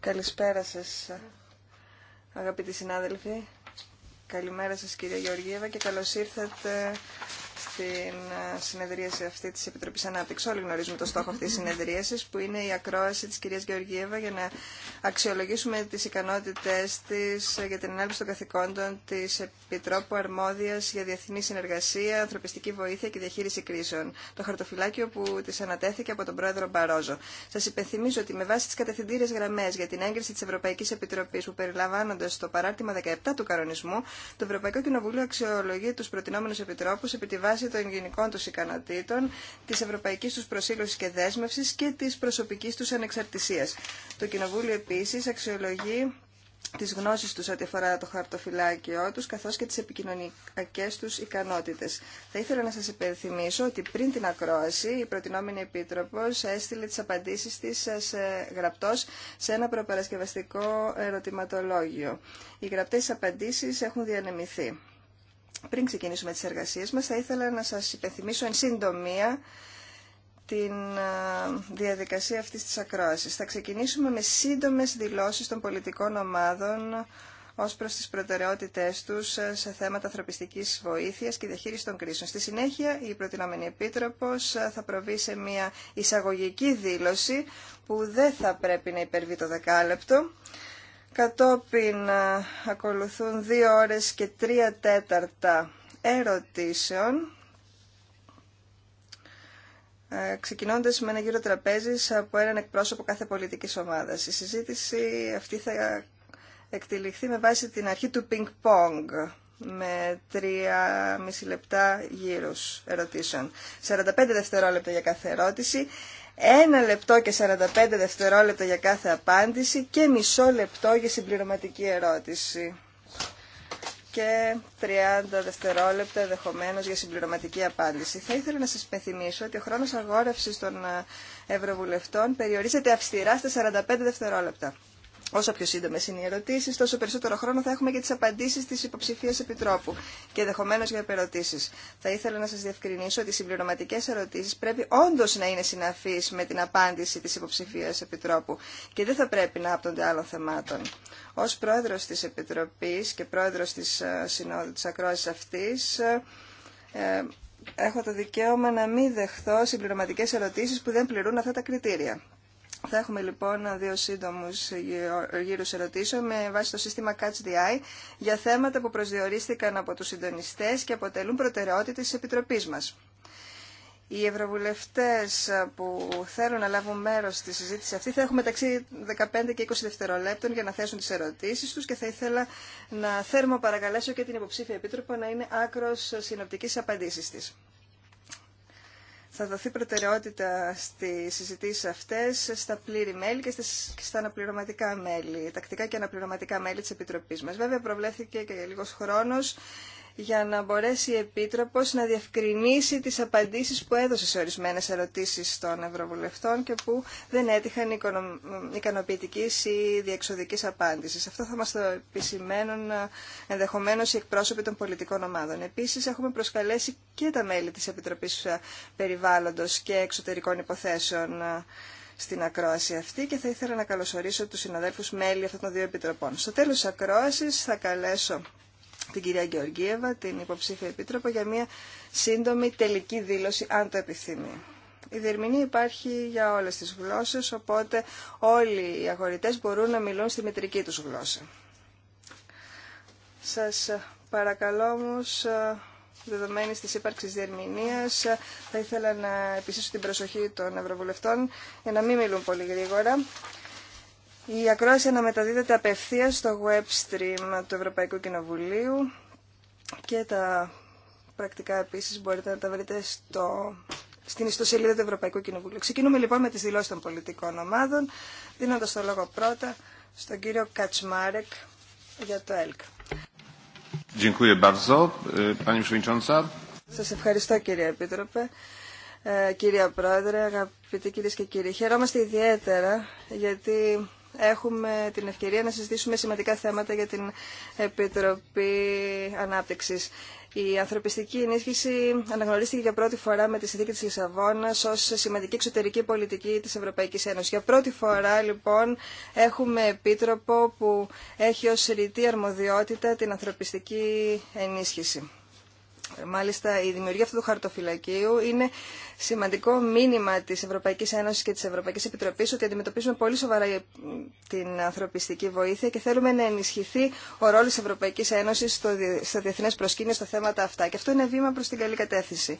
Καλησπέρα σας, αγαπητοί συνάδελφοι. Καλημέρα σας, κύριε Γεωργίευα, και καλώς ήρθατε στην ε, συνεδρίαση αυτή της Επιτροπής Ανάπτυξη. Όλοι γνωρίζουμε το στόχο αυτής της συνεδρίασης που είναι η ακρόαση της κυρίας Γεωργίευα για να αξιολογήσουμε τις ικανότητες της ε, για την ανάλυση των καθηκόντων της Επιτρόπου Αρμόδιας για Διεθνή Συνεργασία, Ανθρωπιστική Βοήθεια και Διαχείριση Κρίσεων. Το χαρτοφυλάκιο που τη ανατέθηκε από τον πρόεδρο Μπαρόζο. Σας υπενθυμίζω ότι με βάση τις κατευθυντήριες γραμμές για την έγκριση της Ευρωπαϊκής Επιτροπής που περιλαμβάνονται στο παράρτημα 17 του κανονισμού, το Ευρωπαϊκό Κοινοβούλιο αξιολογεί του προτινόμενους επιτρόπους επί τη βάση των γενικών τους ικανοτήτων, της ευρωπαϊκής τους προσήλωσης και δέσμευσης και της προσωπικής τους ανεξαρτησίας. Το Κοινοβούλιο επίσης αξιολογεί τι γνώσει του ό,τι αφορά το χαρτοφυλάκιό του, καθώ και τι επικοινωνικέ του ικανότητε. Θα ήθελα να σα υπενθυμίσω ότι πριν την ακρόαση η προτινόμενη επίτροπο έστειλε τι απαντήσει τη γραπτό σε ένα προπαρασκευαστικό ερωτηματολόγιο. Οι γραπτέ απαντήσει έχουν διανεμηθεί. Πριν ξεκινήσουμε τις εργασίες μας, θα ήθελα να σας υπενθυμίσω εν συντομία την διαδικασία αυτής της ακρόασης. Θα ξεκινήσουμε με σύντομες δηλώσεις των πολιτικών ομάδων ως προς τις προτεραιότητές τους ε, σε θέματα ανθρωπιστικής βοήθειας και διαχείριση των κρίσεων. Στη συνέχεια, η προτινόμενη επίτροπος ε, θα προβεί σε μια εισαγωγική δήλωση που δεν θα πρέπει να υπερβεί το δεκάλεπτο Κατόπιν ακολουθούν δύο ώρες και 3 τέταρτα ερωτήσεων ε, ξεκινώντας με ένα γύρο τραπέζης από έναν εκπρόσωπο κάθε πολιτικής ομάδας. Η συζήτηση αυτή θα εκτελεχθεί με βάση την αρχή του πινκ-πονγκ με τρία μισή λεπτά γύρους ερωτήσεων. 45 δευτερόλεπτα για κάθε ερώτηση, ένα λεπτό και 45 δευτερόλεπτα για κάθε απάντηση και μισό λεπτό για συμπληρωματική ερώτηση και 30 δευτερόλεπτα ενδεχομένω για συμπληρωματική απάντηση. Θα ήθελα να σας πεθυμίσω ότι ο χρόνος αγόρευσης των ε, Ευρωβουλευτών περιορίζεται αυστηρά στα 45 δευτερόλεπτα. Όσο πιο σύντομε είναι οι ερωτήσει, τόσο περισσότερο χρόνο θα έχουμε και τι απαντήσει τη υποψηφία επιτρόπου και ενδεχομένω για υπερωτήσει. Θα ήθελα να σα διευκρινίσω ότι οι συμπληρωματικέ ερωτήσει πρέπει όντω να είναι συναφεί με την απάντηση τη υποψηφία επιτρόπου και δεν θα πρέπει να άπτονται άλλων θεμάτων. Ω πρόεδρο τη Επιτροπή και πρόεδρο τη ε, Συνόδου τη Ακρόαση αυτή, ε, ε, έχω το δικαίωμα να μην δεχθώ συμπληρωματικέ ερωτήσει που δεν πληρούν αυτά τα κριτήρια. Θα έχουμε λοιπόν δύο σύντομου γύρου ερωτήσεων με βάση το σύστημα Catch the Eye για θέματα που προσδιορίστηκαν από του συντονιστέ και αποτελούν προτεραιότητε τη Επιτροπή μα. Οι ευρωβουλευτέ που θέλουν να λάβουν μέρο στη συζήτηση αυτή θα έχουν μεταξύ 15 και 20 δευτερολέπτων για να θέσουν τι ερωτήσει του και θα ήθελα να θέρμο παρακαλέσω και την υποψήφια Επίτροπο να είναι άκρο συνοπτική απαντήση τη θα δοθεί προτεραιότητα στις συζητήσεις αυτές στα πλήρη μέλη και στα αναπληρωματικά μέλη, τακτικά και αναπληρωματικά μέλη της Επιτροπής μας. Βέβαια προβλέφθηκε και λίγος χρόνος για να μπορέσει η Επίτροπος να διευκρινίσει τις απαντήσεις που έδωσε σε ορισμένες ερωτήσεις των Ευρωβουλευτών και που δεν έτυχαν ικανοποιητική ή διεξοδική απάντηση. Αυτό θα μας το επισημαίνουν ε, ενδεχομένως οι εκπρόσωποι των πολιτικών ομάδων. Επίσης έχουμε προσκαλέσει και τα μέλη της Επιτροπής ε, Περιβάλλοντος και Εξωτερικών Υποθέσεων ε, στην ακρόαση αυτή και θα ήθελα να καλωσορίσω τους συναδέλφους μέλη αυτών των δύο επιτροπών. Στο τέλος της ακρόασης θα καλέσω την κυρία Γεωργίευα, την υποψήφια επίτροπο, για μια σύντομη τελική δήλωση, αν το επιθυμεί. Η δερμηνή υπάρχει για όλες τις γλώσσες, οπότε όλοι οι αγορητές μπορούν να μιλούν στη μητρική τους γλώσσα. Σας παρακαλώ όμω δεδομένη της ύπαρξης διερμηνίας, θα ήθελα να επισήσω την προσοχή των Ευρωβουλευτών για να μην μιλούν πολύ γρήγορα. Η ακρόαση αναμεταδίδεται απευθείας στο web stream του Ευρωπαϊκού Κοινοβουλίου και τα πρακτικά επίσης μπορείτε να τα βρείτε στο, στην ιστοσελίδα του Ευρωπαϊκού Κοινοβουλίου. Ξεκινούμε λοιπόν με τις δηλώσεις των πολιτικών ομάδων, δίνοντας το λόγο πρώτα στον κύριο Κατσμάρεκ για το ΕΛΚ. Ε, Σας ευχαριστώ κύριε Επίτροπε. Ε, κύριε Πρόεδρε, αγαπητοί κυρίες και κύριοι, χαιρόμαστε ιδιαίτερα γιατί έχουμε την ευκαιρία να συζητήσουμε σημαντικά θέματα για την Επιτροπή Ανάπτυξης. Η ανθρωπιστική ενίσχυση αναγνωρίστηκε για πρώτη φορά με τη συνθήκη της Λισαβόνας ως σημαντική εξωτερική πολιτική της Ευρωπαϊκής Ένωσης. Για πρώτη φορά λοιπόν έχουμε επίτροπο που έχει ως ρητή αρμοδιότητα την ανθρωπιστική ενίσχυση. Μάλιστα, η δημιουργία αυτού του χαρτοφυλακίου είναι σημαντικό μήνυμα τη Ευρωπαϊκή Ένωση και τη Ευρωπαϊκή Επιτροπή ότι αντιμετωπίζουμε πολύ σοβαρά την ανθρωπιστική βοήθεια και θέλουμε να ενισχυθεί ο ρόλο τη Ευρωπαϊκή Ένωση στα διεθνέ προσκήνιο στα θέματα αυτά. Και αυτό είναι βήμα προ την καλή κατεύθυνση.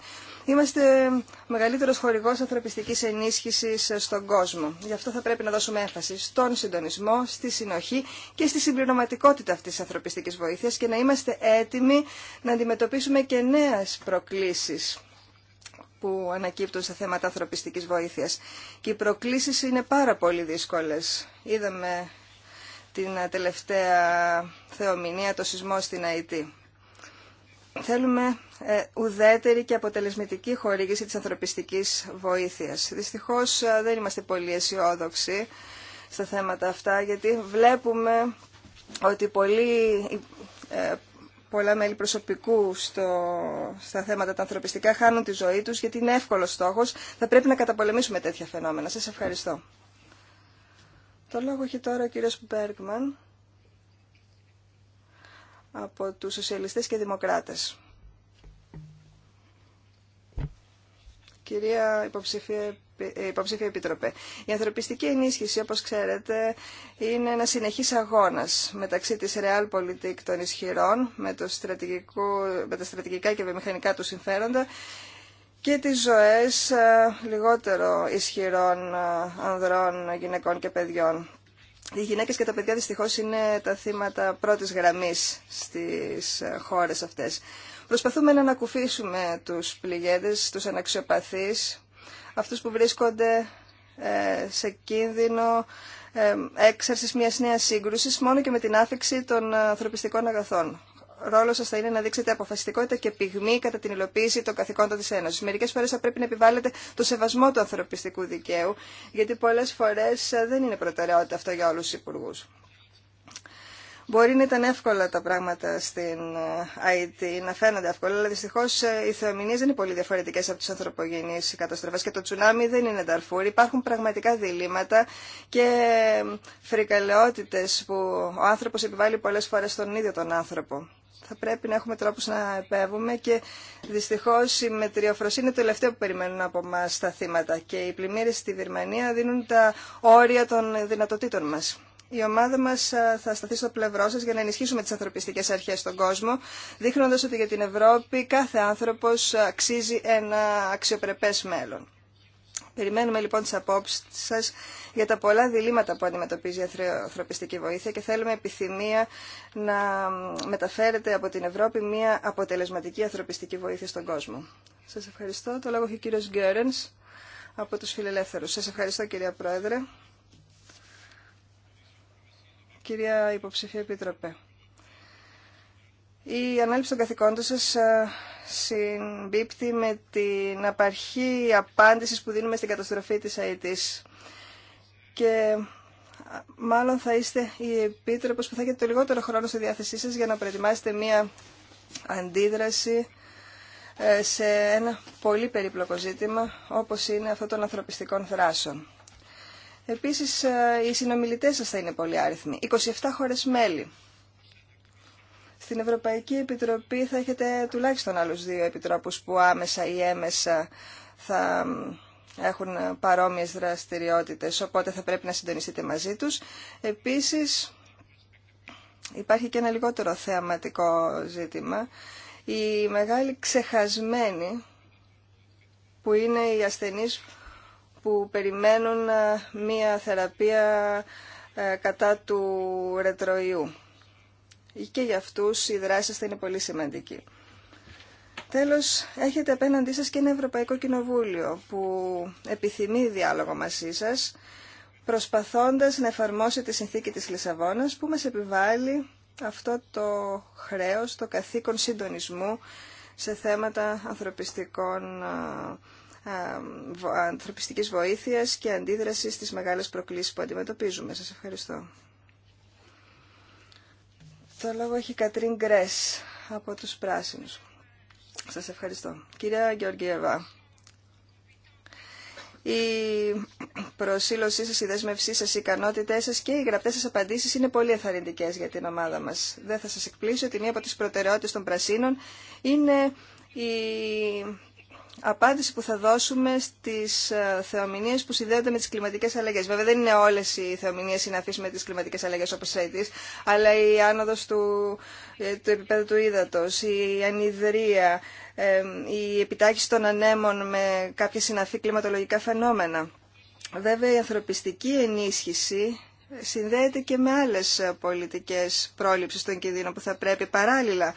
Είμαστε μεγαλύτερος χορηγό ανθρωπιστική ενίσχυσης ε, στον κόσμο. Γι' αυτό θα πρέπει να δώσουμε έμφαση στον συντονισμό, στη συνοχή και στη συμπληρωματικότητα αυτής τη ανθρωπιστική βοήθειας και να είμαστε έτοιμοι να αντιμετωπίσουμε και νέες προκλήσεις που ανακύπτουν στα θέματα ανθρωπιστικής βοήθειας. Και οι προκλήσεις είναι πάρα πολύ δύσκολες. Είδαμε την τελευταία θεομηνία, το σεισμό στην Αϊτή. Θέλουμε ε, ουδέτερη και αποτελεσματική χορήγηση της ανθρωπιστικής βοήθειας. Δυστυχώς ε, δεν είμαστε πολύ αισιόδοξοι στα θέματα αυτά, γιατί βλέπουμε ότι πολλοί, ε, πολλά μέλη προσωπικού στο, στα θέματα τα ανθρωπιστικά χάνουν τη ζωή τους, γιατί είναι εύκολος στόχος. Θα πρέπει να καταπολεμήσουμε τέτοια φαινόμενα. Σας ευχαριστώ. Το λόγο έχει τώρα ο κύριος Μπέργκμαν από τους σοσιαλιστές και δημοκράτες. Κυρία υποψήφια, υποψήφια Επίτροπε, η ανθρωπιστική ενίσχυση, όπως ξέρετε, είναι ένα συνεχής αγώνας μεταξύ της Realpolitik των ισχυρών, με, το με τα στρατηγικά και βιομηχανικά του συμφέροντα, και τις ζωές ε, λιγότερο ισχυρών ε, ανδρών, γυναικών και παιδιών. Οι γυναίκες και τα παιδιά δυστυχώς είναι τα θύματα πρώτης γραμμής στις ε, χώρες αυτές. Προσπαθούμε να ανακουφίσουμε τους πληγέντες, τους αναξιοπαθείς, αυτούς που βρίσκονται ε, σε κίνδυνο ε, έξαρσης μιας νέας σύγκρουσης μόνο και με την άφηξη των ανθρωπιστικών αγαθών ρόλο σα θα είναι να δείξετε αποφασιστικότητα και πυγμή κατά την υλοποίηση των καθηκόντων τη Ένωση. Μερικέ φορέ θα πρέπει να επιβάλλετε το σεβασμό του ανθρωπιστικού δικαίου, γιατί πολλέ φορέ ε, δεν είναι προτεραιότητα αυτό για όλου του υπουργού. Μπορεί να ήταν εύκολα τα πράγματα στην ΑΕΤ, να φαίνονται εύκολα, αλλά δυστυχώ ε, οι θεομηνίε δεν είναι πολύ διαφορετικέ από τι ανθρωπογενεί καταστροφέ και το τσουνάμι δεν είναι ταρφούρ. Υπάρχουν πραγματικά διλήμματα και ε, φρικαλαιότητε που ο άνθρωπο επιβάλλει πολλέ φορέ στον ίδιο τον άνθρωπο θα πρέπει να έχουμε τρόπους να επέβουμε και δυστυχώς η μετριοφροσύνη είναι το τελευταίο που περιμένουν από μας τα θύματα και οι πλημμύρες στη Βερμανία δίνουν τα όρια των δυνατοτήτων μας. Η ομάδα μα θα σταθεί στο πλευρό σα για να ενισχύσουμε τι ανθρωπιστικέ αρχέ στον κόσμο, δείχνοντα ότι για την Ευρώπη κάθε άνθρωπο αξίζει ένα αξιοπρεπέ μέλλον. Περιμένουμε λοιπόν τις απόψεις σας για τα πολλά διλήμματα που αντιμετωπίζει η ανθρωπιστική βοήθεια και θέλουμε επιθυμία να μεταφέρετε από την Ευρώπη μια αποτελεσματική ανθρωπιστική βοήθεια στον κόσμο. Σας ευχαριστώ. Το λόγο έχει ο κύριος Γκέρενς από τους Φιλελεύθερους. Σας ευχαριστώ κυρία Πρόεδρε. Κυρία Υποψηφία Επιτροπέ. Η ανάληψη των καθηκόντων σας ε, συμπίπτει με την απαρχή απάντησης που δίνουμε στην καταστροφή της ΑΕΤΗΣ. Και μάλλον θα είστε η επίτροπος που θα έχετε το λιγότερο χρόνο στη διάθεσή σας για να προετοιμάσετε μία αντίδραση ε, σε ένα πολύ περίπλοκο ζήτημα όπως είναι αυτό των ανθρωπιστικών θράσεων. Επίσης, ε, οι συνομιλητές σας θα είναι πολύ άριθμοι. 27 χώρες μέλη. Στην Ευρωπαϊκή Επιτροπή θα έχετε τουλάχιστον άλλους δύο επιτρόπους που άμεσα ή έμεσα θα έχουν παρόμοιες δραστηριότητες, οπότε θα πρέπει να συντονιστείτε μαζί τους. Επίσης, υπάρχει και ένα λιγότερο θεαματικό ζήτημα. η μεγαλη ξεχασμενη που είναι οι ασθενείς που περιμένουν ε, μία θεραπεία ε, κατά του ρετροϊού και για αυτούς η δράση σας θα είναι πολύ σημαντική. Τέλος, έχετε απέναντί σας και ένα Ευρωπαϊκό Κοινοβούλιο που επιθυμεί διάλογο μαζί σας, προσπαθώντας να εφαρμόσει τη συνθήκη της Λισαβόνας που μας επιβάλλει αυτό το χρέος, το καθήκον συντονισμού σε θέματα ανθρωπιστικών, ανθρωπιστικής βοήθειας και αντίδρασης στις μεγάλες προκλήσεις που αντιμετωπίζουμε. Σας ευχαριστώ. Το λόγο έχει η Κατρίν Γκρές από τους Πράσινους. Σας ευχαριστώ. Κυρία Γεωργίευα, η προσήλωσή σας, η δέσμευσή σας, οι ικανότητές σας και οι γραπτές σας απαντήσεις είναι πολύ εθαρρυντικές για την ομάδα μας. Δεν θα σας εκπλήσω ότι μία από τις προτεραιότητες των Πρασίνων είναι η απάντηση που θα δώσουμε στις ε, θεομηνίες που συνδέονται με τις κλιματικές αλλαγές. Βέβαια δεν είναι όλες οι θεομηνίες συναφείς με τις κλιματικές αλλαγές όπως έτσι, αλλά η άνοδος του, ε, του επίπεδου του ύδατος, η ανιδρία, η επιτάχυση των ανέμων με κάποια συναφή κλιματολογικά φαινόμενα. Βέβαια η ανθρωπιστική ενίσχυση συνδέεται και με άλλες πολιτικές πρόληψης των κινδύνων που θα πρέπει παράλληλα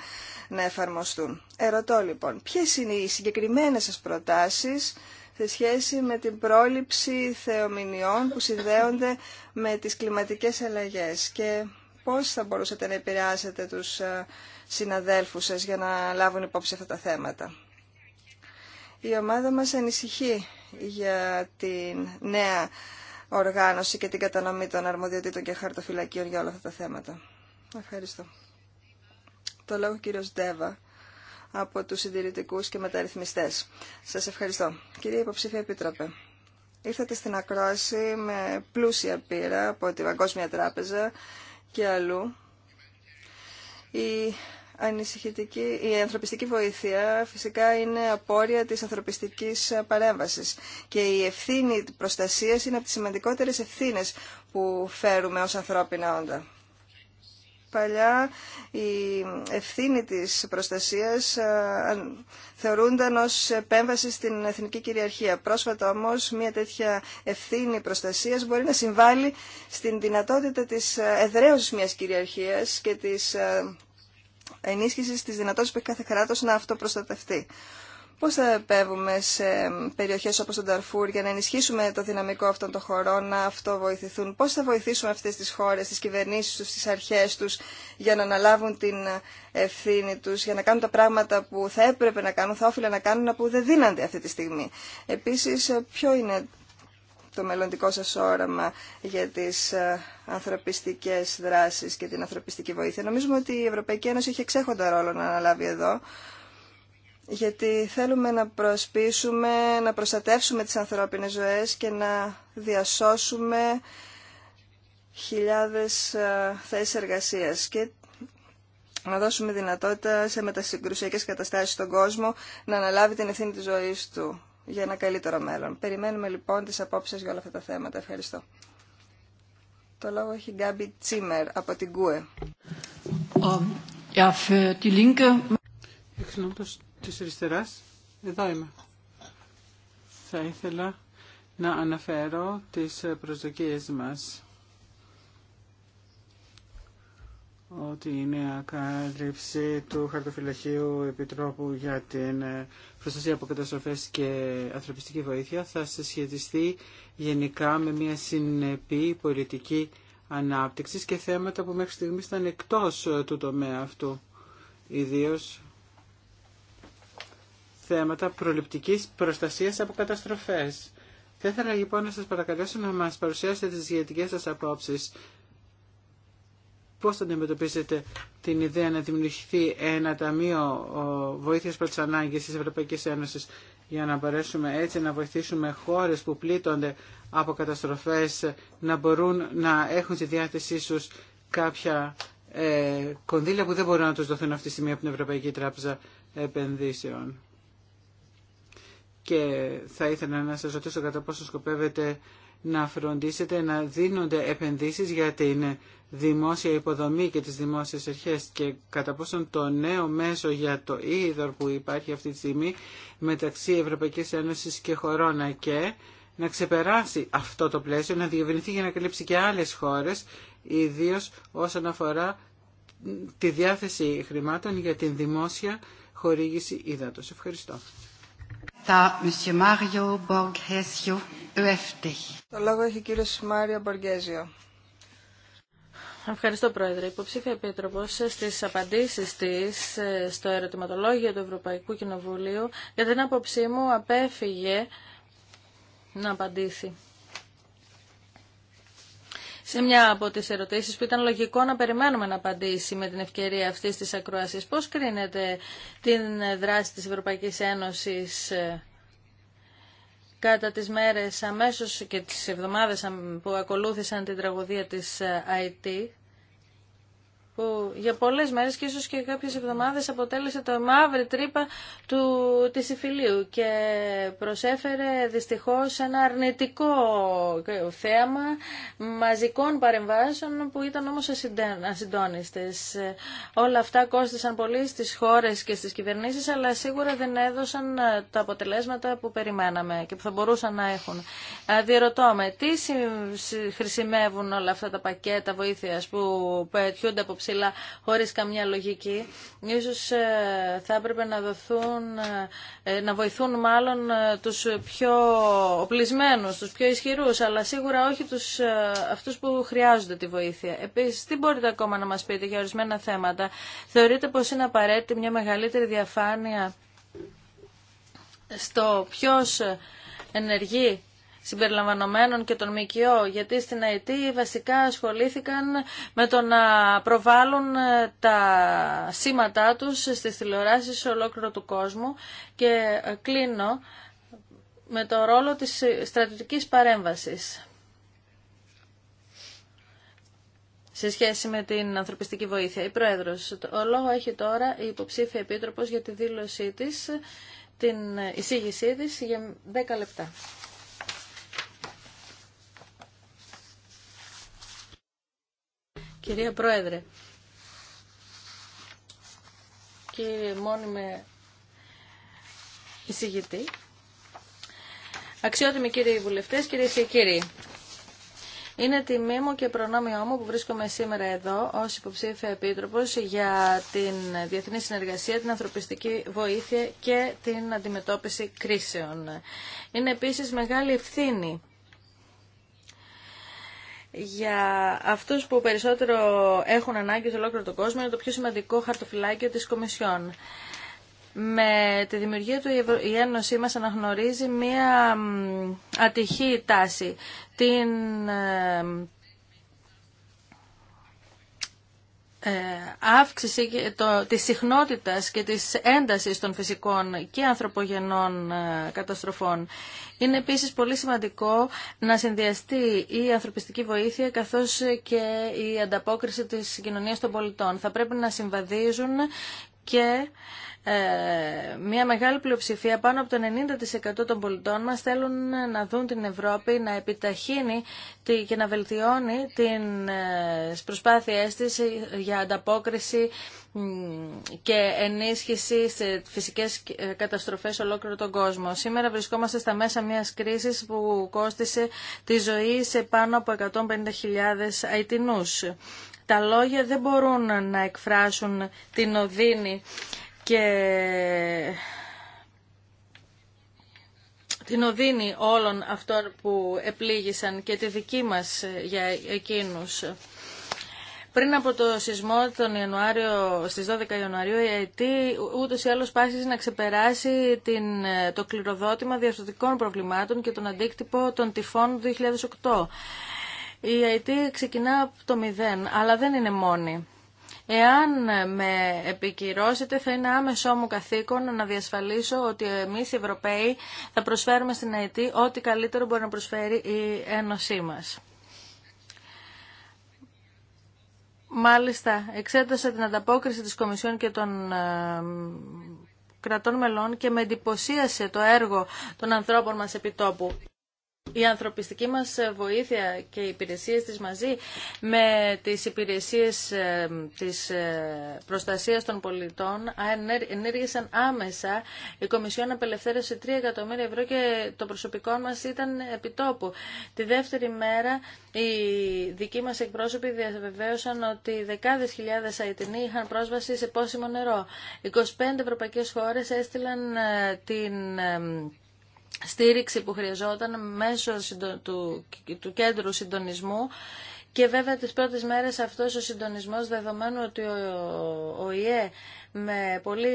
να εφαρμοστούν. Ερωτώ λοιπόν, ποιες είναι οι συγκεκριμένες σας προτάσεις σε σχέση με την πρόληψη θεομηνιών που συνδέονται με τις κλιματικές αλλαγές και πώς θα μπορούσατε να επηρεάσετε τους ε, συναδέλφους σας για να λάβουν υπόψη αυτά τα θέματα. Η ομάδα μας ανησυχεί για την νέα οργάνωση και την κατανομή των αρμοδιοτήτων και χαρτοφυλακίων για όλα αυτά τα θέματα. Ευχαριστώ το λόγο κύριος Ντέβα από τους συντηρητικούς και μεταρρυθμιστές. Σας ευχαριστώ. Κύριε Υποψήφια Επίτροπε, ήρθατε στην ακρόαση με πλούσια πείρα από τη Παγκόσμια Τράπεζα και αλλού. Η ανησυχητική, η ανθρωπιστική βοήθεια φυσικά είναι απόρρια της ανθρωπιστικής παρέμβασης και η ευθύνη προστασίας είναι από τις σημαντικότερες ευθύνες που φέρουμε ως ανθρώπινα όντα. Παλιά η ευθύνη της προστασίας ε, θεωρούνταν ως επέμβαση στην εθνική κυριαρχία. Πρόσφατα όμως μια τέτοια ευθύνη προστασίας μπορεί να συμβάλλει στην δυνατότητα της ε, εδραίωσης μιας κυριαρχίας και της ε, ενίσχυσης της δυνατότητας που έχει κάθε κράτος να αυτοπροστατευτεί. Πώς θα επέβουμε σε περιοχές όπως τον Ταρφούρ για να ενισχύσουμε το δυναμικό αυτών των χωρών, να αυτό βοηθηθούν. Πώς θα βοηθήσουμε αυτές τις χώρες, τις κυβερνήσεις τους, τις αρχές τους για να αναλάβουν την ευθύνη τους, για να κάνουν τα πράγματα που θα έπρεπε να κάνουν, θα όφιλε να κάνουν, που δεν δίνανται αυτή τη στιγμή. Επίσης, ποιο είναι το μελλοντικό σας όραμα για τις ε, ανθρωπιστικές δράσεις και την ανθρωπιστική βοήθεια. Νομίζουμε ότι η Ευρωπαϊκή Ένωση έχει εξέχοντα ρόλο να αναλάβει εδώ γιατί θέλουμε να προσπίσουμε, να προστατεύσουμε τις ανθρώπινες ζωές και να διασώσουμε χιλιάδες ε, θέσεις εργασίας και να δώσουμε δυνατότητα σε μετασυγκρουσιακές καταστάσεις στον κόσμο να αναλάβει την ευθύνη της ζωής του για ένα καλύτερο μέλλον. Περιμένουμε λοιπόν τις απόψεις για όλα αυτά τα θέματα. Ευχαριστώ. Το λόγο έχει Γκάμπι Τσίμερ από την ΚΟΕ. Um, της αριστεράς. Εδώ είμαι. Θα ήθελα να αναφέρω τις προσδοκίες μας. ότι η νέα κάλυψη του χαρτοφυλακίου Επιτρόπου για την προστασία από καταστροφές και ανθρωπιστική βοήθεια θα συσχετιστεί γενικά με μια συνεπή πολιτική ανάπτυξης και θέματα που μέχρι στιγμής ήταν εκτός του τομέα αυτού, ιδίως θέματα προληπτικής προστασίας από καταστροφές. Θα ήθελα λοιπόν να σας παρακαλέσω να μας παρουσιάσετε τις ηγετικές σας απόψεις. Πώς θα αντιμετωπίσετε την ιδέα να δημιουργηθεί ένα ταμείο βοήθειας προς τις ανάγκες της Ευρωπαϊκής Ένωσης για να μπορέσουμε έτσι να βοηθήσουμε χώρες που πλήττονται από καταστροφές να μπορούν να έχουν στη διάθεσή τους κάποια ε, κονδύλια που δεν μπορούν να τους δοθούν αυτή τη στιγμή από την Ευρωπαϊκή Τράπεζα Επενδύσεων. Και θα ήθελα να σας ρωτήσω κατά πόσο σκοπεύετε να φροντίσετε να δίνονται επενδύσεις για την δημόσια υποδομή και τις δημόσιες αρχές και κατά πόσον το νέο μέσο για το είδωρ που υπάρχει αυτή τη στιγμή μεταξύ Ευρωπαϊκής Ένωσης και χωρών και να ξεπεράσει αυτό το πλαίσιο, να διευρυνθεί για να καλύψει και άλλες χώρες, ιδίως όσον αφορά τη διάθεση χρημάτων για την δημόσια χορήγηση υδάτος. Ευχαριστώ. E Το λόγο έχει ο Μάριο Μποργέζιο. Ευχαριστώ, Πρόεδρε. Η υποψήφια Επίτροπο στι απαντήσει τη ε, στο ερωτηματολόγιο του Ευρωπαϊκού Κοινοβουλίου, για την άποψή μου, απέφυγε να απαντήσει σε μια από τις ερωτήσεις που ήταν λογικό να περιμένουμε να απαντήσει με την ευκαιρία αυτή της ακροασίας. Πώς κρίνεται την δράση της Ευρωπαϊκής Ένωσης ε, κατά τις μέρες αμέσως και τις εβδομάδες που ακολούθησαν την τραγωδία της ε, IT που για πολλές μέρες και ίσως και κάποιες εβδομάδες αποτέλεσε το μαύρη τρύπα του, της υφηλίου και προσέφερε δυστυχώς ένα αρνητικό θέαμα μαζικών παρεμβάσεων που ήταν όμως ασυντόνιστες. Όλα αυτά κόστησαν πολύ στις χώρες και στις κυβερνήσεις αλλά σίγουρα δεν έδωσαν τα αποτελέσματα που περιμέναμε και που θα μπορούσαν να έχουν. Διερωτώ με, τι χρησιμεύουν όλα αυτά τα πακέτα βοήθειας που πετιούνται από ψηλά χωρίς καμιά λογική. Ίσως ε, θα έπρεπε να, δοθούν, ε, να βοηθούν μάλλον ε, τους πιο οπλισμένους, τους πιο ισχυρούς, αλλά σίγουρα όχι τους, αυτούς που χρειάζονται τη βοήθεια. Επίσης, τι μπορείτε ακόμα να μας πείτε για ορισμένα θέματα. Θεωρείτε πως είναι απαραίτητη μια μεγαλύτερη διαφάνεια στο ποιος ενεργεί συμπεριλαμβανομένων και των ΜΚΟ, γιατί στην ΑΕΤ βασικά ασχολήθηκαν με το να προβάλλουν ε, τα σήματά τους στις τηλεοράσεις σε ολόκληρο του κόσμου και ε, κλείνω με το ρόλο της στρατιωτικής παρέμβασης σε σχέση με την ανθρωπιστική βοήθεια. Η Πρόεδρος, ο λόγο έχει τώρα η υποψήφια Επίτροπος για τη δήλωσή της, την ε, εισήγησή της για 10 λεπτά. Κυρία Πρόεδρε, κύριε μόνιμε εισηγητή, αξιότιμοι κύριοι βουλευτές, κύριε και κύριοι, είναι τιμή μου και προνόμιό μου που βρίσκομαι σήμερα εδώ ως υποψήφια επίτροπος για την διεθνή συνεργασία, την ανθρωπιστική βοήθεια και την αντιμετώπιση κρίσεων. Είναι επίσης μεγάλη ευθύνη για αυτούς που περισσότερο έχουν ανάγκη σε ολόκληρο τον κόσμο είναι το πιο σημαντικό χαρτοφυλάκιο της Κομισιόν. Με τη δημιουργία του η Ένωσή μας αναγνωρίζει μία ατυχή τάση, την ε, Ε, αύξηση το, της συχνότητας και της έντασης των φυσικών και ανθρωπογενών ε, καταστροφών. Είναι επίσης πολύ σημαντικό να συνδυαστεί η ανθρωπιστική βοήθεια καθώς και η ανταπόκριση της κοινωνίας των πολιτών. Θα πρέπει να συμβαδίζουν και ε, μια μεγάλη πλειοψηφία, πάνω από το 90% των πολιτών μας θέλουν να δουν την Ευρώπη να επιταχύνει και να βελτιώνει ε, τις προσπάθειές της για ανταπόκριση και ενίσχυση σε φυσικές ε, καταστροφές ολόκληρο τον κόσμο. Σήμερα βρισκόμαστε στα μέσα μιας κρίσης που κόστησε τη ζωή σε πάνω από 150.000 αιτινούς. Τα λόγια δεν μπορούν να εκφράσουν την οδύνη και την οδύνη όλων αυτών που επλήγησαν και τη δική μας για εκείνους. Πριν από το σεισμό τον Ιανουάριο, στις 12 Ιανουαρίου η ΑΕΤ ούτως ή άλλως πάσχει να ξεπεράσει την, το κληροδότημα διαφθορτικών προβλημάτων και τον αντίκτυπο των τυφών 2008. Η ΑΕΤ ξεκινά από το μηδέν, αλλά δεν είναι μόνη. Εάν με επικυρώσετε θα είναι άμεσό μου καθήκον να διασφαλίσω ότι εμείς οι Ευρωπαίοι θα προσφέρουμε στην ΑΕΤ ό,τι καλύτερο μπορεί να προσφέρει η Ένωσή μας. Μάλιστα, εξέτασα την ανταπόκριση της Κομισιόν και των κρατών μελών και με εντυπωσίασε το έργο των ανθρώπων μας επιτόπου η ανθρωπιστική μας βοήθεια και οι υπηρεσίες της μαζί με τις υπηρεσίες ε, της ε, προστασίας των πολιτών ενέργησαν άμεσα. Η Κομισιόν απελευθέρωσε 3 εκατομμύρια ευρώ και το προσωπικό μας ήταν επιτόπου. Τη δεύτερη μέρα οι δικοί μας εκπρόσωποι διαβεβαίωσαν ότι δεκάδες χιλιάδες αιτινοί είχαν πρόσβαση σε πόσιμο νερό. 25 ευρωπαϊκές χώρες έστειλαν ε, την στήριξη που χρειαζόταν μέσω του, κέντρου συντονισμού και βέβαια τις πρώτες μέρες αυτός ο συντονισμός δεδομένου ότι ο ΙΕ με πολύ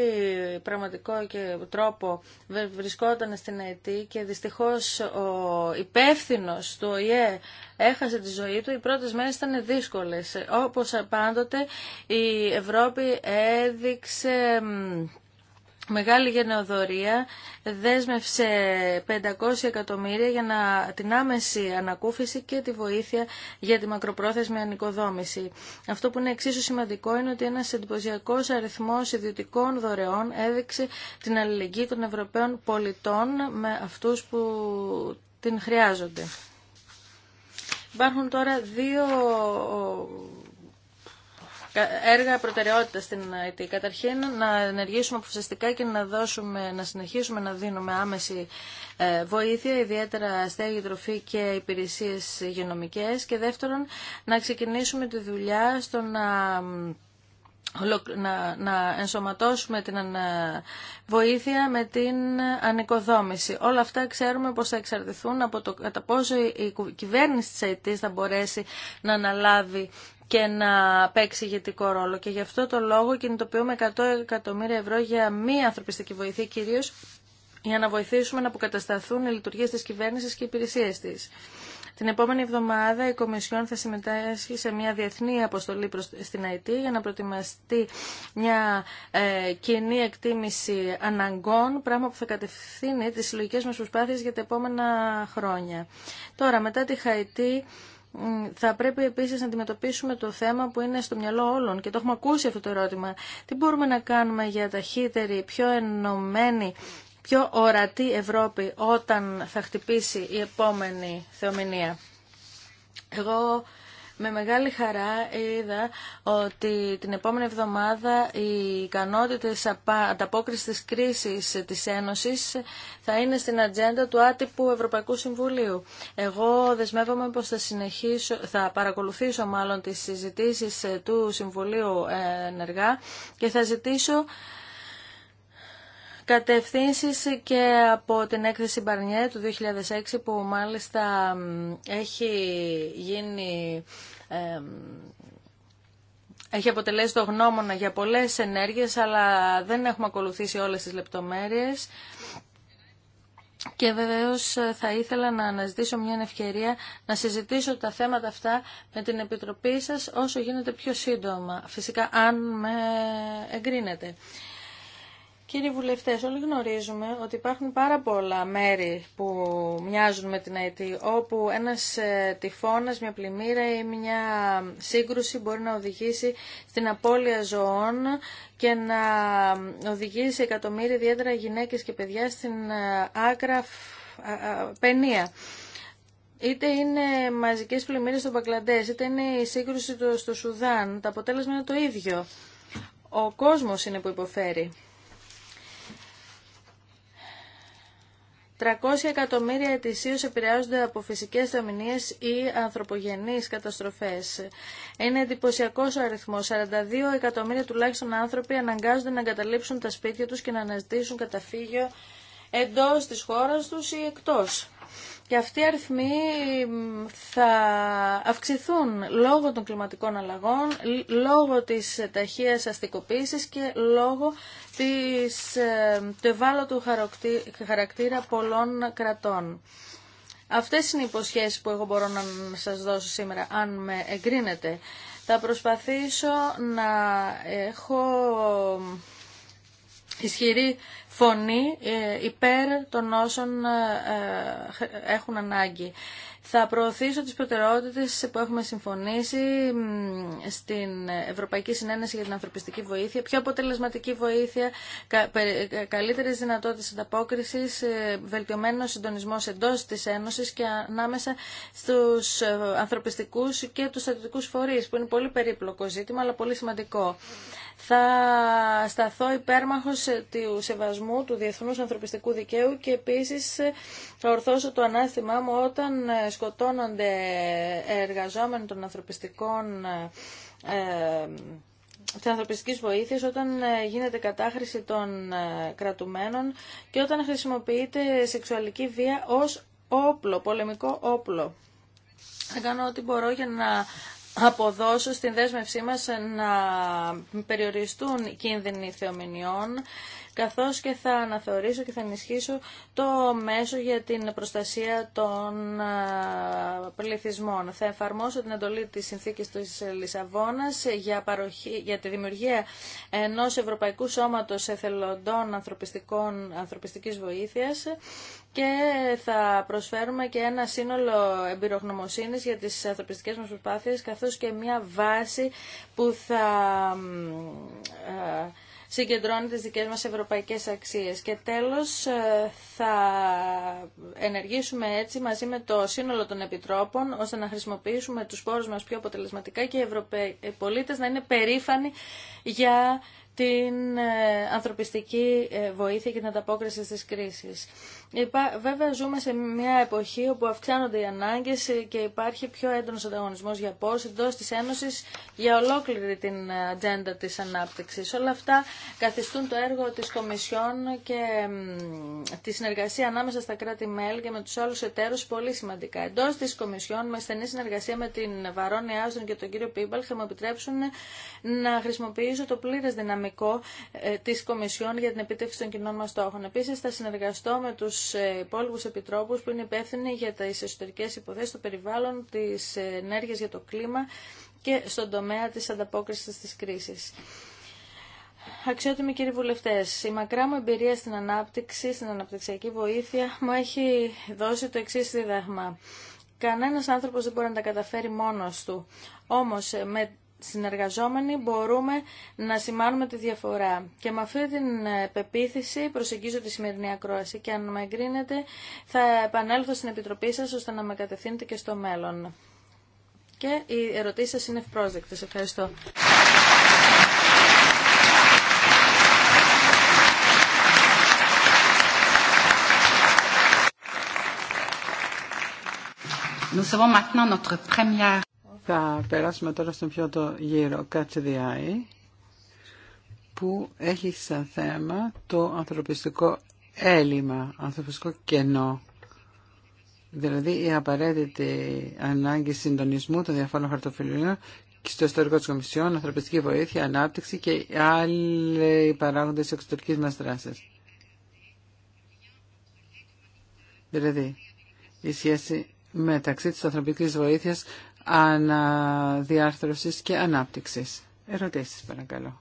πραγματικό και τρόπο βρισκόταν στην ΑΕΤ και δυστυχώς ο υπεύθυνο του ΙΕ έχασε τη ζωή του, οι πρώτες μέρες ήταν δύσκολες. Όπως πάντοτε η Ευρώπη έδειξε Μεγάλη γενεοδορία δέσμευσε 500 εκατομμύρια για να, την άμεση ανακούφιση και τη βοήθεια για τη μακροπρόθεσμη ανοικοδόμηση. Αυτό που είναι εξίσου σημαντικό είναι ότι ένας εντυπωσιακό αριθμός ιδιωτικών δωρεών έδειξε την αλληλεγγύη των Ευρωπαίων πολιτών με αυτούς που την χρειάζονται. Υπάρχουν τώρα δύο έργα προτεραιότητα στην ΑΕΤ. Καταρχήν να ενεργήσουμε αποφασιστικά και να, δώσουμε, να συνεχίσουμε να δίνουμε άμεση ε, βοήθεια, ιδιαίτερα στέγη, τροφή και υπηρεσίες υγειονομικές και δεύτερον να ξεκινήσουμε τη δουλειά στο να να, να ενσωματώσουμε την ε, βοήθεια με την ανοικοδόμηση. Όλα αυτά ξέρουμε πως θα εξαρτηθούν από το κατά πόσο η κυβέρνηση της ΑΕΤ θα μπορέσει να αναλάβει και να παίξει ηγετικό ρόλο. Και γι' αυτό το λόγο κινητοποιούμε 100 εκατομμύρια ευρώ για μη ανθρωπιστική βοήθεια, κυρίω για να βοηθήσουμε να αποκατασταθούν οι λειτουργίε τη κυβέρνηση και οι υπηρεσίε τη. Την επόμενη εβδομάδα η Κομισιόν θα συμμετάσχει σε μια διεθνή αποστολή προς, στην ΑΕΤ για να προετοιμαστεί μια ε, κοινή εκτίμηση αναγκών, πράγμα που θα κατευθύνει τις συλλογικές μας προσπάθειες για τα επόμενα χρόνια. Τώρα, μετά τη Χαϊτή, θα πρέπει επίσης να αντιμετωπίσουμε το θέμα που είναι στο μυαλό όλων και το έχουμε ακούσει αυτό το ερώτημα. Τι μπορούμε να κάνουμε για ταχύτερη, πιο ενωμένη, πιο ορατή Ευρώπη όταν θα χτυπήσει η επόμενη θεομηνία. Εγώ με μεγάλη χαρά είδα ότι την επόμενη εβδομάδα οι ικανότητες ανταπόκρισης της κρίσης της Ένωσης θα είναι στην ατζέντα του άτυπου Ευρωπαϊκού Συμβουλίου. Εγώ δεσμεύομαι πως θα, συνεχίσω, θα παρακολουθήσω μάλλον τις συζητήσεις του Συμβουλίου ενεργά και θα ζητήσω κατευθύνσεις και από την έκθεση Μπαρνιέ του 2006 που μάλιστα έχει γίνει έχει αποτελέσει το γνώμονα για πολλές ενέργειες, αλλά δεν έχουμε ακολουθήσει όλες τις λεπτομέρειες. Και βεβαίως ε, θα ήθελα να αναζητήσω μια ευκαιρία να συζητήσω τα θέματα αυτά με την Επιτροπή σας όσο γίνεται πιο σύντομα. Φυσικά αν με εγκρίνετε. Κύριοι βουλευτές, όλοι γνωρίζουμε ότι υπάρχουν πάρα πολλά μέρη που μοιάζουν με την ΑΕΤ, όπου ένας ε, τυφώνας, μια πλημμύρα ή μια σύγκρουση μπορεί να οδηγήσει στην απώλεια ζωών και να οδηγήσει εκατομμύρια ιδιαίτερα γυναίκε και παιδιά στην ε, άκρα παινία. Είτε είναι μαζικές πλημμύρες στο Μπαγκλαντές, είτε είναι η σύγκρουση στο Σουδάν, το αποτέλεσμα είναι το ίδιο. Ο κόσμος είναι που υποφέρει. 300 εκατομμύρια ετησίως επηρεάζονται από φυσικές δομηνίες ή ανθρωπογενείς καταστροφές. Είναι εντυπωσιακό ο αριθμός. 42 εκατομμύρια τουλάχιστον άνθρωποι αναγκάζονται να εγκαταλείψουν τα σπίτια τους και να αναζητήσουν καταφύγιο εντός της χώρας τους ή εκτός. Και αυτοί οι αριθμοί θα αυξηθούν λόγω των κλιματικών αλλαγών, λόγω της ταχείας αστικοποίησης και λόγω της, ε, του χαρακτήρα πολλών κρατών. Αυτές είναι οι υποσχέσεις που εγώ μπορώ να σας δώσω σήμερα, αν με εγκρίνετε. Θα προσπαθήσω να έχω ισχυρή φωνή ε, υπέρ των όσων ε, ε, έχουν ανάγκη. Θα προωθήσω τις προτεραιότητες που έχουμε συμφωνήσει στην Ευρωπαϊκή Συνένεση για την Ανθρωπιστική Βοήθεια, πιο αποτελεσματική βοήθεια, καλύτερες δυνατότητες ανταπόκρισης, βελτιωμένος συντονισμός εντός της Ένωσης και ανάμεσα στους ανθρωπιστικούς και τους στρατιωτικούς φορείς, που είναι πολύ περίπλοκο ζήτημα, αλλά πολύ σημαντικό θα σταθώ υπέρμαχος του σεβασμού του διεθνούς ανθρωπιστικού δικαίου και επίσης θα ορθώσω το ανάστημά μου όταν σκοτώνονται εργαζόμενοι των ανθρωπιστικών ε, της ανθρωπιστικής βοήθειας όταν ε, γίνεται κατάχρηση των ε, κρατουμένων και όταν χρησιμοποιείται σεξουαλική βία ως όπλο, πολεμικό όπλο. Θα κάνω ό,τι μπορώ για να αποδώσω στην δέσμευσή μας να περιοριστούν οι κίνδυνοι θεομηνιών καθώς και θα αναθεωρήσω και θα ενισχύσω το μέσο για την προστασία των πληθυσμών. Θα εφαρμόσω την εντολή της συνθήκης της Λισαβόνας για, παροχή, για τη δημιουργία ενός Ευρωπαϊκού Σώματος Εθελοντών ανθρωπιστικών, Ανθρωπιστικής Βοήθειας και θα προσφέρουμε και ένα σύνολο εμπειρογνωμοσύνης για τις ανθρωπιστικές μας προσπάθειες καθώς και μια βάση που θα συγκεντρώνει τις δικές μας ευρωπαϊκές αξίες. Και τέλος ε, θα ενεργήσουμε έτσι μαζί με το σύνολο των επιτρόπων ώστε να χρησιμοποιήσουμε τους πόρους μας πιο αποτελεσματικά και οι Ευρωπαίοι πολίτες να είναι περήφανοι για την ε, ανθρωπιστική ε, βοήθεια και την ανταπόκριση στις κρίσεις. Βέβαια ζούμε σε μια εποχή όπου αυξάνονται οι ανάγκες και υπάρχει πιο έντονος ανταγωνισμός για πως εντό τη Ένωση για ολόκληρη την ατζέντα της ανάπτυξης. Όλα αυτά καθιστούν το έργο της Κομισιόν και τη συνεργασία ανάμεσα στα κράτη-μέλη και με τους άλλους εταίρους πολύ σημαντικά. Εντό τη Κομισιόν με στενή συνεργασία με την Βαρόνη Άστον και τον κύριο Πίμπαλ θα μου επιτρέψουν να χρησιμοποιήσω το πλήρες δυναμικό ε, της Κομισιόν για την επίτευξη των κοινών μας στόχων. Επίσης θα συνεργαστώ με τους τους ε, υπόλοιπους επιτρόπους που είναι υπεύθυνοι για τις εσωτερικές υποθέσεις, το περιβάλλον, τις ε, ενέργειες για το κλίμα και στον τομέα της ανταπόκρισης της κρίσης. Αξιότιμοι κύριοι βουλευτέ, η μακρά μου εμπειρία στην ανάπτυξη, στην αναπτυξιακή βοήθεια, μου έχει δώσει το εξή δίδαγμα. Κανένα άνθρωπο δεν μπορεί να τα καταφέρει μόνο του. Όμω, ε, με συνεργαζόμενοι μπορούμε να σημάνουμε τη διαφορά. Και με αυτή την ε, πεποίθηση προσεγγίζω τη σημερινή ακρόαση και αν με εγκρίνετε θα επανέλθω στην Επιτροπή σας ώστε να με κατευθύνετε και στο μέλλον. Και οι ερωτήσεις σας είναι ευπρόσδεκτες. Ευχαριστώ. Nous avons maintenant notre première θα περάσουμε τώρα στον το γύρο Catch the που έχει σαν θέμα το ανθρωπιστικό έλλειμμα, ανθρωπιστικό κενό. Δηλαδή η απαραίτητη ανάγκη συντονισμού των διαφόρων και στο ιστορικό τη Κομισιόν, ανθρωπιστική βοήθεια, ανάπτυξη και άλλοι παράγοντε εξωτερικής μας δράσης. Δηλαδή, η σχέση μεταξύ της ανθρωπιστικής βοήθειας αναδιάρθρωσης και ανάπτυξης. Ερωτήσεις παρακαλώ.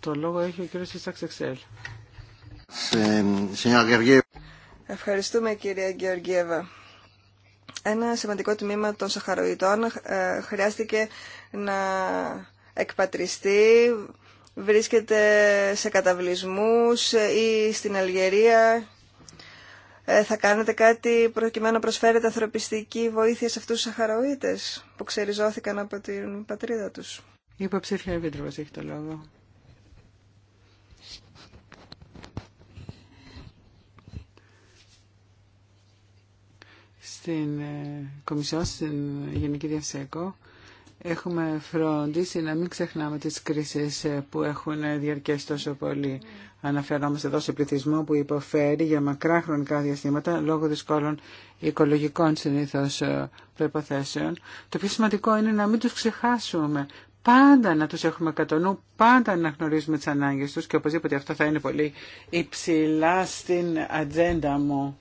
Το λόγο έχει ο κύριος Εξέλ. Ευχαριστούμε κυρία Γεωργίευα. Ένα σημαντικό τμήμα των Σαχαροϊτών ε, χρειάστηκε να εκπατριστεί, βρίσκεται σε καταβλισμούς ή στην Αλγερία ε, θα κάνετε κάτι προκειμένου να προσφέρετε ανθρωπιστική βοήθεια σε αυτούς τους αχαραοίτες που ξεριζώθηκαν από την πατρίδα τους. Η υποψήφια Επίτροπος έχει το λόγο. Στην ε, Κομισιόν, στην Γενική Διασέκο, έχουμε φροντίσει να μην ξεχνάμε τις κρίσεις ε, που έχουν διαρκέσει τόσο πολύ. Αναφερόμαστε εδώ σε πληθυσμό που υποφέρει για μακρά χρονικά διαστήματα λόγω δυσκόλων οικολογικών συνήθω ε, προποθέσεων. Το πιο σημαντικό είναι να μην του ξεχάσουμε. Πάντα να τους έχουμε κατά νου, πάντα να γνωρίζουμε τι ανάγκε τους και οπωσδήποτε αυτό θα είναι πολύ υψηλά στην ατζέντα μου.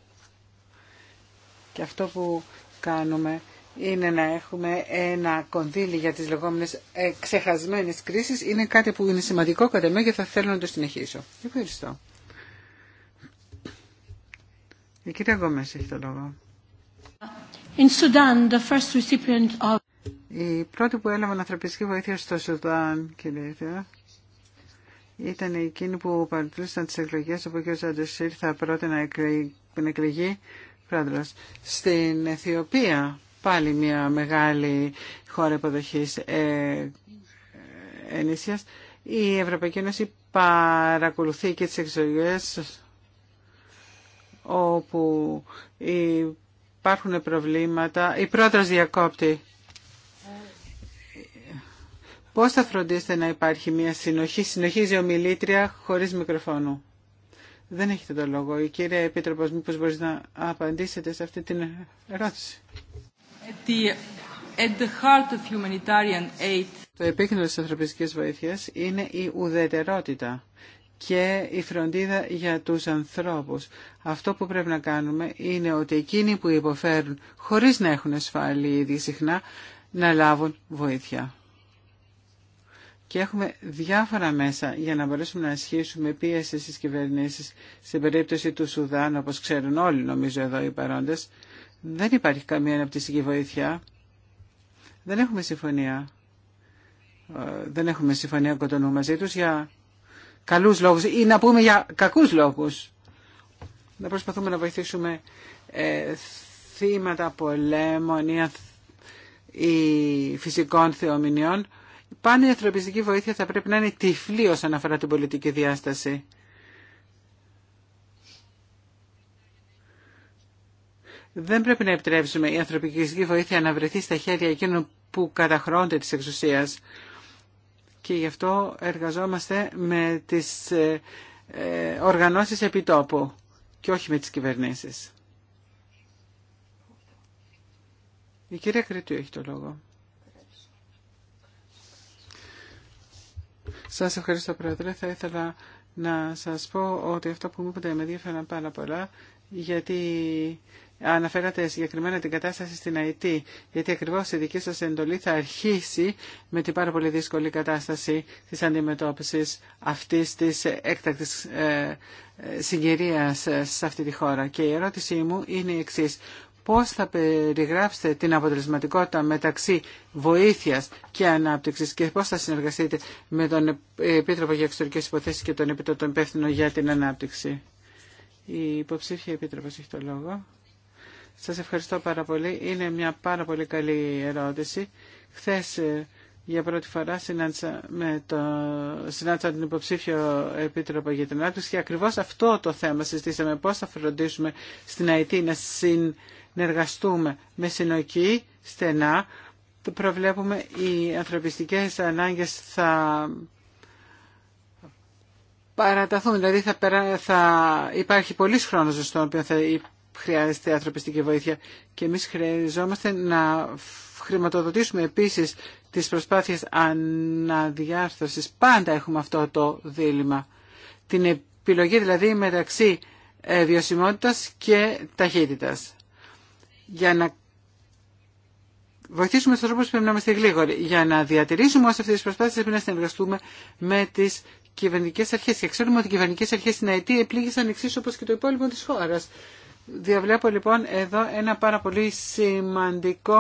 Και αυτό που κάνουμε είναι να έχουμε ένα κονδύλι για τις λεγόμενες ε, ξεχασμένες κρίσεις. Είναι κάτι που είναι σημαντικό κατά μένα και θα θέλω να το συνεχίσω. Ευχαριστώ. Η κυρία Γκόμες έχει το λόγο. In Sudan, the first recipient of... Η πρώτη που έλαβαν ανθρωπιστική βοήθεια στο Σουδάν, κύριε ήταν εκείνη που παρατηρούσαν τις εκλογές όπου ο κ. Αντεσίρ θα πρώτη να εκλεγεί στην Αιθιοπία πάλι μια μεγάλη χώρα υποδοχής ε, ενίσχυας. Η Ευρωπαϊκή Ένωση παρακολουθεί και τις εξωγές όπου υπάρχουν προβλήματα. Η πρόεδρος διακόπτη. Πώς θα φροντίσετε να υπάρχει μια συνοχή, συνοχίζει ομιλήτρια χωρίς μικροφόνου. Δεν έχετε το λόγο. Η κυρία Επίτροπος, μήπως μπορείς να απαντήσετε σε αυτή την ερώτηση. Το επίκεντρο της ανθρωπιστικής βοήθειας είναι η ουδετερότητα και η φροντίδα για τους ανθρώπους. Αυτό που πρέπει να κάνουμε είναι ότι εκείνοι που υποφέρουν χωρίς να έχουν ασφάλει ήδη συχνά να λάβουν βοήθεια. Και έχουμε διάφορα μέσα για να μπορέσουμε να ασχίσουμε πίεση στις κυβερνήσεις. Στην περίπτωση του Σουδάν, όπως ξέρουν όλοι νομίζω εδώ οι παρόντες, δεν υπάρχει καμία αναπτυστική βοήθεια. Δεν έχουμε συμφωνία. Ε, δεν έχουμε συμφωνία κοντονού μαζί τους για καλούς λόγους ή να πούμε για κακούς λόγους. Να προσπαθούμε να βοηθήσουμε ε, θύματα πολέμων ή, ή φυσικών θεομηνιών. Πάνε η ανθρωπιστική βοήθεια θα πρέπει να είναι βοηθησουμε θυματα πολεμων η η όσον αφορά την πολιτική διάσταση. Δεν πρέπει να επιτρέψουμε η ανθρωπική βοήθεια να βρεθεί στα χέρια εκείνων που καταχρώνται της εξουσίας. Και γι' αυτό εργαζόμαστε με τις ε, ε, οργανώσεις επιτόπου και όχι με τις κυβερνήσεις. Η κυρία Κριτού έχει το λόγο. Σας ευχαριστώ πρόεδρε. Θα ήθελα να σας πω ότι αυτό που μου είπατε με διέφεραν πάρα πολλά γιατί Αναφέρατε συγκεκριμένα την κατάσταση στην ΑΕΤ, γιατί ακριβώ η δική σα εντολή θα αρχίσει με την πάρα πολύ δύσκολη κατάσταση της αντιμετώπισης αυτής της έκτακτης ε, συγκυρία σε αυτή τη χώρα. Και η ερώτησή μου είναι η εξή πώ θα περιγράψετε την αποτελεσματικότητα μεταξύ βοήθεια και ανάπτυξη και πώ θα συνεργαστείτε με τον Επίτροπο για εξωτερικέ υποθέσει και τον Επίτροπο για την Ανάπτυξη. Η υποψήφια επίτροπο έχει το λόγο. Σας ευχαριστώ πάρα πολύ. Είναι μια πάρα πολύ καλή ερώτηση. Χθες ε, για πρώτη φορά συνάντησα, με το, συνάντησα την υποψήφιο επίτροπο για την ανάπτυξη και ακριβώς αυτό το θέμα συζητήσαμε. Πώς θα φροντίσουμε στην ΑΕΤ να συνεργαστούμε με συνοχή στενά. προβλέπουμε οι ανθρωπιστικές ανάγκες θα παραταθούν. Δηλαδή θα, θα υπάρχει πολλής χρόνος στον οποίο θα χρειάζεται ανθρωπιστική βοήθεια και εμείς χρειαζόμαστε να χρηματοδοτήσουμε επίσης τις προσπάθειες αναδιάρθρωσης. Πάντα έχουμε αυτό το δίλημα. Την επιλογή δηλαδή μεταξύ ε, βιωσιμότητας και ταχύτητας. Για να βοηθήσουμε του ανθρώπους πρέπει να είμαστε γλίγοροι. Για να διατηρήσουμε όλε αυτέ τις προσπάθειε πρέπει να συνεργαστούμε με τι κυβερνητικέ αρχές. Και ξέρουμε ότι οι κυβερνήτικέ αρχέ στην ΑΕΤ επλήγησαν εξίσου όπω και το υπόλοιπο τη χώρα. Διαβλέπω λοιπόν εδώ ένα πάρα πολύ σημαντικό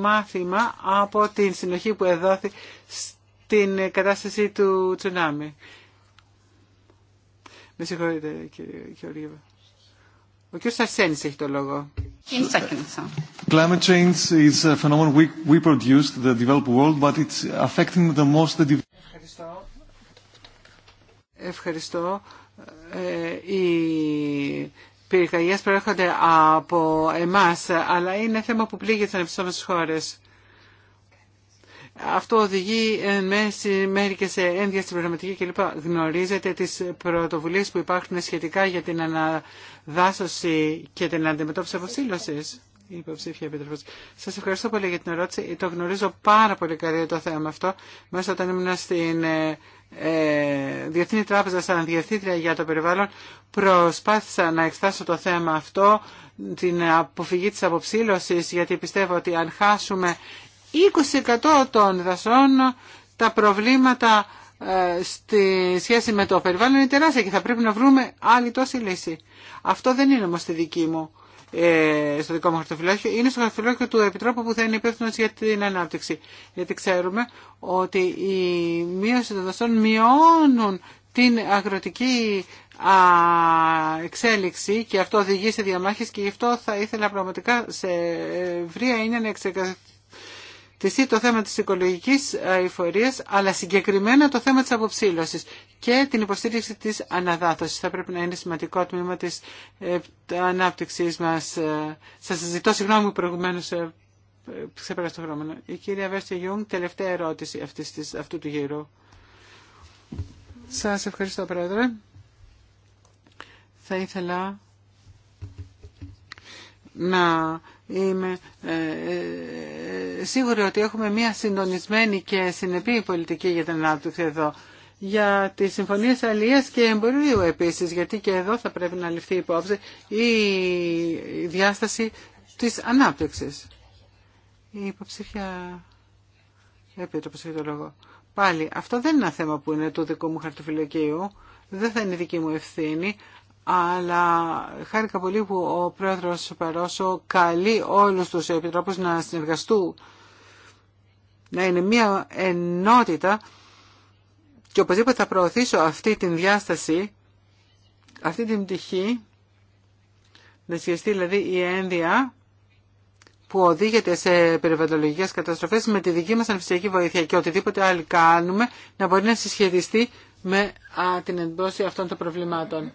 μάθημα από την συνοχή που εδόθη στην κατάσταση του τσουνάμι. Με συγχωρείτε κύριε Γεωργίβα. Ο κύριος Αρσένης έχει το λόγο. Climate change is a phenomenon we, we produced, the developed world, but it's affecting the most the Ευχαριστώ. Ευχαριστώ. Ε, η πυρκαγιέ προέρχονται από εμά, αλλά είναι θέμα που πλήγει τι ανεπιστόμενε χώρε. Αυτό οδηγεί εν μέση μέρη και σε ένδια στην προγραμματική κλπ. Γνωρίζετε τις πρωτοβουλίες που υπάρχουν σχετικά για την αναδάσωση και την αντιμετώπιση αποσύλωσης. Υποψήφια Σα ευχαριστώ πολύ για την ερώτηση. Το γνωρίζω πάρα πολύ καλή το θέμα αυτό. Μέσα όταν ήμουν στην ε, ε, Διεθνή Τράπεζα σαν Διευθύντρια για το Περιβάλλον προσπάθησα να εξτάσω το θέμα αυτό, την αποφυγή της αποψήλωσης, γιατί πιστεύω ότι αν χάσουμε 20% των δασών, τα προβλήματα ε, στη σχέση με το περιβάλλον είναι τεράστια και θα πρέπει να βρούμε άλλη τόση λύση. Αυτό δεν είναι όμως τη δική μου ε, στο δικό μου χαρτοφυλάκιο, είναι στο χαρτοφυλάκιο του Επιτρόπου που θα είναι υπεύθυνο για την ανάπτυξη. Γιατί ξέρουμε ότι η μείωση των δασών μειώνουν την αγροτική α, εξέλιξη και αυτό οδηγεί σε διαμάχες και γι' αυτό θα ήθελα πραγματικά σε ευρία είναι να τεθεί το θέμα της οικολογικής αηφορίας, αλλά συγκεκριμένα το θέμα της αποψήλωσης και την υποστήριξη της αναδάθωσης. Θα πρέπει να είναι σημαντικό τμήμα της ε, ανάπτυξής μας. Ε, σας ζητώ συγγνώμη που προηγουμένως ε, ξεπέρασε το χρόνο. Η κυρία Βέρστε Γιούγκ, τελευταία ερώτηση αυτής της, αυτού του γύρου. Σας ευχαριστώ, Πρόεδρε. Θα ήθελα να Είμαι ε, ε, σίγουρη ότι έχουμε μια συντονισμένη και συνεπή πολιτική για την ανάπτυξη εδώ. Για τι συμφωνίε αλληλεία και εμπορίου επίση, γιατί και εδώ θα πρέπει να ληφθεί υπόψη η διάσταση της ανάπτυξη. Η υποψήφια επίτροπο για το λόγο. Πάλι, αυτό δεν είναι ένα θέμα που είναι του δικού μου χαρτοφυλακίου, δεν θα είναι δική μου ευθύνη, αλλά χάρηκα πολύ που ο πρόεδρος Παρόσο καλεί όλους τους επιτρόπους να συνεργαστούν, να είναι μια ενότητα και οπωσδήποτε θα προωθήσω αυτή την διάσταση, αυτή την πτυχή, να σχεστεί δηλαδή η ένδια που οδήγεται σε περιβαλλοντολογικέ καταστροφές με τη δική μας ανθρωπιστική βοήθεια και οτιδήποτε άλλο κάνουμε να μπορεί να συσχετιστεί με την εντόση αυτών των προβλημάτων.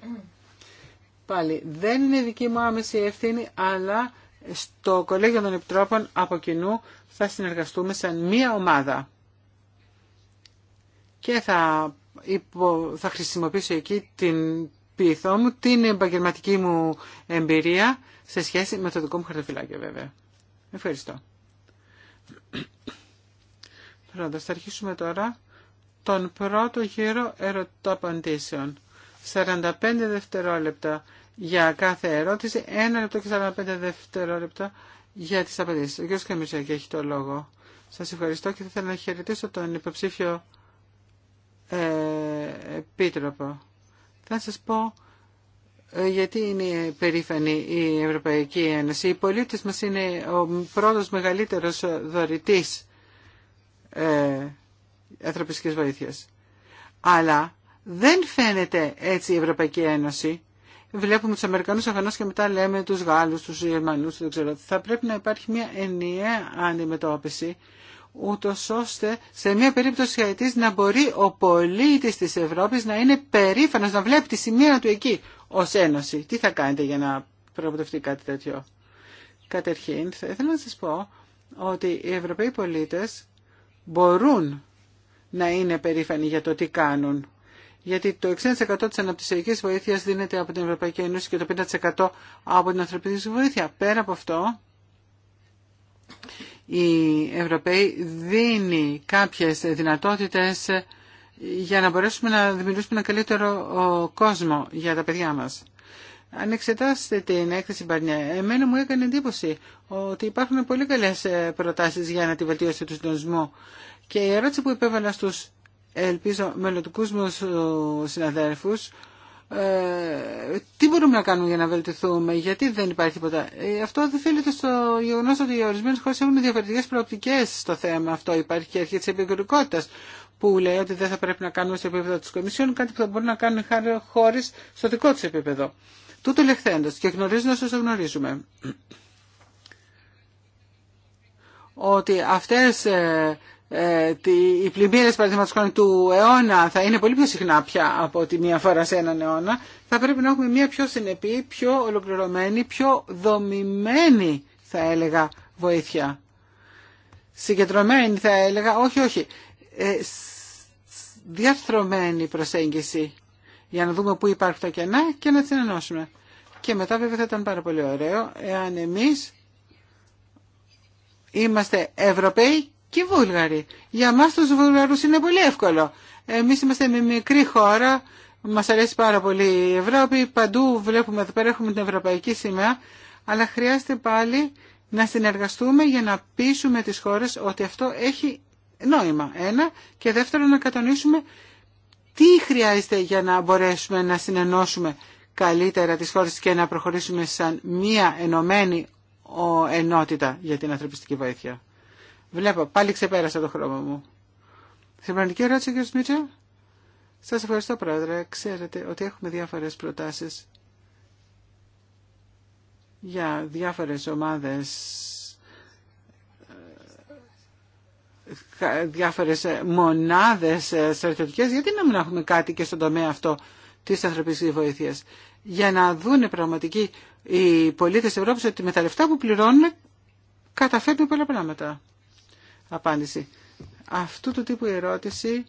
Πάλι δεν είναι δική μου άμεση ευθύνη, αλλά στο Κολέγιο των Επιτρόπων από κοινού θα συνεργαστούμε σαν μία ομάδα. Και θα, υπο, θα χρησιμοποιήσω εκεί την πίθο μου, την επαγγελματική μου εμπειρία σε σχέση με το δικό μου χαρτοφυλάκιο βέβαια. Ευχαριστώ. Πρώτα, θα αρχίσουμε τώρα τον πρώτο γύρο απαντήσεων. 45 δευτερόλεπτα για κάθε ερώτηση, 1 λεπτό και 45 δευτερόλεπτα για τις απαντήσεις. Ο κ. Καμιτσάκη έχει το λόγο. Σας ευχαριστώ και θα ήθελα να χαιρετήσω τον υποψήφιο ε, επίτροπο. Θα σας πω ε, γιατί είναι περήφανη η Ευρωπαϊκή Ένωση. Οι πολίτες μας είναι ο πρώτος μεγαλύτερος δωρητής ε, ανθρωπιστικής βοήθειας. Αλλά δεν φαίνεται έτσι η Ευρωπαϊκή Ένωση. Βλέπουμε τους Αμερικανούς αφενός και μετά λέμε τους Γάλλους, τους Γερμανούς, δεν ξέρω. Θα πρέπει να υπάρχει μια ενιαία αντιμετώπιση ούτω ώστε σε μια περίπτωση χαϊτής να μπορεί ο πολίτης της Ευρώπης να είναι περήφανος, να βλέπει τη σημεία του εκεί ως Ένωση. Τι θα κάνετε για να προοπτευτεί κάτι τέτοιο. Κατερχήν, θα ήθελα να σας πω ότι οι Ευρωπαίοι πολίτες μπορούν να είναι περήφανοι για το τι κάνουν γιατί το 60% της αναπτυσσιακής βοήθειας δίνεται από την Ευρωπαϊκή Ένωση και το 50% από την ανθρωπιστική βοήθεια. Πέρα από αυτό, η Ευρωπαίοι δίνει κάποιες δυνατότητες για να μπορέσουμε να δημιουργήσουμε ένα καλύτερο κόσμο για τα παιδιά μας. Αν εξετάσετε την έκθεση Μπαρνιέ, εμένα μου έκανε εντύπωση ότι υπάρχουν πολύ καλές ε, προτάσεις για να τη βελτίωση του συντονισμού. Και η ερώτηση που υπέβαλα στους ελπίζω μελλοντικούς μου συναδέρφους ε, τι μπορούμε να κάνουμε για να βελτιωθούμε, γιατί δεν υπάρχει τίποτα. Ε, αυτό δεν θέλετε στο γεγονό ότι οι ορισμένε χώρε έχουν διαφορετικέ προοπτικέ στο θέμα αυτό. Υπάρχει και η αρχή τη επικουρικότητα που λέει ότι δεν θα πρέπει να κάνουμε στο επίπεδο τη Κομισιόν κάτι που θα μπορούν να κάνουν χώρε στο δικό του επίπεδο. Τούτο λεχθέντο και γνωρίζοντα όσο γνωρίζουμε ότι αυτές ε, ε, οι πλημμύρε παραδείγματο του αιώνα θα είναι πολύ πιο συχνά πια από ότι μία φορά σε έναν αιώνα, θα πρέπει να έχουμε μία πιο συνεπή, πιο ολοκληρωμένη, πιο δομημένη θα έλεγα βοήθεια. Συγκεντρωμένη θα έλεγα, όχι όχι, ε, διαρθρωμένη προσέγγιση για να δούμε πού υπάρχουν τα κενά και να τις ενώσουμε. Και μετά βέβαια θα ήταν πάρα πολύ ωραίο εάν εμείς είμαστε Ευρωπαίοι και Βούλγαροι. Για μας τους Βούλγαρους είναι πολύ εύκολο. Εμείς είμαστε μια μικρή χώρα, μας αρέσει πάρα πολύ η Ευρώπη, παντού βλέπουμε εδώ πέρα έχουμε την ευρωπαϊκή σημαία, αλλά χρειάζεται πάλι να συνεργαστούμε για να πείσουμε τις χώρες ότι αυτό έχει νόημα. Ένα και δεύτερο να κατανοήσουμε τι χρειάζεται για να μπορέσουμε να συνενώσουμε καλύτερα τις χώρες και να προχωρήσουμε σαν μία ενωμένη ενότητα για την ανθρωπιστική βοήθεια. Βλέπω, πάλι ξεπέρασα το χρώμα μου. πραγματική ερώτηση, κύριε Σμίτσελ. Σας ευχαριστώ, πρόεδρε. Ξέρετε ότι έχουμε διάφορες προτάσεις για διάφορες ομάδες ε, διάφορες ε, μονάδες ε, στρατιωτικές, γιατί να μην έχουμε κάτι και στον τομέα αυτό της ανθρωπιστικής βοήθειας. Για να δουν πραγματικοί οι πολίτες της Ευρώπης ότι με τα λεφτά που πληρώνουν καταφέρνουν πολλά πράγματα απάντηση. Αυτού του τύπου ερώτηση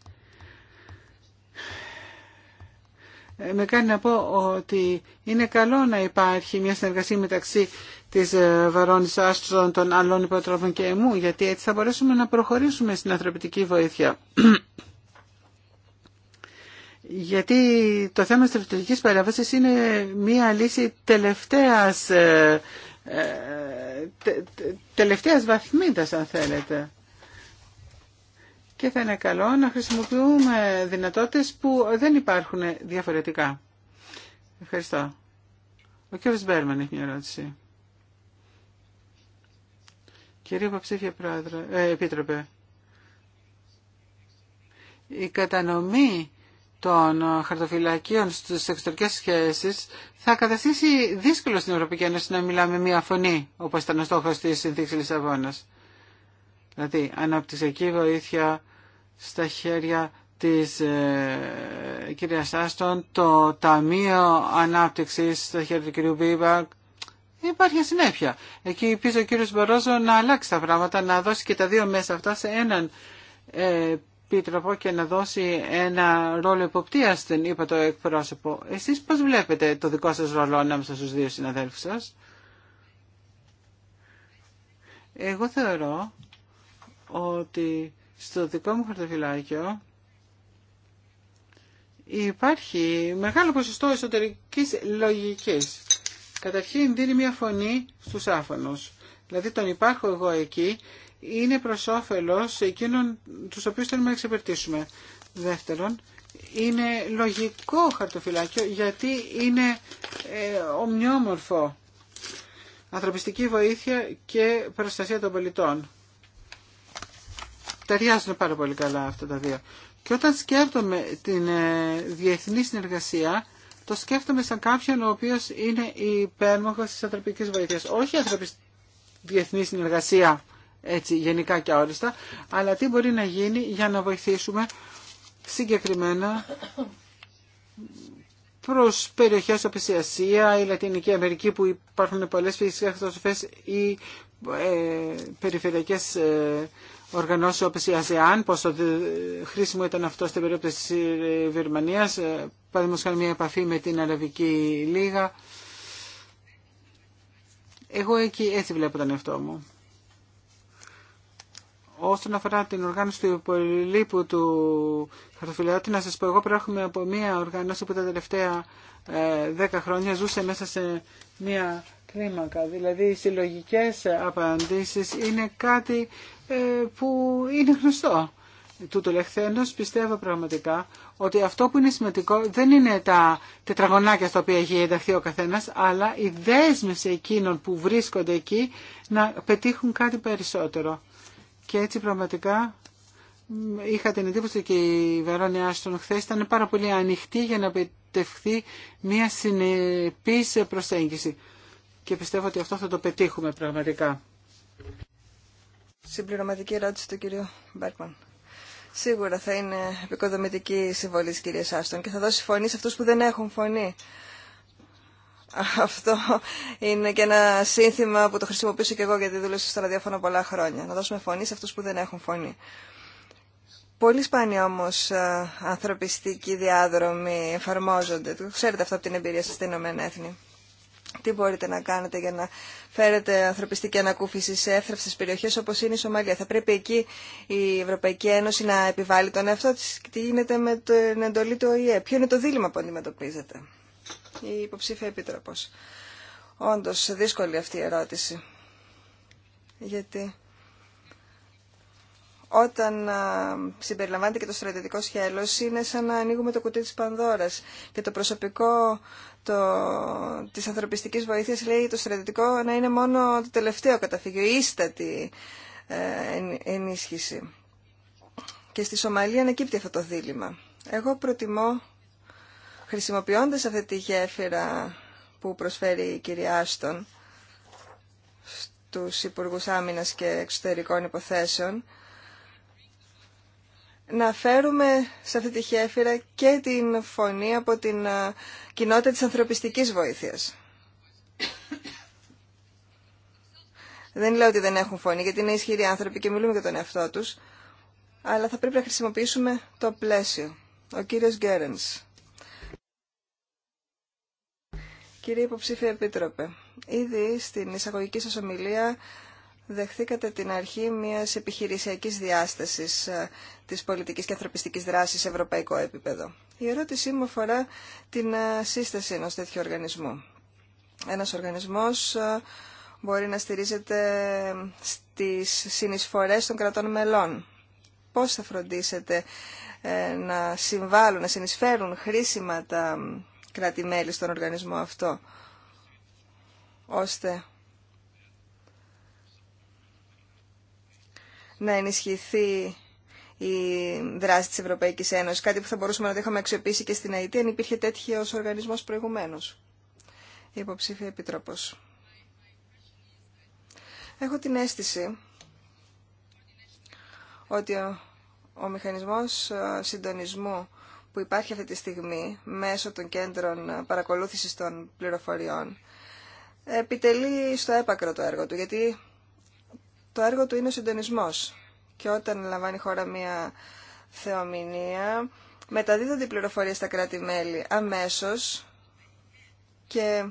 ε, με κάνει να πω ότι είναι καλό να υπάρχει μια συνεργασία μεταξύ της ε, Βαρόνης Άστρων, των άλλων υποτρόφων και εμού, γιατί έτσι θα μπορέσουμε να προχωρήσουμε στην ανθρωπιτική βοήθεια. γιατί το θέμα της στρατιωτικής παρέμβασης είναι μια λύση τελευταίας, ε, τελευταίας βαθμίδας, αν θέλετε και θα είναι καλό να χρησιμοποιούμε δυνατότητες που δεν υπάρχουν διαφορετικά. Ευχαριστώ. Ο κ. Μπέρμαν έχει μια ερώτηση. Κύριε Υποψήφια Πρόεδρε, ε, Επίτροπε, η κατανομή των χαρτοφυλακίων στις εξωτερικές σχέσεις θα καταστήσει δύσκολο στην Ευρωπαϊκή Ένωση να μιλάμε μία φωνή, όπως ήταν ο στόχος της Συνθήκης Λισαβόνας. Δηλαδή, αναπτυξιακή βοήθεια στα χέρια της ε, κυρίας Άστον, το Ταμείο Ανάπτυξης στα χέρια του κυρίου Μπίμπακ. Υπάρχει συνέπεια. Εκεί πίσω ο κύριος Μπαρόζο να αλλάξει τα πράγματα, να δώσει και τα δύο μέσα αυτά σε έναν ε, και να δώσει ένα ρόλο υποπτία στην είπα το εκπρόσωπο. Εσείς πώς βλέπετε το δικό σας ρόλο ανάμεσα στους δύο συναδέλφους σας. Εγώ θεωρώ ότι στο δικό μου χαρτοφυλάκιο υπάρχει μεγάλο ποσοστό εσωτερικής λογικής. Καταρχήν δίνει μια φωνή στους άφωνους. Δηλαδή τον υπάρχω εγώ εκεί είναι προς όφελος εκείνων τους οποίους θέλουμε να εξυπηρετήσουμε. Δεύτερον, είναι λογικό χαρτοφυλάκιο γιατί είναι ε, ομοιόμορφο ανθρωπιστική βοήθεια και προστασία των πολιτών. Ταιριάζουν πάρα πολύ καλά αυτά τα δύο. Και όταν σκέφτομαι την ε, διεθνή συνεργασία, το σκέφτομαι σαν κάποιον ο οποίος είναι υπέρμαχος της ανθρωπικής βοήθειας. Όχι ανθρωπιστική διεθνή συνεργασία, έτσι γενικά και όριστα, αλλά τι μπορεί να γίνει για να βοηθήσουμε συγκεκριμένα προς περιοχές όπως η Ασία, η Λατινική Αμερική που υπάρχουν πολλές φυσικέ καταστροφές ή ε, περιφερειακές ε, οργανώσει όπως η ΑΖΕΑΝ, πόσο χρήσιμο ήταν αυτό στην περίπτωση της Βερμανίας, ε, παραδείγματος κάνει μια επαφή με την Αραβική Λίγα. Εγώ εκεί έτσι βλέπω τον εαυτό μου. Όσον αφορά την οργάνωση του υπολείπου του χαρτοφυλαίου, να σας πω, εγώ προέρχομαι από μια οργάνωση που τα τελευταία ε, δέκα χρόνια ζούσε μέσα σε μια κλίμακα. Δηλαδή οι συλλογικές απαντήσεις είναι κάτι ε, που είναι γνωστό τούτο λεχθέντος πιστεύω πραγματικά ότι αυτό που είναι σημαντικό δεν είναι τα τετραγωνάκια στα οποία έχει ενταχθεί ο καθένας αλλά η δέσμευση εκείνων που βρίσκονται εκεί να πετύχουν κάτι περισσότερο. Και έτσι πραγματικά είχα την εντύπωση και η Βερόνια Άστον χθε ήταν πάρα πολύ ανοιχτή για να πετευχθεί μια συνεπής προσέγγιση. Και πιστεύω ότι αυτό θα το πετύχουμε πραγματικά. Συμπληρωματική ερώτηση του κυρίου Μπέρκμαν. Σίγουρα θα είναι επικοδομητική συμβολή τη κυρία Άστον και θα δώσει φωνή σε αυτού που δεν έχουν φωνή. Αυτό είναι και ένα σύνθημα που το χρησιμοποιήσω και εγώ γιατί δούλεψα στο ραδιόφωνο πολλά χρόνια. Να δώσουμε φωνή σε αυτού που δεν έχουν φωνή. Πολύ σπάνια όμω ανθρωπιστικοί διάδρομοι εφαρμόζονται. Το ξέρετε αυτό από την εμπειρία σα στην Ηνωμένα Έθνη τι μπορείτε να κάνετε για να φέρετε ανθρωπιστική ανακούφιση σε έφραυστες περιοχές όπως είναι η Σομαλία. Θα πρέπει εκεί η Ευρωπαϊκή Ένωση να επιβάλλει τον εαυτό τη τι γίνεται με την εντολή του ΟΗΕ. Ποιο είναι το δίλημα που αντιμετωπίζετε. Η υποψήφια επίτροπος. Όντως δύσκολη αυτή η ερώτηση. Γιατί όταν συμπεριλαμβάνεται και το στρατιωτικό σχέλος είναι σαν να ανοίγουμε το κουτί της Πανδώρας και το προσωπικό το, της ανθρωπιστικής βοήθειας λέει το στρατιωτικό να είναι μόνο το τελευταίο καταφύγιο, η ίστατη ε, ενίσχυση. Και στη Σομαλία ανακύπτει αυτό το δίλημα. Εγώ προτιμώ, χρησιμοποιώντας αυτή τη γέφυρα που προσφέρει η κυρία Άστον στους Υπουργούς Άμυνας και Εξωτερικών Υποθέσεων, να φέρουμε σε αυτή τη χέφυρα και την φωνή από την κοινότητα της ανθρωπιστικής βοήθειας. Δεν λέω ότι δεν έχουν φωνή, γιατί είναι ισχυροί άνθρωποι και μιλούμε για τον εαυτό τους, αλλά θα πρέπει να χρησιμοποιήσουμε το πλαίσιο. Ο κύριος Γκέρενς. Κύριε Υποψήφια Επίτροπε, ήδη στην εισαγωγική σας ομιλία δεχθήκατε την αρχή μιας επιχειρησιακής διάστασης ε, της πολιτικής και ανθρωπιστικής δράσης σε ευρωπαϊκό επίπεδο. Η ερώτησή μου αφορά την ε, σύσταση ενός τέτοιου οργανισμού. Ένας οργανισμός ε, μπορεί να στηρίζεται στις συνεισφορές των κρατών μελών. Πώς θα φροντίσετε να συμβάλλουν, να συνεισφέρουν χρήσιμα τα κράτη-μέλη στον οργανισμό αυτό, ώστε να ενισχυθεί η δράση της Ευρωπαϊκής Ένωσης, κάτι που θα μπορούσαμε να το είχαμε αξιοποιήσει και στην ΑΕΤ, αν υπήρχε τέτοιος οργανισμός προηγουμένως. Η υποψήφια Επιτρόπος. Έχω την αίσθηση ότι ο, ο μηχανισμός ε, συντονισμού που υπάρχει αυτή τη στιγμή μέσω των κέντρων παρακολούθησης των πληροφοριών επιτελεί στο έπακρο το έργο του, γιατί το έργο του είναι ο συντονισμός και όταν λαμβάνει η χώρα μια θεομηνία μεταδίδονται οι πληροφορίες στα κράτη-μέλη αμέσως και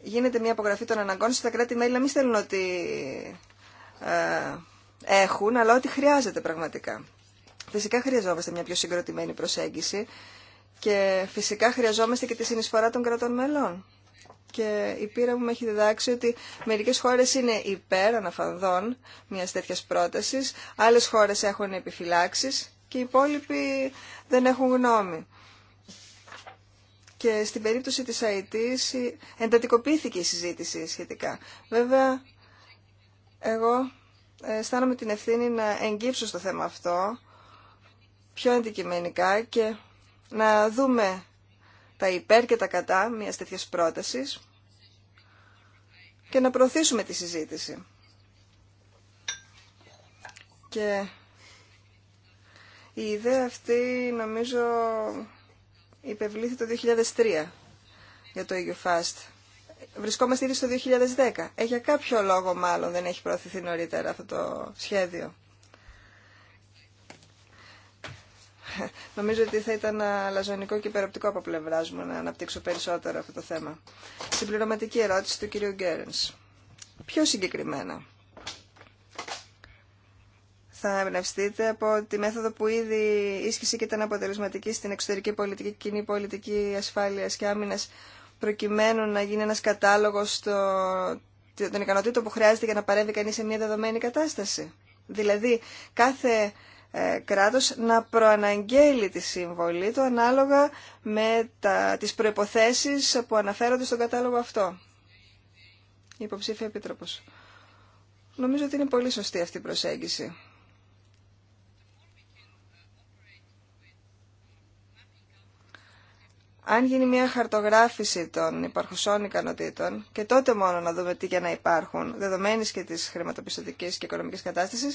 γίνεται μια απογραφή των αναγκών στα κράτη-μέλη να μην στέλνουν ότι ε, έχουν, αλλά ότι χρειάζεται πραγματικά. Φυσικά χρειαζόμαστε μια πιο συγκροτημένη προσέγγιση και φυσικά χρειαζόμαστε και τη συνεισφορά των κρατών μελών. Και η πείρα μου έχει διδάξει ότι μερικέ χώρε είναι υπέρ αναφανδών μια τέτοια πρόταση, άλλε χώρε έχουν επιφυλάξει και οι υπόλοιποι δεν έχουν γνώμη. Και στην περίπτωση της ΑΕΤ εντατικοποιήθηκε η συζήτηση σχετικά. Βέβαια, εγώ ε, αισθάνομαι την ευθύνη να εγκύψω στο θέμα αυτό πιο αντικειμενικά και να δούμε τα υπέρ και τα κατά μιας τέτοιας πρότασης και να προωθήσουμε τη συζήτηση. Και η ιδέα αυτή νομίζω υπευλήθη το 2003 για το EU Fast. Βρισκόμαστε ήδη στο 2010. έχει για κάποιο λόγο μάλλον δεν έχει προωθηθεί νωρίτερα αυτό το σχέδιο. Νομίζω ότι θα ήταν λαζονικό και υπεροπτικό από πλευρά μου να αναπτύξω περισσότερο αυτό το θέμα. Συμπληρωματική ερώτηση του κυρίου Γκέρεν. Πιο συγκεκριμένα. Θα εμπνευστείτε από τη μέθοδο που ήδη ίσχυσε και ήταν αποτελεσματική στην εξωτερική πολιτική, κοινή πολιτική ασφάλεια και άμυνας, προκειμένου να γίνει ένα κατάλογο των ικανοτήτων που χρειάζεται για να παρέμβει κανεί σε μια δεδομένη κατάσταση. Δηλαδή, κάθε ε, κράτος να προαναγγέλει τη συμβολή του ανάλογα με τα, τις προϋποθέσεις που αναφέρονται στον κατάλογο αυτό. Η υποψήφια επίτροπος. Νομίζω ότι είναι πολύ σωστή αυτή η προσέγγιση. Αν γίνει μια χαρτογράφηση των υπαρχουσών ικανοτήτων και τότε μόνο να δούμε τι για να υπάρχουν, δεδομένη και τη χρηματοπιστωτική και οικονομική κατάσταση,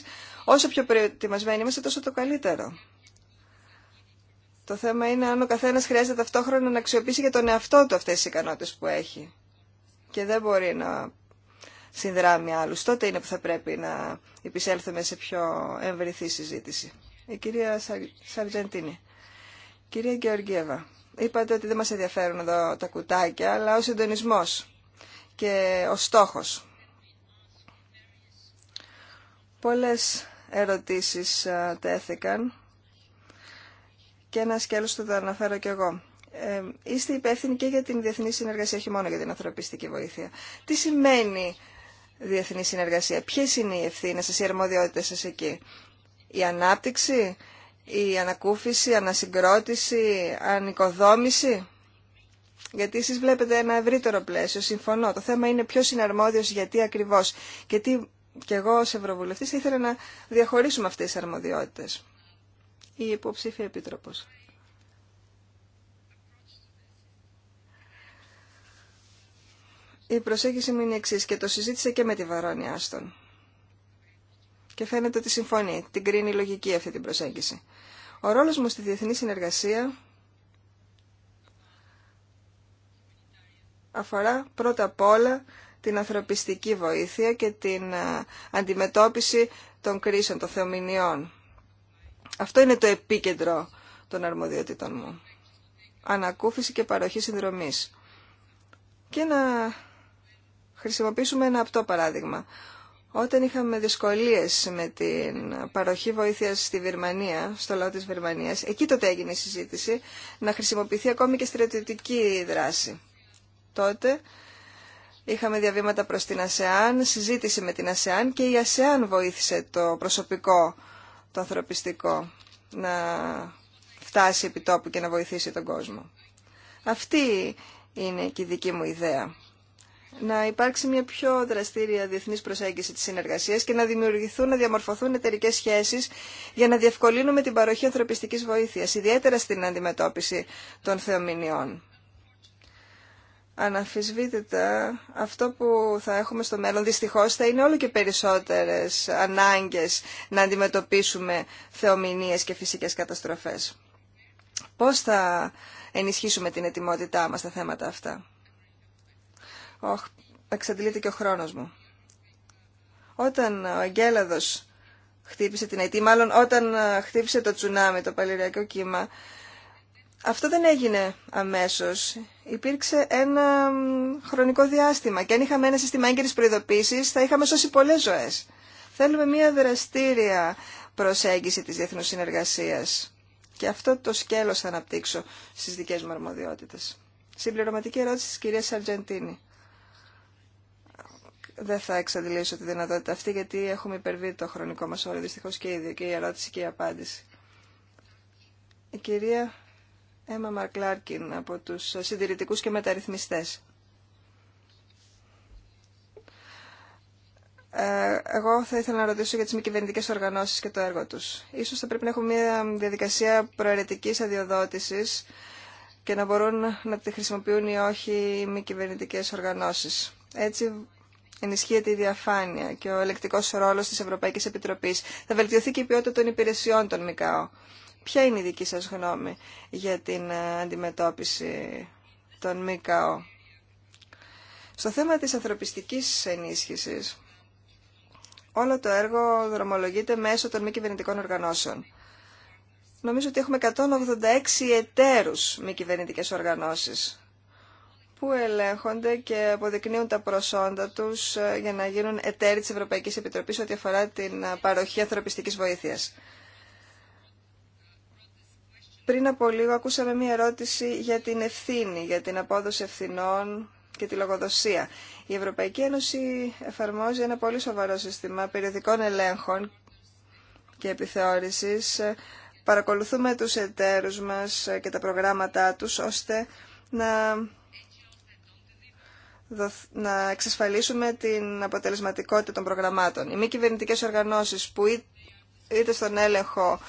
όσο πιο προετοιμασμένοι είμαστε, τόσο το καλύτερο. Το θέμα είναι αν ο καθένα χρειάζεται ταυτόχρονα να αξιοποιήσει για τον εαυτό του αυτέ τι ικανότητε που έχει. Και δεν μπορεί να συνδράμει άλλου. Τότε είναι που θα πρέπει να επισέλθουμε σε πιο εμβριθή συζήτηση. Η κυρία Σαρτζεντίνη. Κυρία Γεωργίεβα είπατε ότι δεν μας ενδιαφέρουν εδώ τα κουτάκια, αλλά ο συντονισμός και ο στόχος. Πολλές ερωτήσεις τέθηκαν και ένα σκέλος θα το αναφέρω κι εγώ. Ε, είστε υπεύθυνοι και για την διεθνή συνεργασία, όχι μόνο για την ανθρωπιστική βοήθεια. Τι σημαίνει διεθνή συνεργασία, ποιες είναι οι ευθύνες σας, οι αρμοδιότητες σας εκεί. Η ανάπτυξη, η ανακούφιση, ανασυγκρότηση, ανοικοδόμηση. Γιατί εσείς βλέπετε ένα ευρύτερο πλαίσιο, συμφωνώ. Το θέμα είναι ποιος είναι αρμόδιος, γιατί ακριβώς. Και τι και εγώ ως Ευρωβουλευτής ήθελα να διαχωρίσουμε αυτές τις αρμοδιότητες. Η υποψήφια επίτροπος. Η προσέγγιση μου είναι εξή και το συζήτησε και με τη Βαρόνια Άστον και φαίνεται ότι συμφωνεί. Την κρίνει η λογική αυτή την προσέγγιση. Ο ρόλος μου στη διεθνή συνεργασία αφορά πρώτα απ' όλα την ανθρωπιστική βοήθεια και την ε, αντιμετώπιση των κρίσεων, των θεομηνιών. Αυτό είναι το επίκεντρο των αρμοδιότητων μου. Ανακούφιση και παροχή συνδρομής. Και να χρησιμοποιήσουμε ένα απτό παράδειγμα. Όταν είχαμε δυσκολίες με την παροχή βοήθειας στη Βερμανία, στο λαό της Βερμανίας, εκεί τότε έγινε η συζήτηση να χρησιμοποιηθεί ακόμη και στρατιωτική δράση. Τότε είχαμε διαβήματα προς την ΑΣΕΑΝ, συζήτηση με την ΑΣΕΑΝ και η ΑΣΕΑΝ βοήθησε το προσωπικό, το ανθρωπιστικό, να φτάσει επί τόπου και να βοηθήσει τον κόσμο. Αυτή είναι και η δική μου ιδέα να υπάρξει μια πιο δραστήρια διεθνής προσέγγιση της συνεργασίας και να δημιουργηθούν, να διαμορφωθούν εταιρικέ σχέσεις για να διευκολύνουμε την παροχή ανθρωπιστικής βοήθειας, ιδιαίτερα στην αντιμετώπιση των θεομηνιών. Αναφυσβήτητα, αυτό που θα έχουμε στο μέλλον δυστυχώς θα είναι όλο και περισσότερες ανάγκες να αντιμετωπίσουμε θεομηνίες και φυσικές καταστροφές. Πώς θα ενισχύσουμε την ετοιμότητά μας στα θέματα αυτά. Οχ, εξαντλείται και ο χρόνος μου. Όταν ο Αγγέλαδος χτύπησε την Αιτή, μάλλον όταν ε, χτύπησε το τσουνάμι, το παλιριακό κύμα, αυτό δεν έγινε αμέσως. Υπήρξε ένα χρονικό διάστημα και αν είχαμε ένα σύστημα έγκαιρης προειδοποίησης θα είχαμε σώσει πολλές ζωές. Θέλουμε μια δραστήρια προσέγγιση της διεθνούς συνεργασίας. Και αυτό το σκέλος θα αναπτύξω στις δικές μου αρμοδιότητες. Συμπληρωματική ερώτηση της κυρίας Αργεντίνη δεν θα εξαντλήσω τη δυνατότητα αυτή γιατί έχουμε υπερβεί το χρονικό μας όριο δυστυχώς και και η ερώτηση και η απάντηση. Η κυρία Έμα Μαρκλάρκιν από τους συντηρητικούς και μεταρρυθμιστές. Ε, εγώ θα ήθελα να ρωτήσω για τις μη κυβερνητικέ οργανώσεις και το έργο τους. Ίσως θα πρέπει να έχουμε μια διαδικασία προαιρετικής αδειοδότησης και να μπορούν να τη χρησιμοποιούν ή όχι οι μη κυβερνητικέ οργανώσεις. Έτσι ενισχύεται η διαφάνεια και ο ελεκτικό ρόλος τη Ευρωπαϊκή Επιτροπή. Θα βελτιωθεί και η ποιότητα των υπηρεσιών των ΜΚΑΟ. Ποια είναι η δική σας γνώμη για την ε, αντιμετώπιση των ΜΚΑΟ. Στο θέμα της ανθρωπιστικής ενίσχυσης, όλο το έργο δρομολογείται μέσω των μη κυβερνητικών οργανώσεων. Νομίζω ότι έχουμε 186 εταίρους μη κυβερνητικές οργανώσεις που ελέγχονται και αποδεικνύουν τα προσόντα τους ε, για να γίνουν εταίροι της Ευρωπαϊκής Επιτροπής ό,τι αφορά την ε, παροχή ανθρωπιστικής βοήθειας. Πριν από λίγο ακούσαμε μία ερώτηση για την ευθύνη, για την απόδοση ευθυνών και τη λογοδοσία. Η Ευρωπαϊκή Ένωση εφαρμόζει ένα πολύ σοβαρό σύστημα περιοδικών ελέγχων και επιθεώρησης. Παρακολουθούμε τους εταίρους μας και τα προγράμματά τους, ώστε να να εξασφαλίσουμε την αποτελεσματικότητα των προγραμμάτων. Οι μη κυβερνητικέ οργανώσεις που είτε στον έλεγχο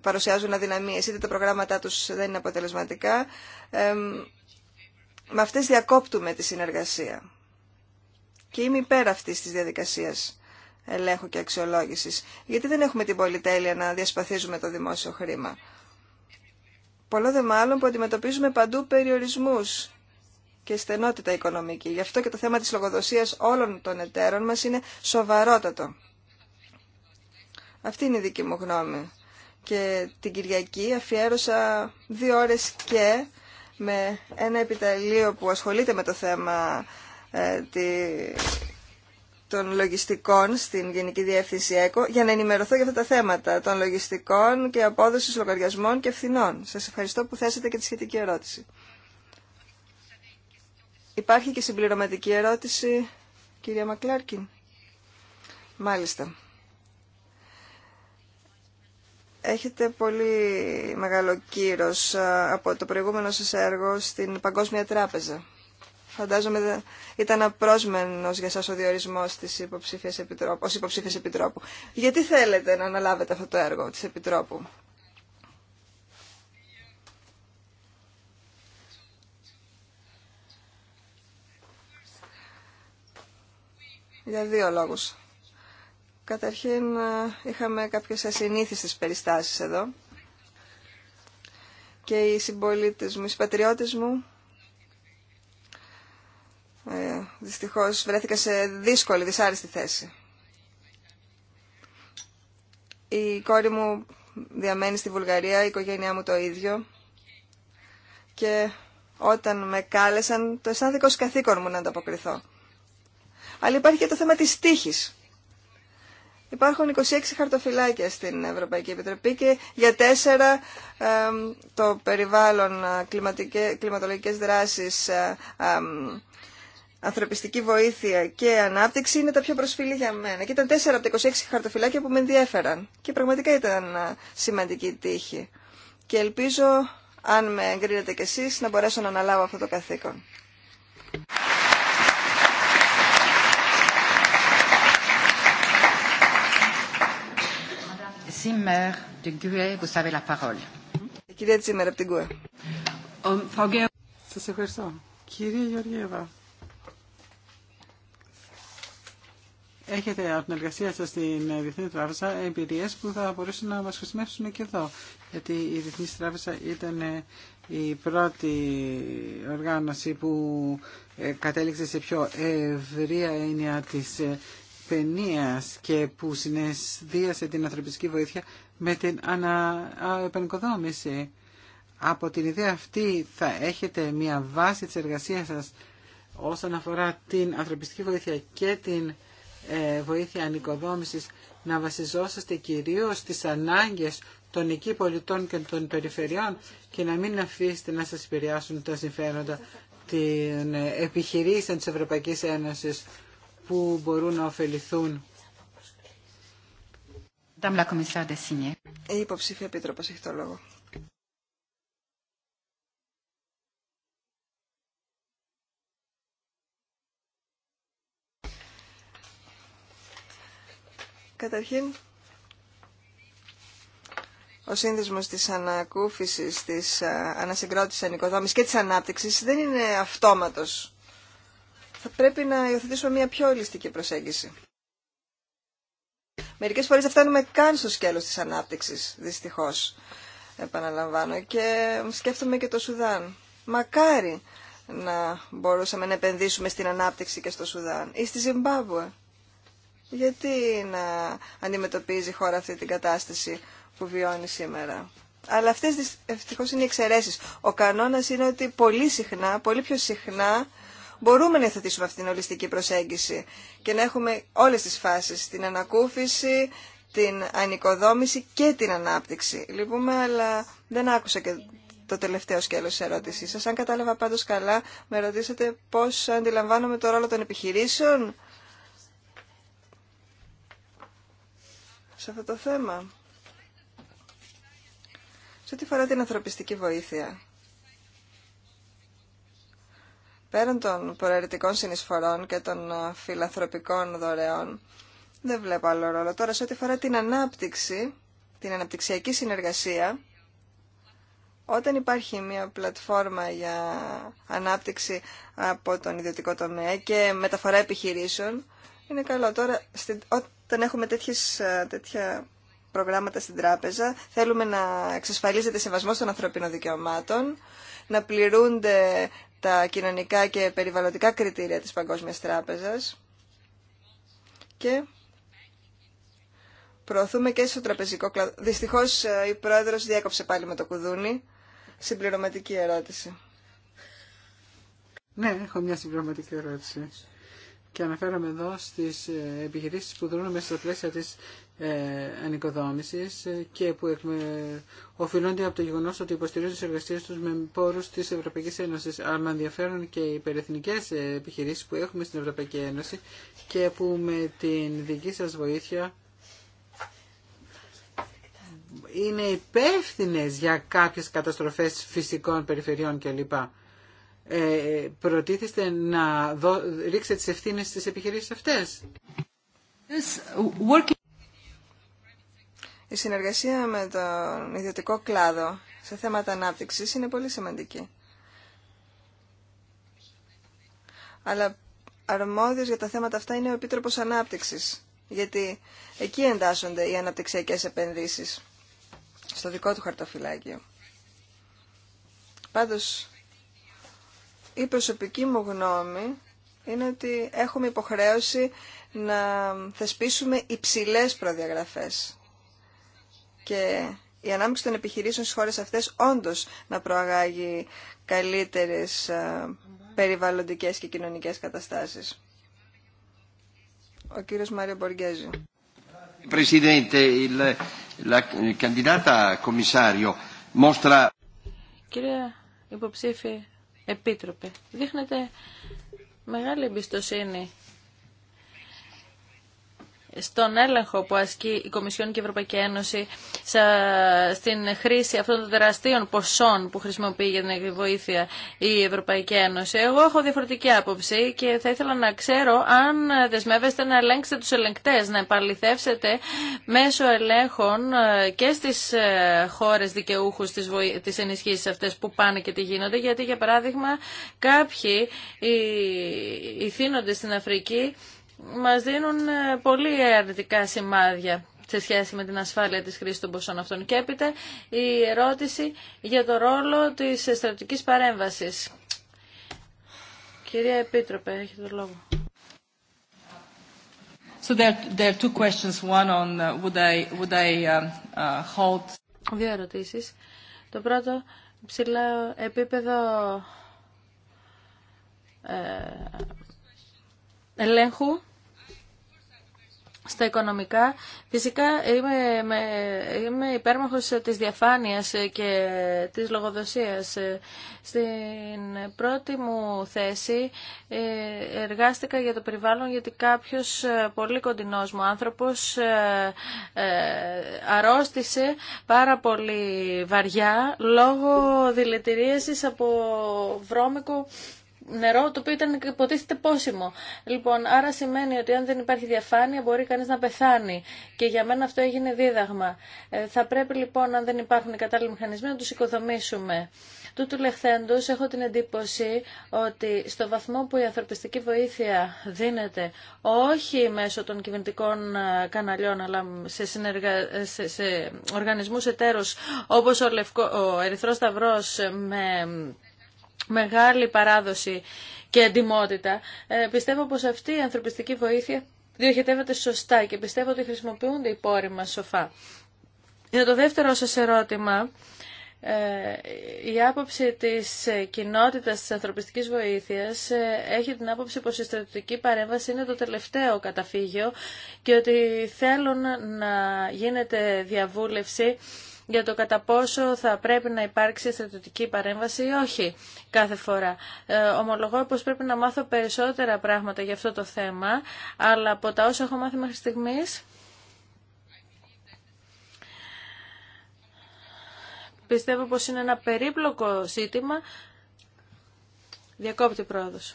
παρουσιάζουν αδυναμίες, είτε τα προγράμματά τους δεν είναι αποτελεσματικά, με αυτές διακόπτουμε τη συνεργασία. Και είμαι υπέρ αυτής της διαδικασίας ελέγχου και αξιολόγησης. Γιατί δεν έχουμε την πολυτέλεια να διασπαθίζουμε το δημόσιο χρήμα. Πολλό δε μάλλον που αντιμετωπίζουμε παντού περιορισμούς και στενότητα οικονομική. Γι' αυτό και το θέμα της λογοδοσίας όλων των εταίρων μας είναι σοβαρότατο. Αυτή είναι η δική μου γνώμη. Και την Κυριακή αφιέρωσα δύο ώρες και με ένα επιταλείο που ασχολείται με το θέμα ε, τη, των λογιστικών στην Γενική Διεύθυνση ΕΚΟ για να ενημερωθώ για αυτά τα θέματα των λογιστικών και απόδοσης λογαριασμών και ευθυνών. Σας ευχαριστώ που θέσατε και τη σχετική ερώτηση. Υπάρχει και συμπληρωματική ερώτηση, κυρία Μακλάρκιν. Μάλιστα. Έχετε πολύ μεγάλο κύρος από το προηγούμενο σας έργο στην Παγκόσμια Τράπεζα. Φαντάζομαι ήταν απρόσμενος για σας ο διορισμός της υποψήφιας επιτρόπου, ως υποψήφιας επιτρόπου. Γιατί θέλετε να αναλάβετε αυτό το έργο της Επιτρόπου. για δύο λόγους. Καταρχήν ε, είχαμε κάποιες ασυνήθιστες περιστάσεις εδώ και οι συμπολίτες μου, οι συμπατριώτες μου ε, δυστυχώς βρέθηκα σε δύσκολη, δυσάρεστη θέση. Η κόρη μου διαμένει στη Βουλγαρία, η οικογένειά μου το ίδιο και όταν με κάλεσαν το αισθάνθηκα ως καθήκον μου να ανταποκριθώ. Αλλά υπάρχει και το θέμα της τύχης. Υπάρχουν 26 χαρτοφυλάκια στην Ευρωπαϊκή Επιτροπή και για τέσσερα το περιβάλλον, ε, κλιματολογικές δράσεις, ε, ανθρωπιστική βοήθεια και ανάπτυξη είναι τα πιο προσφυλή για μένα. Και ήταν τέσσερα από τα 26 χαρτοφυλάκια που με ενδιέφεραν. Και πραγματικά ήταν ε, σημαντική τύχη. Και ελπίζω, αν με εγκρίνετε κι εσείς, να μπορέσω να αναλάβω αυτό το καθήκον. Σα de κυρία Τσίμερ ευχαριστώ. Κύριε έχετε από την εργασία σα στην ε, Διεθνή Τράπεζα εμπειρίες που θα μπορούσαν να μα χρησιμεύσουν και εδώ. Γιατί η Διεθνή Τράπεζα ήταν ε, η πρώτη οργάνωση που ε, κατέληξε σε πιο ευρία έννοια της και που συνεδίασε την ανθρωπιστική βοήθεια με την αναεπενικοδόμηση. Από την ιδέα αυτή θα έχετε μια βάση της εργασίας σας όσον αφορά την ανθρωπιστική βοήθεια και την ε, βοήθεια ανοικοδόμησης να βασιζόσαστε κυρίως στις ανάγκες των εκεί πολιτών και των περιφερειών και να μην αφήσετε να σας επηρεάσουν τα συμφέροντα την επιχειρήση της Ευρωπαϊκής Ένωσης που μπορούν να ωφεληθούν. Ε, η υποψήφια έχει το λόγο. Καταρχήν, ο σύνδεσμος της ανακούφισης, της ε, ανασυγκρότησης ανοικοδόμησης και της ανάπτυξης δεν είναι αυτόματος πρέπει να υιοθετήσουμε μια πιο ολιστική προσέγγιση. Μερικές φορές δεν φτάνουμε καν στο σκέλος της ανάπτυξης, δυστυχώς, επαναλαμβάνω. Και σκέφτομαι και το Σουδάν. Μακάρι να μπορούσαμε να επενδύσουμε στην ανάπτυξη και στο Σουδάν ή στη Ζιμπάμπουε. Γιατί να αντιμετωπίζει η χώρα αυτή την κατάσταση που βιώνει σήμερα. Αλλά αυτές ευτυχώ είναι οι εξαιρέσεις. Ο κανόνας είναι ότι πολύ συχνά, πολύ πιο συχνά μπορούμε να εθετήσουμε αυτήν την ολιστική προσέγγιση και να έχουμε όλες τις φάσεις, την ανακούφιση, την ανοικοδόμηση και την ανάπτυξη. Λυπούμε, αλλά δεν άκουσα και το τελευταίο σκέλος της ερώτησής σας. Αν κατάλαβα πάντως καλά, με ρωτήσατε πώς αντιλαμβάνομαι το ρόλο των επιχειρήσεων σε αυτό το θέμα. Σε ό,τι φορά την ανθρωπιστική βοήθεια. Πέραν των προαιρετικών συνεισφορών και των φιλανθρωπικών δωρεών, δεν βλέπω άλλο ρόλο. Τώρα, σε ό,τι αφορά την ανάπτυξη, την αναπτυξιακή συνεργασία, όταν υπάρχει μια πλατφόρμα για ανάπτυξη από τον ιδιωτικό τομέα και μεταφορά επιχειρήσεων, είναι καλό. Τώρα, όταν έχουμε τέτοια προγράμματα στην τράπεζα, θέλουμε να εξασφαλίζεται σεβασμός των ανθρωπίνων δικαιωμάτων, να πληρούνται τα κοινωνικά και περιβαλλοντικά κριτήρια της Παγκόσμιας Τράπεζας και προωθούμε και στο τραπεζικό κλάδο. Δυστυχώς ε, η πρόεδρος διέκοψε πάλι με το κουδούνι. Συμπληρωματική ερώτηση. Ναι, έχω μια συμπληρωματική ερώτηση και αναφέρομαι εδώ στις ε, επιχειρήσεις που δρούν μέσα στα πλαίσια της ε, ανοικοδόμησης ε, και που εκμε... οφειλούνται από το γεγονός ότι υποστηρίζουν τις εργασίες τους με πόρους της Ευρωπαϊκής Ένωσης. Αλλά με ενδιαφέρουν και οι περιεθνικές ε, επιχειρήσεις που έχουμε στην Ευρωπαϊκή Ένωση και που με την δική σας βοήθεια είναι υπεύθυνε για κάποιες καταστροφές φυσικών περιφερειών κλπ. Ε, προτίθεστε να ρίξετε τις ευθύνες στις επιχειρήσεις αυτές. Η συνεργασία με τον ιδιωτικό κλάδο σε θέματα ανάπτυξης είναι πολύ σημαντική. Αλλά αρμόδιος για τα θέματα αυτά είναι ο Επίτροπος Ανάπτυξης, γιατί εκεί εντάσσονται οι αναπτυξιακές επενδύσεις, στο δικό του χαρτοφυλάκιο. Πάντως, η προσωπική μου γνώμη είναι ότι έχουμε υποχρέωση να θεσπίσουμε υψηλές προδιαγραφές και η ανάμειξη των επιχειρήσεων στις χώρες αυτές όντως να προαγάγει καλύτερες ε, περιβαλλοντικές και κοινωνικές καταστάσεις. Ο κύριος Μάριο Μποργέζη. Κύριε υποψήφι Επίτροπε, δείχνετε μεγάλη εμπιστοσύνη στον έλεγχο που ασκεί η Κομισιόν και η Ευρωπαϊκή Ένωση στην χρήση αυτών των τεραστίων ποσών που χρησιμοποιεί για την βοήθεια η Ευρωπαϊκή Ένωση. Εγώ έχω διαφορετική άποψη και θα ήθελα να ξέρω αν δεσμεύεστε να ελέγξετε τους ελεγκτές, να επαληθεύσετε μέσω ελέγχων ε, και στις ε, χώρες δικαιούχους της, βοή... της ενισχύσης αυτές που πάνε και τι γίνονται, γιατί για παράδειγμα κάποιοι οι, οι στην Αφρική μας δίνουν ε, πολύ αρνητικά σημάδια σε σχέση με την ασφάλεια της χρήσης των ποσών αυτών. Και έπειτα η ερώτηση για το ρόλο της στρατιωτικής παρέμβασης. Κυρία Επίτροπε, έχετε το λόγο. So on uh, would I, uh, uh, Δύο ερωτήσεις. Το πρώτο, ψηλά επίπεδο ε, ελέγχου στα οικονομικά. Φυσικά είμαι, με, είμαι υπέρμαχος της διαφάνειας και της λογοδοσίας. Στην πρώτη μου θέση ε, εργάστηκα για το περιβάλλον γιατί κάποιος ε, πολύ κοντινός μου άνθρωπος ε, αρρώστησε πάρα πολύ βαριά λόγω δηλητηρίασης από βρώμικο νερό το οποίο ήταν υποτίθεται πόσιμο. Λοιπόν, άρα σημαίνει ότι αν δεν υπάρχει διαφάνεια μπορεί κανεί να πεθάνει. Και για μένα αυτό έγινε δίδαγμα. Ε, θα πρέπει λοιπόν, αν δεν υπάρχουν οι κατάλληλοι μηχανισμοί, να τους οικοδομήσουμε. Τούτου λεχθέντω, έχω την εντύπωση ότι στο βαθμό που η ανθρωπιστική βοήθεια δίνεται όχι μέσω των κυβερνητικών ε, καναλιών αλλά σε, συνεργα... σε, σε οργανισμούς εταίρους όπως ο, Λευκο... ο Ερυθρός με μεγάλη παράδοση και εντυμότητα, ε, πιστεύω πως αυτή η ανθρωπιστική βοήθεια διοχετεύεται σωστά και πιστεύω ότι χρησιμοποιούνται οι πόροι μας σοφά. Για το δεύτερο σας ερώτημα, ε, η άποψη της κοινότητας της ανθρωπιστικής βοήθειας ε, έχει την άποψη πως η στρατιωτική παρέμβαση είναι το τελευταίο καταφύγιο και ότι θέλουν να γίνεται διαβούλευση για το κατά πόσο θα πρέπει να υπάρξει στρατιωτική παρέμβαση ή όχι κάθε φορά. Ε, ομολογώ πως πρέπει να μάθω περισσότερα πράγματα για αυτό το θέμα, αλλά από τα όσα έχω μάθει μέχρι στιγμής... Πιστεύω πως είναι ένα περίπλοκο ζήτημα. Διακόπτη πρόοδος.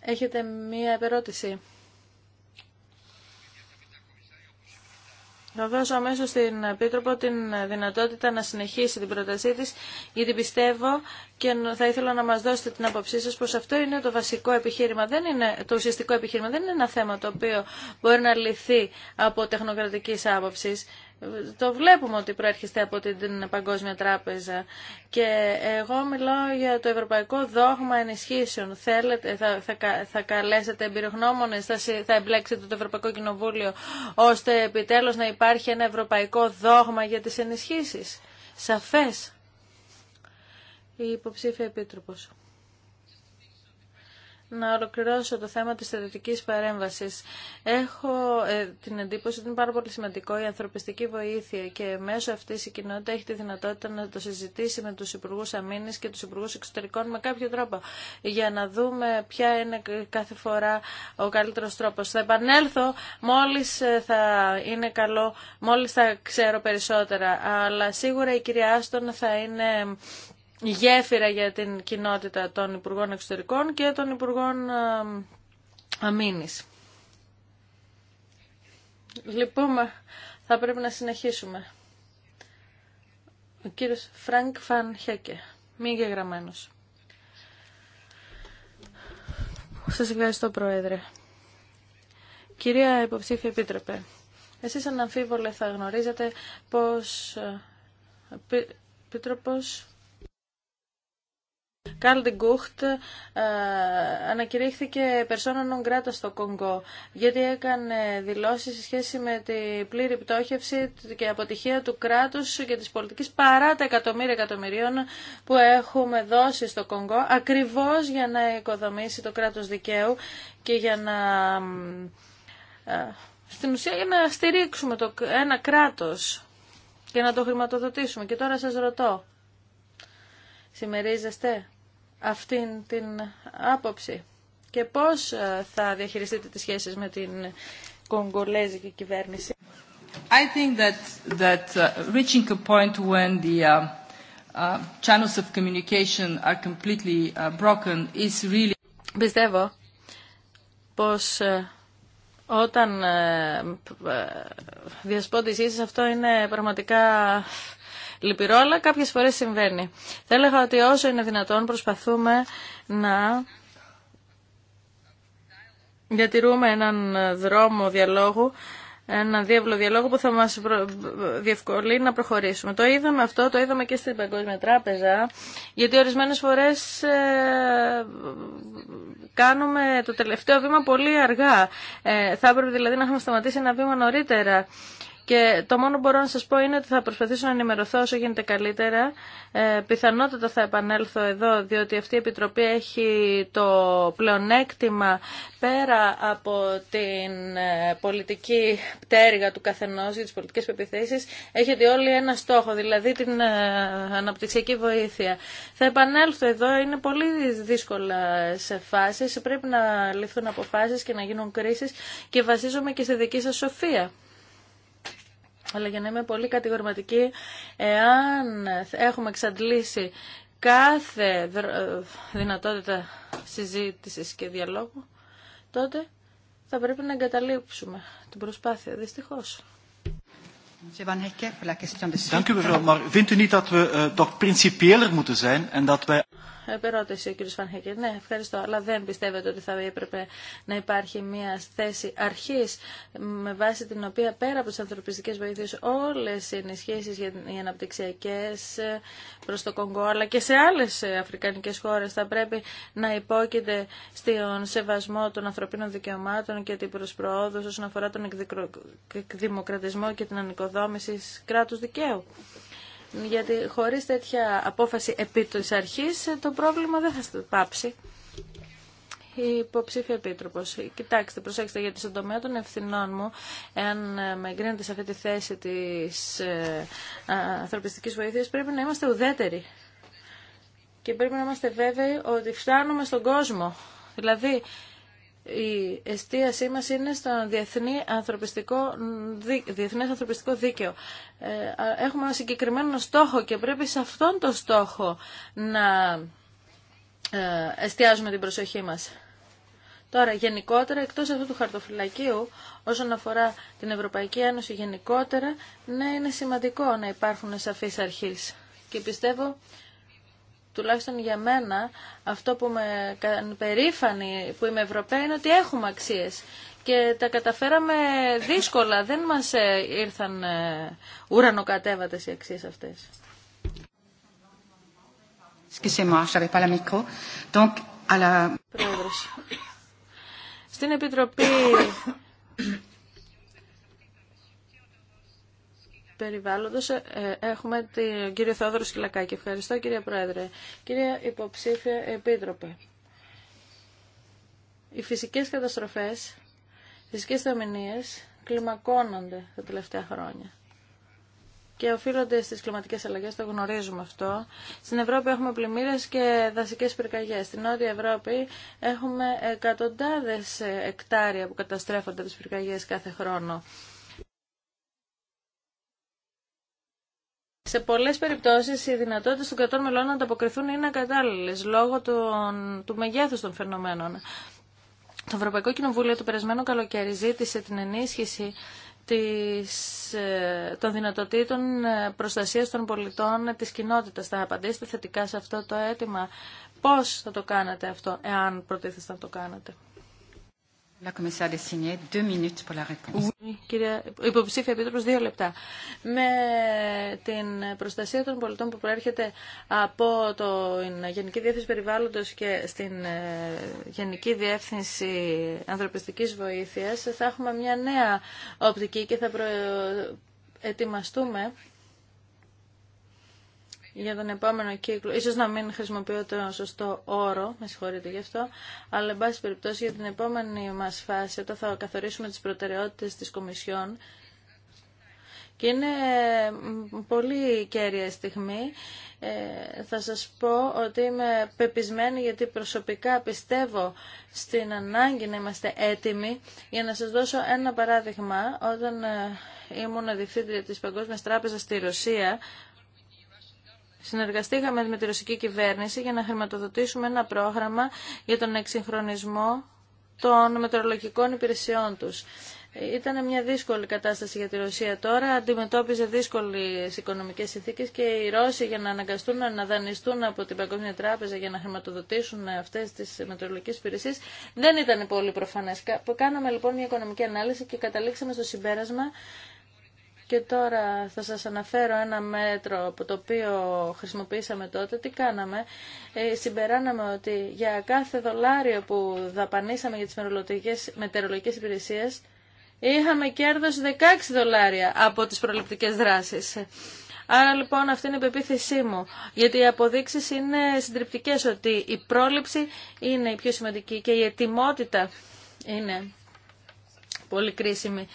Έχετε μία επερώτηση. Θα δώσω αμέσω στην Επίτροπο την δυνατότητα να συνεχίσει την πρότασή τη, γιατί πιστεύω και θα ήθελα να μα δώσετε την άποψή σα πω αυτό είναι το βασικό επιχείρημα. Δεν είναι, το ουσιαστικό επιχείρημα δεν είναι ένα θέμα το οποίο μπορεί να λυθεί από τεχνοκρατική άποψη. Το βλέπουμε ότι προέρχεστε από την Παγκόσμια Τράπεζα και εγώ μιλάω για το ευρωπαϊκό δόγμα ενισχύσεων. Θέλετε, θα, θα, καλέσετε εμπειρογνώμονες, θα, θα εμπλέξετε το Ευρωπαϊκό Κοινοβούλιο ώστε επιτέλους να υπάρχει ένα ευρωπαϊκό δόγμα για τις ενισχύσεις. Σαφές. Η υποψήφια επίτροπος να ολοκληρώσω το θέμα της θεωρητικής παρέμβασης. Έχω ε, την εντύπωση ότι είναι πάρα πολύ σημαντικό η ανθρωπιστική βοήθεια και μέσω αυτής η κοινότητα έχει τη δυνατότητα να το συζητήσει με τους Υπουργούς Αμήνης και τους Υπουργούς Εξωτερικών με κάποιο τρόπο για να δούμε ποια είναι κάθε φορά ο καλύτερος τρόπος. Θα επανέλθω μόλις ε, θα είναι καλό, μόλις θα ξέρω περισσότερα, αλλά σίγουρα η κυρία Άστον θα είναι γέφυρα για την κοινότητα των Υπουργών Εξωτερικών και των Υπουργών ε, Αμήνης. Λοιπόν, θα πρέπει να συνεχίσουμε. Ο κύριος Φρανκ Φαν Χέκε, μη γεγραμμένος. Σας ευχαριστώ, Πρόεδρε. Κυρία Υποψήφια Επίτροπε, εσείς αναμφίβολα θα γνωρίζετε πως ε, ο Καρλ Ντεγκούχτ ε, ανακηρύχθηκε περσόνα κράτα στο Κονγκό γιατί έκανε δηλώσεις σε σχέση με την πλήρη πτώχευση και αποτυχία του κράτους και της πολιτικής παρά τα εκατομμύρια εκατομμυρίων που έχουμε δώσει στο Κονγκό ακριβώς για να οικοδομήσει το κράτος δικαίου και για να ε, στην ουσία για να στηρίξουμε το, ένα κράτος και να το χρηματοδοτήσουμε. Και τώρα σας ρωτώ, συμμερίζεστε αυτήν την άποψη και πώς ε, θα διαχειριστείτε τις σχέσεις με την κογκολέζικη κυβέρνηση. I think that, that uh, reaching a point when the uh, uh, channels of communication are completely uh, broken is really... Πιστεύω πως ε, όταν ε, διασπώνται οι αυτό είναι πραγματικά λυπηρό, αλλά κάποιες φορές συμβαίνει. Θα έλεγα ότι όσο είναι δυνατόν προσπαθούμε να διατηρούμε έναν δρόμο διαλόγου έναν διεύλο διαλόγου που θα μας διευκολύνει να προχωρήσουμε. Το είδαμε αυτό, το είδαμε και στην Παγκόσμια Τράπεζα, γιατί ορισμένες φορές ε, κάνουμε το τελευταίο βήμα πολύ αργά. Ε, θα έπρεπε δηλαδή να είχαμε σταματήσει ένα βήμα νωρίτερα. Και το μόνο που μπορώ να σας πω είναι ότι θα προσπαθήσω να ενημερωθώ όσο γίνεται καλύτερα. Ε, πιθανότατα θα επανέλθω εδώ, διότι αυτή η Επιτροπή έχει το πλεονέκτημα πέρα από την ε, πολιτική πτέρυγα του καθενός για τις πολιτικές πεπιθέσεις. Έχετε όλοι ένα στόχο, δηλαδή την ε, αναπτυξιακή βοήθεια. Θα επανέλθω εδώ, είναι πολύ δύσκολα σε φάσεις, πρέπει να ληφθούν αποφάσεις και να γίνουν κρίσεις και βασίζομαι και στη δική σας σοφία. Αλλά για να είμαι πολύ κατηγορηματική, εάν έχουμε εξαντλήσει κάθε ε, δυνατότητα συζήτησης και διαλόγου, τότε θα πρέπει να εγκαταλείψουμε την προσπάθεια, δυστυχώς. Dank u mevrouw, maar vindt u niet dat we eh, toch principiëler moeten zijn en dat wij... Επιρώτηση ο κ. Φανχέκερ. Ναι, ευχαριστώ, αλλά δεν πιστεύετε ότι θα έπρεπε να υπάρχει μια θέση αρχή με βάση την οποία πέρα από τι ανθρωπιστικέ βοήθειε όλε οι ενισχύσει για οι αναπτυξιακέ προ το Κονγκό αλλά και σε άλλε αφρικανικέ χώρε, θα πρέπει να υπόκειται στον σεβασμό των ανθρωπίνων δικαιωμάτων και την προσπρόοδο όσον αφορά τον εκδημοκρατισμό και την ανοικοδόμηση κράτου δικαίου γιατί χωρίς τέτοια απόφαση επί της αρχής το πρόβλημα δεν θα πάψει. Η υποψήφια επίτροπο. Κοιτάξτε, προσέξτε, γιατί στον τομέα των ευθυνών μου, εάν ε, με εγκρίνετε σε αυτή τη θέση τη ε, ανθρωπιστική βοήθεια, πρέπει να είμαστε ουδέτεροι. Και πρέπει να είμαστε βέβαιοι ότι φτάνουμε στον κόσμο. Δηλαδή, η εστίασή μας είναι στο διεθνή ανθρωπιστικό, διεθνές ανθρωπιστικό δίκαιο. Ε, έχουμε ένα συγκεκριμένο στόχο και πρέπει σε αυτόν τον στόχο να ε, εστιάζουμε την προσοχή μας. Τώρα, γενικότερα, εκτός αυτού του χαρτοφυλακίου, όσον αφορά την Ευρωπαϊκή Ένωση γενικότερα, ναι, είναι σημαντικό να υπάρχουν σαφείς αρχές. Και πιστεύω τουλάχιστον για μένα, αυτό που με κάνει περήφανη που είμαι Ευρωπαία είναι ότι έχουμε αξίες και τα καταφέραμε δύσκολα. Δεν μας ε, ήρθαν ε, ουρανοκατέβατες οι αξίες αυτές. Στην Επιτροπή περιβάλλοντος ε, ε, έχουμε τον κύριο Θεόδωρο Σκυλακάκη. Ευχαριστώ κύριε Πρόεδρε. Κύριε Υποψήφια Επίτροπε, οι φυσικές καταστροφές, οι φυσικές θεομηνίες κλιμακώνονται τα τελευταία χρόνια και οφείλονται στις κλιματικές αλλαγές, το γνωρίζουμε αυτό. Στην Ευρώπη έχουμε πλημμύρες και δασικές πυρκαγιές. Στην Νότια Ευρώπη έχουμε εκατοντάδες ε, εκτάρια που καταστρέφονται τις κάθε χρόνο. σε πολλές περιπτώσεις οι δυνατότητε των κρατών μελών να ανταποκριθούν είναι ακατάλληλε λόγω του μεγέθους των φαινομένων. Το Ευρωπαϊκό Κοινοβούλιο το περασμένο καλοκαίρι ζήτησε την ενίσχυση της, ε, των δυνατοτήτων ε, προστασίας των πολιτών ε, της κοινότητας. Θα απαντήσετε θετικά σε αυτό το αίτημα. Πώς θα το κάνετε αυτό, εάν προτίθεστε να το κάνετε. Υποψήφια Επίτροπος, δύο λεπτά. Με την προστασία των πολιτών που προέρχεται από το Γενική Διεύθυνση Περιβάλλοντος και στην ε, Γενική Διεύθυνση Ανθρωπιστικής Βοήθειας θα έχουμε μια νέα οπτική και θα προετοιμαστούμε για τον επόμενο κύκλο, ίσως να μην χρησιμοποιώ το σωστό όρο, με συγχωρείτε γι' αυτό, αλλά εν πάση περιπτώσει για την επόμενη μας φάση, όταν θα καθορίσουμε τις προτεραιότητες της Κομισιόν, και είναι πολύ κέρια στιγμή. Ε, θα σας πω ότι είμαι πεπισμένη γιατί προσωπικά πιστεύω στην ανάγκη να είμαστε έτοιμοι. Για να σας δώσω ένα παράδειγμα, όταν ε, ήμουν διευθύντρια της Παγκόσμιας Τράπεζας στη Ρωσία, Συνεργαστήκαμε με τη ρωσική κυβέρνηση για να χρηματοδοτήσουμε ένα πρόγραμμα για τον εξυγχρονισμό των μετρολογικών υπηρεσιών τους. Ήταν μια δύσκολη κατάσταση για τη Ρωσία τώρα, αντιμετώπιζε δύσκολες οικονομικές συνθήκες και οι Ρώσοι για να αναγκαστούν να δανειστούν από την Παγκόσμια Τράπεζα για να χρηματοδοτήσουν αυτές τις μετρολογικές υπηρεσίες δεν ήταν πολύ προφανές. Κάναμε λοιπόν μια οικονομική ανάλυση και καταλήξαμε στο συμπέρασμα και τώρα θα σας αναφέρω ένα μέτρο από το οποίο χρησιμοποίησαμε τότε. Τι κάναμε. Ε, συμπεράναμε ότι για κάθε δολάριο που δαπανίσαμε για τις μετεωρολογικές υπηρεσίες είχαμε κέρδος 16 δολάρια από τις προληπτικές δράσεις. Άρα λοιπόν αυτή είναι η πεποίθησή μου, γιατί οι αποδείξεις είναι συντριπτικές ότι η πρόληψη είναι η πιο σημαντική και η ετοιμότητα είναι πολύ κρίσιμη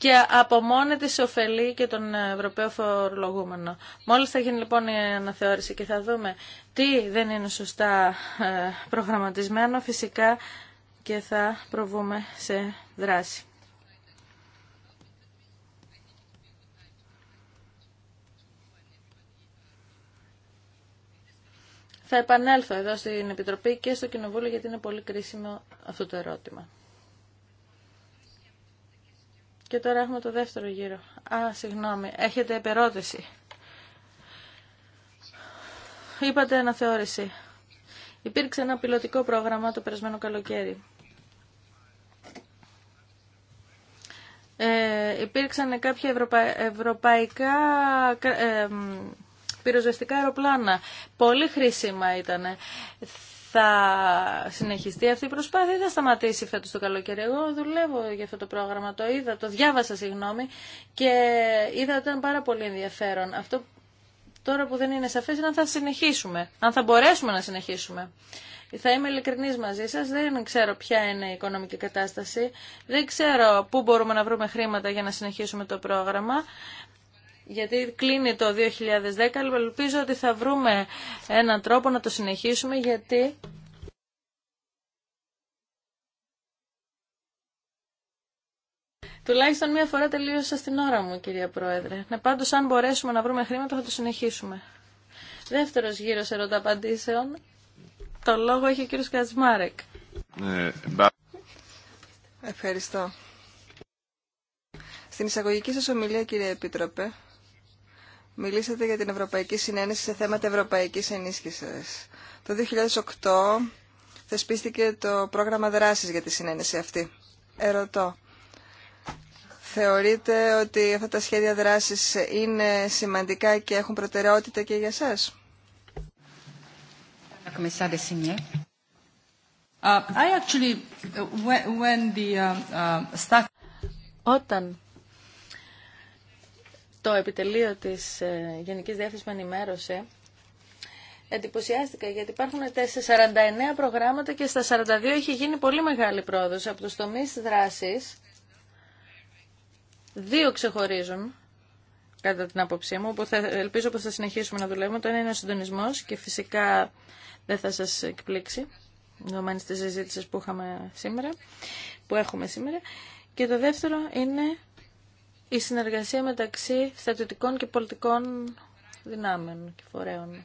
και από μόνη της ωφελεί και τον Ευρωπαίο φορολογούμενο. Μόλις θα γίνει λοιπόν η αναθεώρηση και θα δούμε τι δεν είναι σωστά ε, προγραμματισμένο, φυσικά και θα προβούμε σε δράση. Θα επανέλθω εδώ στην Επιτροπή και στο Κοινοβούλιο γιατί είναι πολύ κρίσιμο αυτό το ερώτημα. Και τώρα έχουμε το δεύτερο γύρο. Α, συγγνώμη, έχετε επερώτηση. Είπατε αναθεώρηση. Υπήρξε ένα πιλωτικό πρόγραμμα το περασμένο καλοκαίρι. Ε, υπήρξαν κάποια ευρωπαϊκά ε, πυροσβεστικά αεροπλάνα. Πολύ χρήσιμα ήταν θα συνεχιστεί αυτή η προσπάθεια ή θα σταματήσει φέτο το καλοκαίρι. Εγώ δουλεύω για αυτό το πρόγραμμα, το είδα, το διάβασα συγγνώμη και είδα ότι ήταν πάρα πολύ ενδιαφέρον. Αυτό τώρα που δεν είναι σαφές είναι αν θα συνεχίσουμε, αν θα μπορέσουμε να συνεχίσουμε. Θα είμαι ειλικρινής μαζί σας, δεν ξέρω ποια είναι η οικονομική κατάσταση, δεν ξέρω πού μπορούμε να βρούμε χρήματα για να συνεχίσουμε το πρόγραμμα γιατί κλείνει το 2010, αλλά ελπίζω ότι θα βρούμε έναν τρόπο να το συνεχίσουμε, γιατί... Τουλάχιστον μία φορά τελείωσα στην ώρα μου, κυρία Πρόεδρε. Ναι, πάντως, αν μπορέσουμε να βρούμε χρήματα, θα το συνεχίσουμε. Δεύτερος γύρος ερωταπαντήσεων. Το λόγο έχει ο κύριος Κατσμάρεκ. Ε, Ευχαριστώ. Στην εισαγωγική σας ομιλία, κύριε Επίτροπε, μιλήσατε για την Ευρωπαϊκή Συνένεση σε θέματα ευρωπαϊκής ενίσχυσης. Το 2008 θεσπίστηκε το πρόγραμμα δράσης για τη συνένεση αυτή. Ερωτώ. Θεωρείτε ότι αυτά τα σχέδια δράσης είναι σημαντικά και έχουν προτεραιότητα και για σας. Όταν το επιτελείο της ε, Γενικής Διεύθυνσης με ενημέρωσε, εντυπωσιάστηκα γιατί υπάρχουν 49 προγράμματα και στα 42 έχει γίνει πολύ μεγάλη πρόοδος. Από τους τομείς δράσης, δύο ξεχωρίζουν κατά την άποψή μου, που θα, ελπίζω πως θα συνεχίσουμε να δουλεύουμε. Το ένα είναι ο συντονισμός και φυσικά δεν θα σας εκπλήξει, δεδομένης της συζήτηση που σήμερα, που έχουμε σήμερα. Και το δεύτερο είναι η συνεργασία μεταξύ στρατιωτικών και πολιτικών δυνάμεων και φορέων.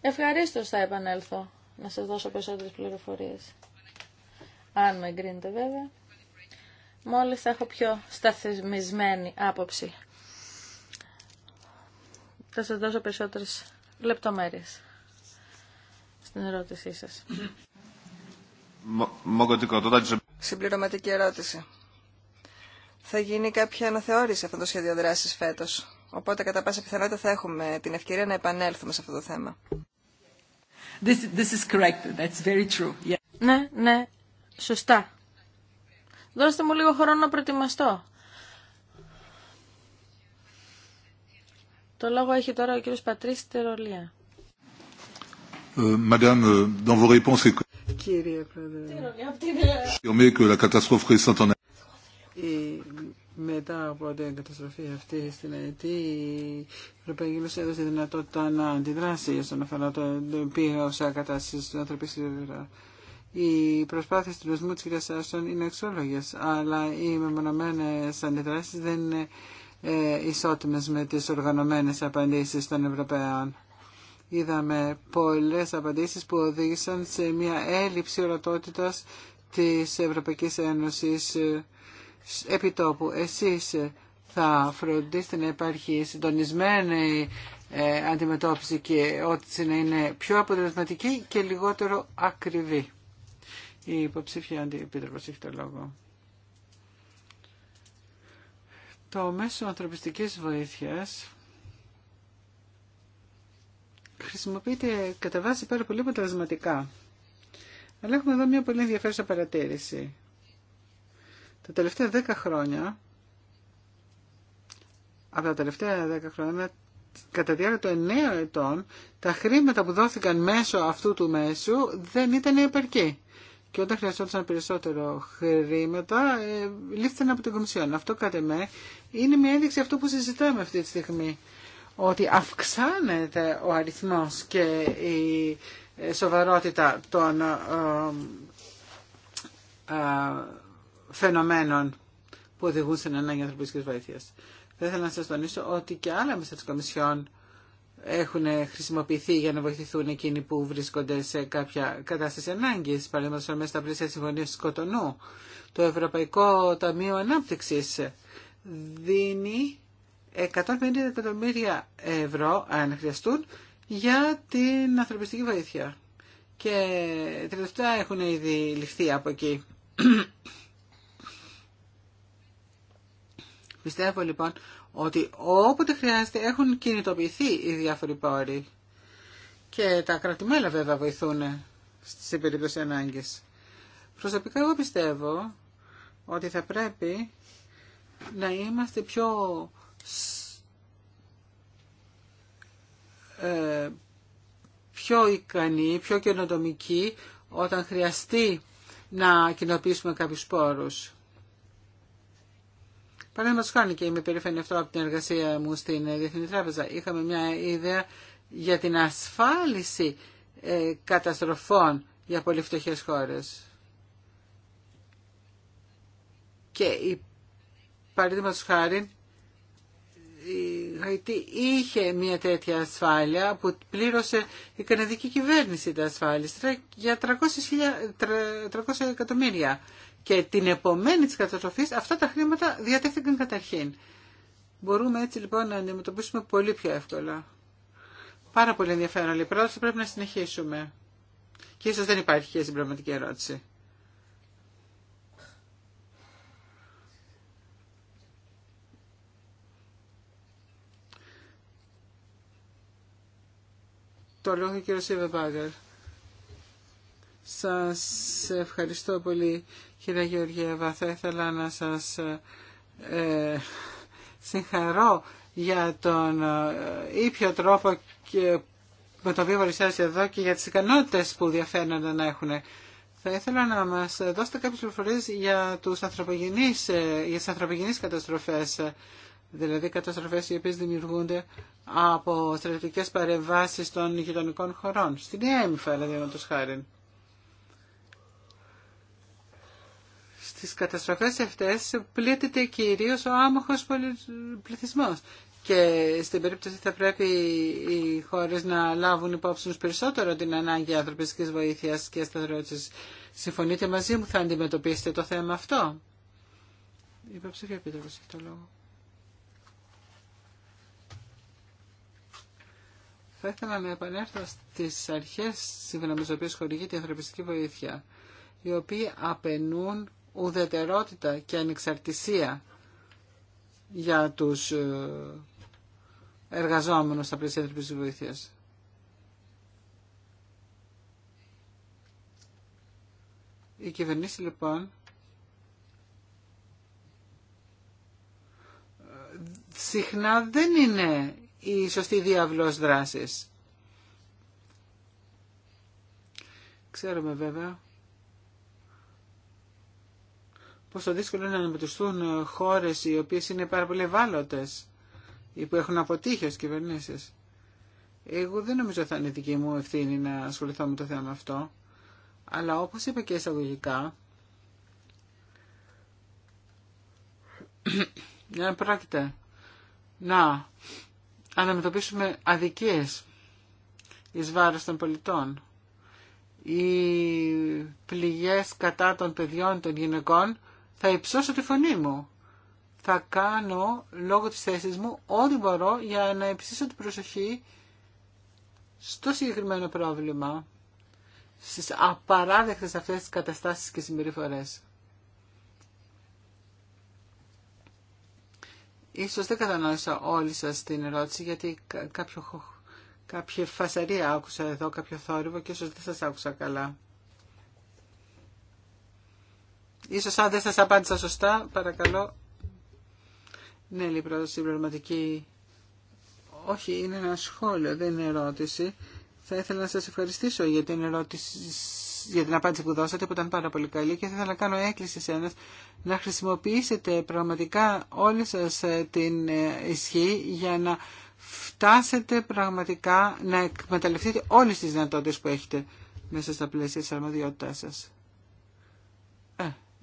Ευχαρίστω θα επανέλθω να σας δώσω περισσότερες πληροφορίες. Αν με εγκρίνετε βέβαια. Μόλις θα έχω πιο σταθμισμένη άποψη. Θα σας δώσω περισσότερες λεπτομέρειες στην ερώτησή σας. Συμπληρωματική ερώτηση θα γίνει κάποια αναθεώρηση αυτών των σχέδιων δράσης φέτος. Οπότε κατά πάσα πιθανότητα θα έχουμε την ευκαιρία να επανέλθουμε σε αυτό το θέμα. This, this is correct. That's very true. Yeah. Ναι, ναι, σωστά. Δώστε μου λίγο χρόνο να προετοιμαστώ. Το λόγο έχει τώρα ο κύριος Πατρίς Τερολία. Ε, madame, euh, dans vos réponses, Κύριε Πρόεδρε, μετά από την καταστροφή αυτή στην αιτή η Ευρωπαϊκή Ένωση έδωσε δυνατότητα να αντιδράσει όσον αφορά το σε κατάσταση του ανθρωπίνου Οι προσπάθειε του νοσμού τη κυρία Άστον είναι αξιόλογε, αλλά οι μεμονωμένε αντιδράσει δεν είναι ε, ισότιμε με τι οργανωμένε απαντήσει των Ευρωπαίων. Είδαμε πολλέ απαντήσει που οδήγησαν σε μια έλλειψη ορατότητα τη Ευρωπαϊκή Ένωση. Ε, επιτόπου. Εσείς θα φροντίσετε να υπάρχει συντονισμένη ε, αντιμετώπιση και ότι να είναι πιο αποτελεσματική και λιγότερο ακριβή. Η υποψήφια αντιεπίτροπος έχει το λόγο. Το μέσο ανθρωπιστικής βοήθειας χρησιμοποιείται κατά βάση πάρα πολύ αποτελεσματικά. Αλλά έχουμε εδώ μια πολύ ενδιαφέρουσα παρατήρηση. Τα τελευταία δέκα χρόνια, από τα τελευταία 10 χρόνια, κατά διάρκεια των 9 ετών, τα χρήματα που δόθηκαν μέσω αυτού του μέσου δεν ήταν επαρκή. Και όταν χρειαζόταν περισσότερο χρήματα, ε, λήφθηκαν από την Κομισιόν. Αυτό κατά με είναι μια ένδειξη αυτού που συζητάμε αυτή τη στιγμή. Ότι αυξάνεται ο αριθμός και η ε, σοβαρότητα των ε, ε, φαινομένων που οδηγούν στην ανάγκη ανθρωπιστικής βοήθειας. Θα ήθελα να σας τονίσω ότι και άλλα μέσα της Κομισιόν έχουν χρησιμοποιηθεί για να βοηθηθούν εκείνοι που βρίσκονται σε κάποια κατάσταση ανάγκης, παραδείγματος μέσα στα πλαίσια της τη Το Ευρωπαϊκό Ταμείο Ανάπτυξης δίνει 150 εκατομμύρια ευρώ, αν χρειαστούν, για την ανθρωπιστική βοήθεια. Και τελευταία έχουν ήδη ληφθεί από εκεί. Πιστεύω λοιπόν ότι όποτε χρειάζεται έχουν κινητοποιηθεί οι διάφοροι πόροι. Και τα κρατημέλα βέβαια βοηθούν στις περίπτωση ανάγκης. Προσωπικά εγώ πιστεύω ότι θα πρέπει να είμαστε πιο ε, πιο ικανοί, πιο καινοτομικοί όταν χρειαστεί να κοινοποιήσουμε κάποιους πόρους. Παραδείγματο χάρη και είμαι περήφανη αυτό από την εργασία μου στην ε, Διεθνή Τράπεζα. Είχαμε μια ιδέα για την ασφάλιση ε, καταστροφών για πολύ φτωχέ χώρε. Και η παραδείγματο χάρη η Χαϊτή είχε μια τέτοια ασφάλεια που πλήρωσε η καναδική κυβέρνηση τα ασφάλιστρα για 300, 300 εκατομμύρια και την επομένη της καταστροφής αυτά τα χρήματα διατέθηκαν καταρχήν. Μπορούμε έτσι λοιπόν να αντιμετωπίσουμε πολύ πιο εύκολα. Πάρα πολύ ενδιαφέρον λοιπόν. Πρόταση πρέπει να συνεχίσουμε. Και ίσως δεν υπάρχει και συμπληρωματική ερώτηση. Το λόγο κύριο Σίβε Μπάγκερ. Σας ευχαριστώ πολύ. Κύριε Γεωργίευα, θα ήθελα να σας ε, συγχαρώ για τον ε, ήπιο τρόπο και με τον οποίο εδώ και για τις ικανότητες που διαφαίνονται να έχουν. Θα ήθελα να μας δώσετε κάποιες πληροφορίες για, τους ανθρωπογενείς, ε, για τις ανθρωπογενείς καταστροφές, ε, δηλαδή καταστροφές οι οποίες δημιουργούνται από στρατιωτικές παρεμβάσεις των γειτονικών χωρών. Στην δηλαδή, με τους χάρη. στις καταστροφές αυτές πλήττεται κυρίως ο άμαχος πληθυσμός. Και στην περίπτωση θα πρέπει οι χώρες να λάβουν υπόψη τους περισσότερο την ανάγκη ανθρωπιστικής βοήθειας και σταθερότητας. Συμφωνείτε μαζί μου, θα αντιμετωπίσετε το θέμα αυτό. Η υποψηφία επίτροπος έχει το λόγο. Θα ήθελα να επανέλθω στις αρχές σύμφωνα με τις οποίες χορηγείται η ανθρωπιστική βοήθεια, οι οποίοι απαινούν ουδετερότητα και ανεξαρτησία για τους ε, εργαζόμενους στα πλαίσια της βοήθειας. Η κυβερνήση λοιπόν συχνά δεν είναι η σωστή διαβλός δράσης. Ξέρουμε βέβαια πόσο δύσκολο είναι να αντιμετωπιστούν ε, χώρε οι οποίες είναι πάρα πολύ ευάλωτε ή που έχουν αποτύχει ω κυβερνήσει. Εγώ δεν νομίζω θα είναι δική μου ευθύνη να ασχοληθώ με το θέμα αυτό, αλλά όπως είπα και εισαγωγικά, να πρόκειται να αναμετωπίσουμε αδικίες εις βάρος των πολιτών ή πληγές κατά των παιδιών των γυναικών θα υψώσω τη φωνή μου. Θα κάνω λόγω της θέσης μου ό,τι μπορώ για να υψήσω την προσοχή στο συγκεκριμένο πρόβλημα, στις απαράδεκτες αυτές τις καταστάσεις και συμπεριφορές. Ίσως δεν κατανόησα όλοι σας την ερώτηση, γιατί κάποιο, κάποια φασαρία άκουσα εδώ, κάποιο θόρυβο και ίσως δεν σας άκουσα καλά. Ίσως αν δεν σας απάντησα σωστά, παρακαλώ. Ναι, λοιπόν, συμπληρωματική. Όχι, είναι ένα σχόλιο, δεν είναι ερώτηση. Θα ήθελα να σας ευχαριστήσω για την, ερώτηση, για την απάντηση που δώσατε, που ήταν πάρα πολύ καλή και θα ήθελα να κάνω έκκληση σε ένας να χρησιμοποιήσετε πραγματικά όλη σας ε, την ε, ισχύ για να φτάσετε πραγματικά να εκμεταλλευτείτε όλες τις δυνατότητες που έχετε μέσα στα πλαίσια της αρμοδιότητάς σας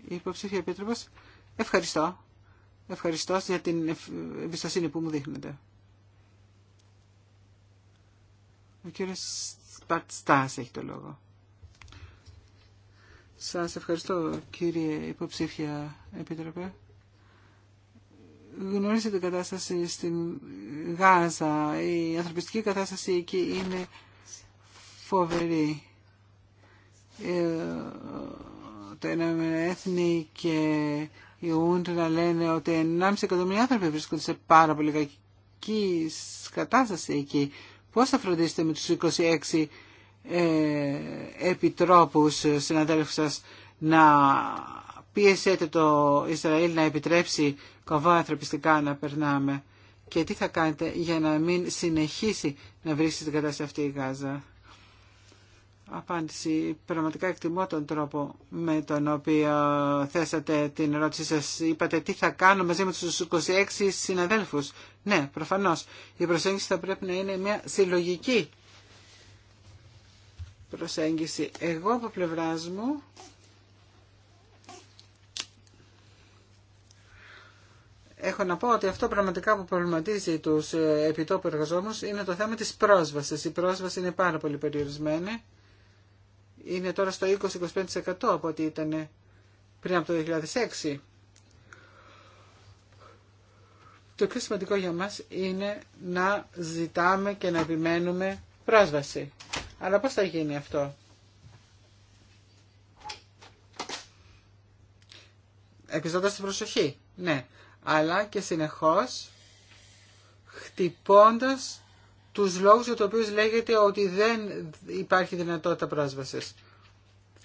η υποψήφια επίτροπος. Ευχαριστώ. Ευχαριστώ για την εμπιστοσύνη που μου δείχνετε. Ο κύριος Πατστάς έχει το λόγο. Σας ευχαριστώ κύριε υποψήφια επίτροπε. Γνωρίζετε την κατάσταση στην Γάζα. Η ανθρωπιστική κατάσταση εκεί είναι φοβερή. Ε, το Ηνωμένο Έθνη και η ΟΥΝΤ να λένε ότι 1,5 εκατομμύρια άνθρωποι βρίσκονται σε πάρα πολύ κακή κατάσταση εκεί. Πώς θα φροντίσετε με τους 26 ε, επιτρόπους ε, συναδέλφους σας να πίεσετε το Ισραήλ να επιτρέψει κοβά ανθρωπιστικά να περνάμε και τι θα κάνετε για να μην συνεχίσει να βρίσκεται στην κατάσταση αυτή η Γάζα απάντηση. Πραγματικά εκτιμώ τον τρόπο με τον οποίο θέσατε την ερώτησή σας. Είπατε τι θα κάνω μαζί με τους 26 συναδέλφους. Ναι, προφανώς. Η προσέγγιση θα πρέπει να είναι μια συλλογική προσέγγιση. Εγώ από πλευρά μου έχω να πω ότι αυτό πραγματικά που προβληματίζει τους επιτόπου εργαζόμενους είναι το θέμα της πρόσβασης. Η πρόσβαση είναι πάρα πολύ περιορισμένη είναι τώρα στο 20-25% από ό,τι ήταν πριν από το 2006. Το πιο σημαντικό για μας είναι να ζητάμε και να επιμένουμε πρόσβαση. Αλλά πώς θα γίνει αυτό. Επιζώντας την προσοχή, ναι. Αλλά και συνεχώς χτυπώντας τους λόγους για τους οποίους λέγεται ότι δεν υπάρχει δυνατότητα πρόσβασης.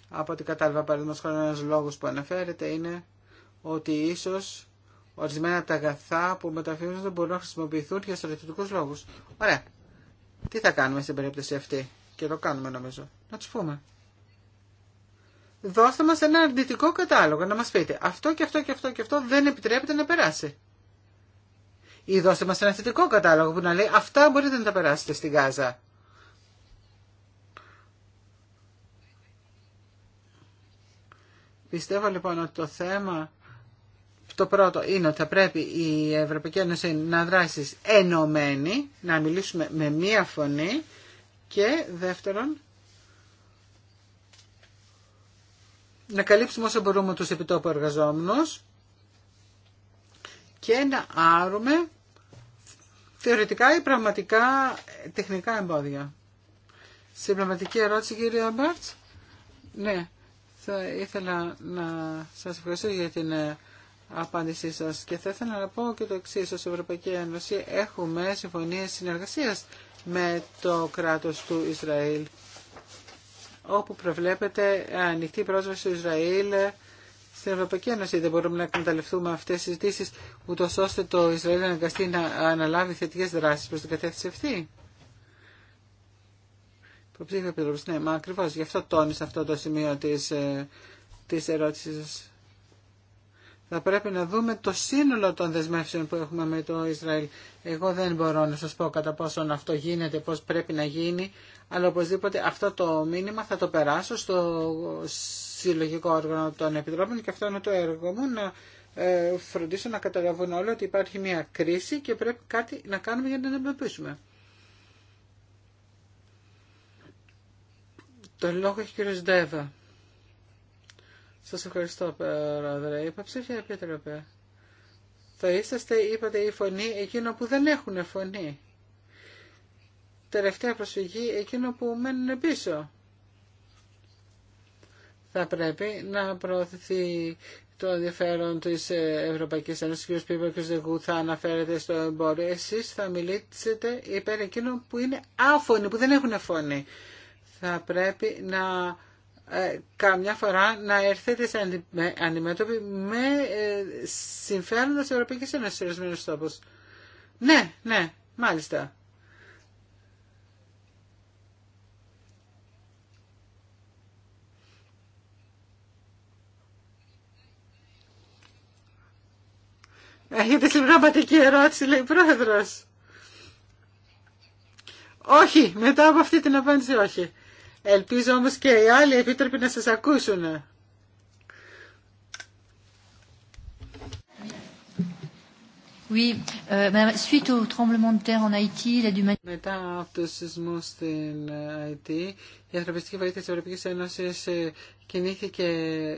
Από ό,τι κατάλαβα παραδείγματος χωρίς ένας λόγος που αναφέρεται είναι ότι ίσως ορισμένα τα αγαθά που μεταφύγονται μπορούν να χρησιμοποιηθούν για στρατιωτικούς λόγους. Ωραία. Τι θα κάνουμε στην περίπτωση αυτή και το κάνουμε νομίζω. Να τους πούμε. Δώστε μας ένα αρνητικό κατάλογο να μας πείτε αυτό και αυτό και αυτό και αυτό δεν επιτρέπεται να περάσει ή δώστε μας ένα θετικό κατάλογο που να λέει αυτά μπορείτε να τα περάσετε στην Γάζα. Πιστεύω λοιπόν ότι το θέμα, το πρώτο είναι ότι θα πρέπει η Ευρωπαϊκή Ένωση να δράσει ενωμένη, να μιλήσουμε με μία φωνή και δεύτερον να καλύψουμε όσο μπορούμε τους επιτόπου εργαζόμενους και να άρουμε θεωρητικά ή πραγματικά τεχνικά εμπόδια. Συμπληρωματική ερώτηση κύριε Αμπάρτς. Ναι, θα ήθελα να σας ευχαριστώ για την ε, απάντησή σας και θα ήθελα να πω και το εξή ως Ευρωπαϊκή Ένωση έχουμε συμφωνίες συνεργασίας με το κράτος του Ισραήλ όπου προβλέπεται ανοιχτή πρόσβαση του Ισραήλ στην Ευρωπαϊκή Ένωση δεν μπορούμε να εκμεταλλευτούμε αυτέ τι συζητήσει, ούτω ώστε το Ισραήλ να αναγκαστεί να αναλάβει θετικέ δράσει προ την κατεύθυνση αυτή. Υποψήφια Επιτροπή, ναι, μα ακριβώ γι' αυτό τόνισε αυτό το σημείο τη της ε, ερώτηση Θα πρέπει να δούμε το σύνολο των δεσμεύσεων που έχουμε με το Ισραήλ. Εγώ δεν μπορώ να σας πω κατά πόσον αυτό γίνεται, πώς πρέπει να γίνει, αλλά οπωσδήποτε αυτό το μήνυμα θα το περάσω στο συλλογικό όργανο των επιτρόπων και αυτό είναι το έργο μου να ε, φροντίσω να καταλαβούν όλοι ότι υπάρχει μια κρίση και πρέπει κάτι να κάνουμε για να την αντιμετωπίσουμε. Το λόγο έχει ο κύριος Ντέβα. Σας ευχαριστώ, Πρόεδρε. Είπα ψήφια, Επίτροπε. Θα είσαστε, είπατε, η φωνή εκείνο που δεν έχουν φωνή. Τελευταία προσφυγή εκείνο που μένουν πίσω θα πρέπει να προωθηθεί το ενδιαφέρον της Ευρωπαϊκής Ένωση Ο κ. Πίπερ θα αναφέρεται στο εμπόριο. Εσεί, θα μιλήσετε υπέρ εκείνων που είναι άφωνοι, που δεν έχουν φωνή. Θα πρέπει να ε, καμιά φορά να έρθετε σε αντιμέτωπη με, ε, συμφέροντα της Ευρωπαϊκής Ένωση σε Ναι, ναι, μάλιστα. Έχετε συμπραγματική ερώτηση, λέει η πρόεδρος. Όχι, μετά από αυτή την απάντηση όχι. Ελπίζω όμως και οι άλλοι επίτροποι να σας ακούσουν. Μετά από το σεισμό στην ε, Αϊτή, η ανθρωπιστική βοήθεια τη Ευρωπαϊκή Ένωση ε, κινήθηκε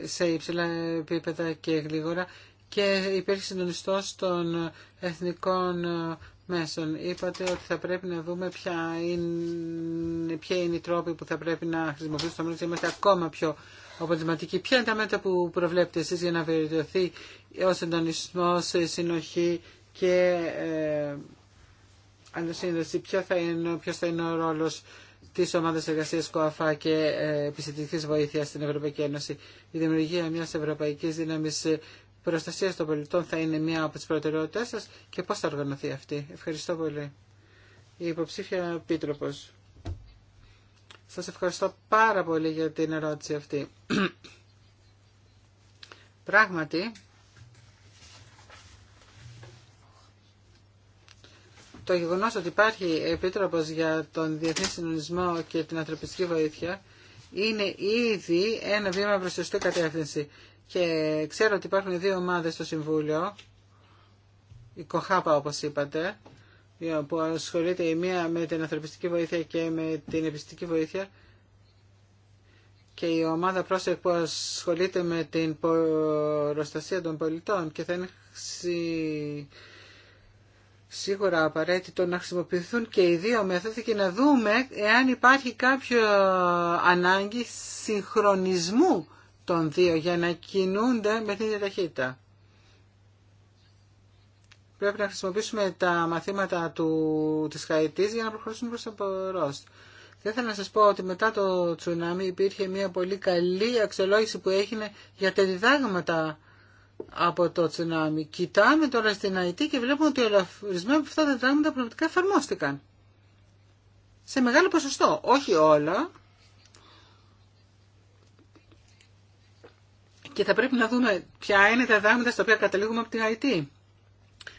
σε υψηλά επίπεδα και γλίγορα και υπήρχε συντονιστό των εθνικών ε, μέσων. Είπατε ότι θα πρέπει να δούμε ποια είναι, ποια είναι που θα πρέπει να χρησιμοποιήσουμε στο μέλλον είμαστε ακόμα πιο αποτελεσματικοί. Ποια είναι τα μέτρα που προβλέπετε εσεί για να βελτιωθεί ο συντονισμό, η συνοχή και ε, ανασύνδεση, Ποιο θα είναι, θα είναι ο ρόλο τη ομάδα εργασία ΚΟΑΦΑ και ε, επιστημονική βοήθεια στην Ευρωπαϊκή Ένωση. Η δημιουργία μια ευρωπαϊκή δύναμη προστασία των πολιτών θα είναι μία από τις προτεραιότητές σας και πώς θα οργανωθεί αυτή. Ευχαριστώ πολύ. Η υποψήφια επίτροπος. Σας ευχαριστώ πάρα πολύ για την ερώτηση αυτή. Πράγματι, το γεγονός ότι υπάρχει επίτροπος για τον διεθνή συντονισμό και την ανθρωπιστική βοήθεια είναι ήδη ένα βήμα προς σωστή κατεύθυνση και ξέρω ότι υπάρχουν δύο ομάδες στο Συμβούλιο, η ΚΟΧΑΠΑ όπως είπατε, που ασχολείται η μία με την ανθρωπιστική βοήθεια και με την επιστική βοήθεια και η ομάδα πρόσεκ που ασχολείται με την προστασία των πολιτών και θα είναι σίγουρα απαραίτητο να χρησιμοποιηθούν και οι δύο μέθοδοι και να δούμε εάν υπάρχει κάποιο ανάγκη συγχρονισμού των δύο για να κινούνται με την ίδια ταχύτητα. Πρέπει να χρησιμοποιήσουμε τα μαθήματα του, της Χαϊτής για να προχωρήσουμε προς το προς. Θα ήθελα να σας πω ότι μετά το τσουνάμι υπήρχε μια πολύ καλή αξιολόγηση που έγινε για τα διδάγματα από το τσουνάμι. Κοιτάμε τώρα στην ΑΕΤ και βλέπουμε ότι ορισμένα από αυτά τα διδάγματα πραγματικά εφαρμόστηκαν. Σε μεγάλο ποσοστό. Όχι όλα, και θα πρέπει να δούμε ποια είναι τα δάγματα στα οποία καταλήγουμε από την IT.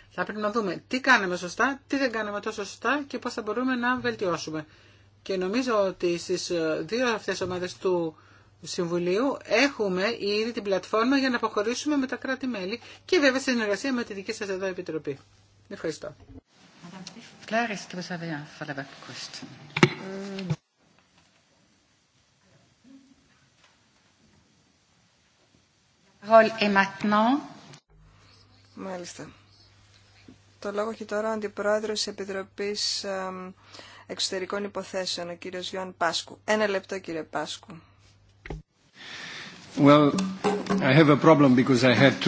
Θα πρέπει να δούμε τι κάναμε σωστά, τι δεν κάναμε τόσο σωστά και πώς θα μπορούμε να βελτιώσουμε. Και νομίζω ότι στις ε, δύο αυτές ομάδες του Συμβουλίου έχουμε ήδη την πλατφόρμα για να αποχωρήσουμε με τα κράτη-μέλη και βέβαια στην συνεργασία με τη δική σας εδώ Επιτροπή. Ευχαριστώ. Μάλιστα. Το λόγο έχει τώρα ο Αντιπρόεδρος της Επιτροπής Εξωτερικών Υποθέσεων, ο κύριος Γιώαν Πάσκου. Ένα λεπτό κύριε Πάσκου. Well, I have a problem because I had two...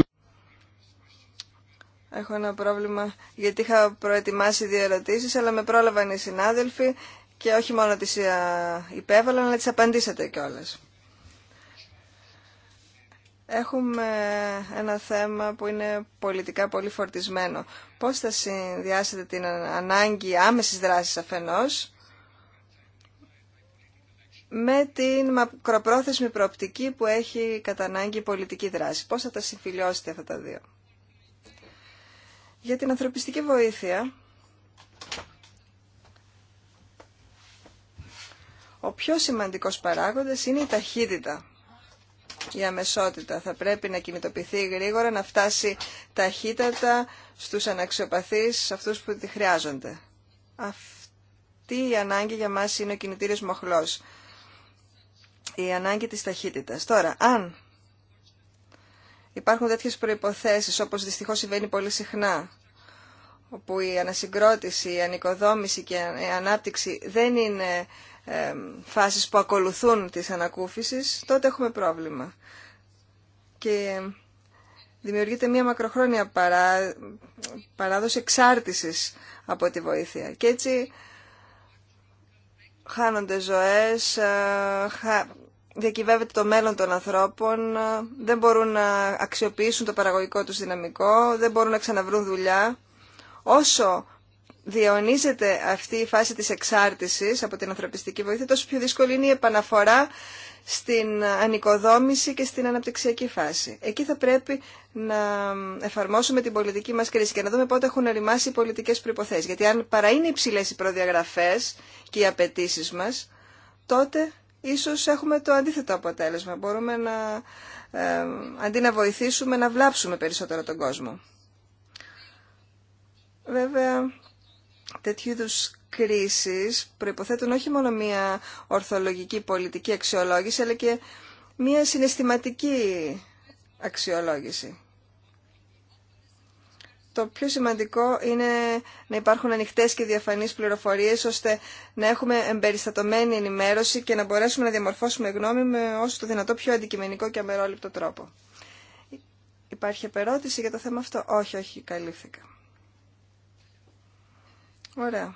Έχω ένα πρόβλημα γιατί είχα προετοιμάσει δύο ερωτήσεις αλλά με πρόλαβαν οι συνάδελφοι και όχι μόνο τις ε, υπέβαλαν αλλά τις απαντήσατε κιόλας. Έχουμε ένα θέμα που είναι πολιτικά πολύ φορτισμένο. Πώς θα συνδυάσετε την ανάγκη άμεσης δράσης αφενός με την μακροπρόθεσμη προοπτική που έχει κατά ανάγκη η πολιτική δράση. Πώς θα τα συμφιλιώσετε αυτά τα δύο. Για την ανθρωπιστική βοήθεια, ο πιο σημαντικός παράγοντας είναι η ταχύτητα η αμεσότητα. Θα πρέπει να κινητοποιηθεί γρήγορα, να φτάσει ταχύτατα στους αναξιοπαθείς, αυτούς που τη χρειάζονται. Αυτή η ανάγκη για μας είναι ο κινητήριος μοχλός. Η ανάγκη της ταχύτητας. Τώρα, αν υπάρχουν τέτοιες προϋποθέσεις, όπως δυστυχώς συμβαίνει πολύ συχνά, όπου η ανασυγκρότηση, η ανοικοδόμηση και η ανάπτυξη δεν είναι φάσεις που ακολουθούν της ανακούφισης, τότε έχουμε πρόβλημα. Και δημιουργείται μια μακροχρόνια παράδοση εξάρτησης από τη βοήθεια. Και έτσι χάνονται ζωές, ε, διακυβεύεται το μέλλον των ανθρώπων, ε, δεν μπορούν να αξιοποιήσουν το παραγωγικό τους δυναμικό, δεν μπορούν να ξαναβρούν δουλειά. Όσο διαιωνίζεται αυτή η φάση της εξάρτησης από την ανθρωπιστική βοήθεια, τόσο πιο δύσκολη είναι η επαναφορά στην ανοικοδόμηση και στην αναπτυξιακή φάση. Εκεί θα πρέπει να εφαρμόσουμε την πολιτική μας κρίση και να δούμε πότε έχουν οριμάσει οι πολιτικές προϋποθέσεις. Γιατί αν παρά είναι υψηλές οι προδιαγραφές και οι απαιτήσει μας, τότε ίσως έχουμε το αντίθετο αποτέλεσμα. Μπορούμε να, ε, αντί να βοηθήσουμε, να βλάψουμε περισσότερο τον κόσμο. Βέβαια, τέτοιου είδου κρίσει προποθέτουν όχι μόνο μια ορθολογική πολιτική αξιολόγηση, αλλά και μια συναισθηματική αξιολόγηση. Το πιο σημαντικό είναι να υπάρχουν ανοιχτές και διαφανείς πληροφορίες, ώστε να έχουμε εμπεριστατωμένη ενημέρωση και να μπορέσουμε να διαμορφώσουμε γνώμη με όσο το δυνατό πιο αντικειμενικό και αμερόληπτο τρόπο. Υπάρχει επερώτηση για το θέμα αυτό. Όχι, όχι, καλύφθηκα. Ωραία.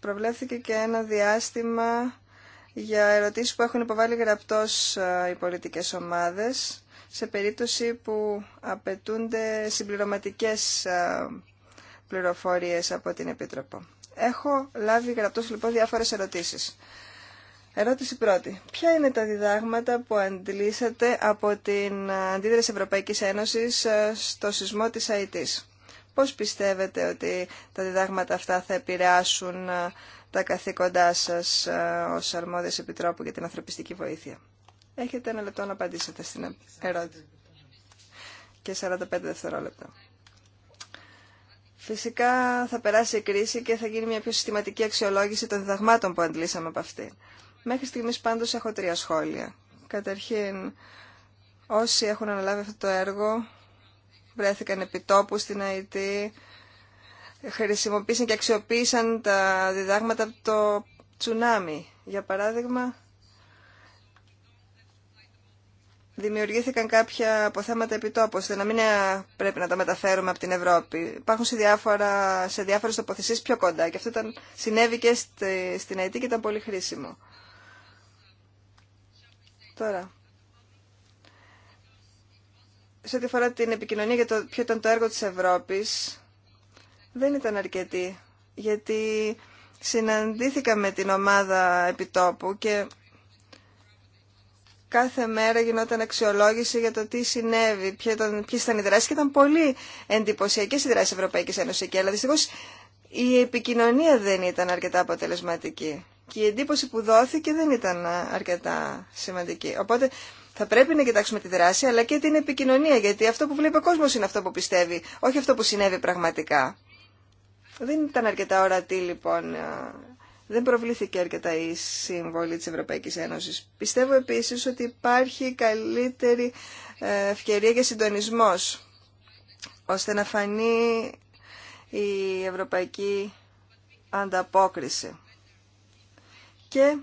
Προβλέφθηκε και ένα διάστημα για ερωτήσεις που έχουν υποβάλει γραπτός οι πολιτικές ομάδες σε περίπτωση που απαιτούνται συμπληρωματικές πληροφορίες από την Επίτροπο. Έχω λάβει γραπτός λοιπόν διάφορες ερωτήσεις. Ερώτηση πρώτη. Ποια είναι τα διδάγματα που αντιλήσατε από την αντίδραση Ευρωπαϊκής Ένωσης ε, στο σεισμό της ΑΕΤΗΣ. Πώς πιστεύετε ότι τα διδάγματα αυτά θα επηρεάσουν ε, τα καθήκοντά σας ε, ως αρμόδιας επιτρόπου για την ανθρωπιστική βοήθεια. Έχετε ένα λεπτό να απαντήσετε στην ερώτηση. Και 45 δευτερόλεπτα. Φυσικά θα περάσει η κρίση και θα γίνει μια πιο συστηματική αξιολόγηση των διδαγμάτων που αντλήσαμε από αυτή. Μέχρι στιγμής πάντως έχω τρία σχόλια. Καταρχήν, όσοι έχουν αναλάβει αυτό το έργο βρέθηκαν επιτόπου στην ΑΕΤ, χρησιμοποίησαν και αξιοποίησαν τα διδάγματα από το τσουνάμι. Για παράδειγμα, δημιουργήθηκαν κάποια αποθέματα επιτόπου, ώστε να μην ε, πρέπει να τα μεταφέρουμε από την Ευρώπη. Υπάρχουν σε, διάφορα, σε διάφορες τοποθεσίες πιο κοντά και αυτό ήταν, συνέβη και στην ΑΕΤ και ήταν πολύ χρήσιμο. Τώρα, σε ό,τι αφορά την επικοινωνία για το ποιο ήταν το έργο της Ευρώπης, δεν ήταν αρκετή, γιατί συναντήθηκα με την ομάδα επιτόπου και κάθε μέρα γινόταν αξιολόγηση για το τι συνέβη, ποιε ήταν, ποιες ήταν οι δράσεις και ήταν πολύ εντυπωσιακές οι δράσεις Ευρωπαϊκής Ένωσης εκεί, αλλά δυστυχώς η επικοινωνία δεν ήταν αρκετά αποτελεσματική και η εντύπωση που δόθηκε δεν ήταν αρκετά σημαντική. Οπότε θα πρέπει να κοιτάξουμε τη δράση αλλά και την επικοινωνία γιατί αυτό που βλέπει ο κόσμος είναι αυτό που πιστεύει, όχι αυτό που συνέβη πραγματικά. Δεν ήταν αρκετά ορατή λοιπόν, δεν προβλήθηκε αρκετά η συμβολή της Ευρωπαϊκής Ένωσης. Πιστεύω επίσης ότι υπάρχει καλύτερη ε, ευκαιρία για συντονισμός ώστε να φανεί η ευρωπαϊκή ανταπόκριση και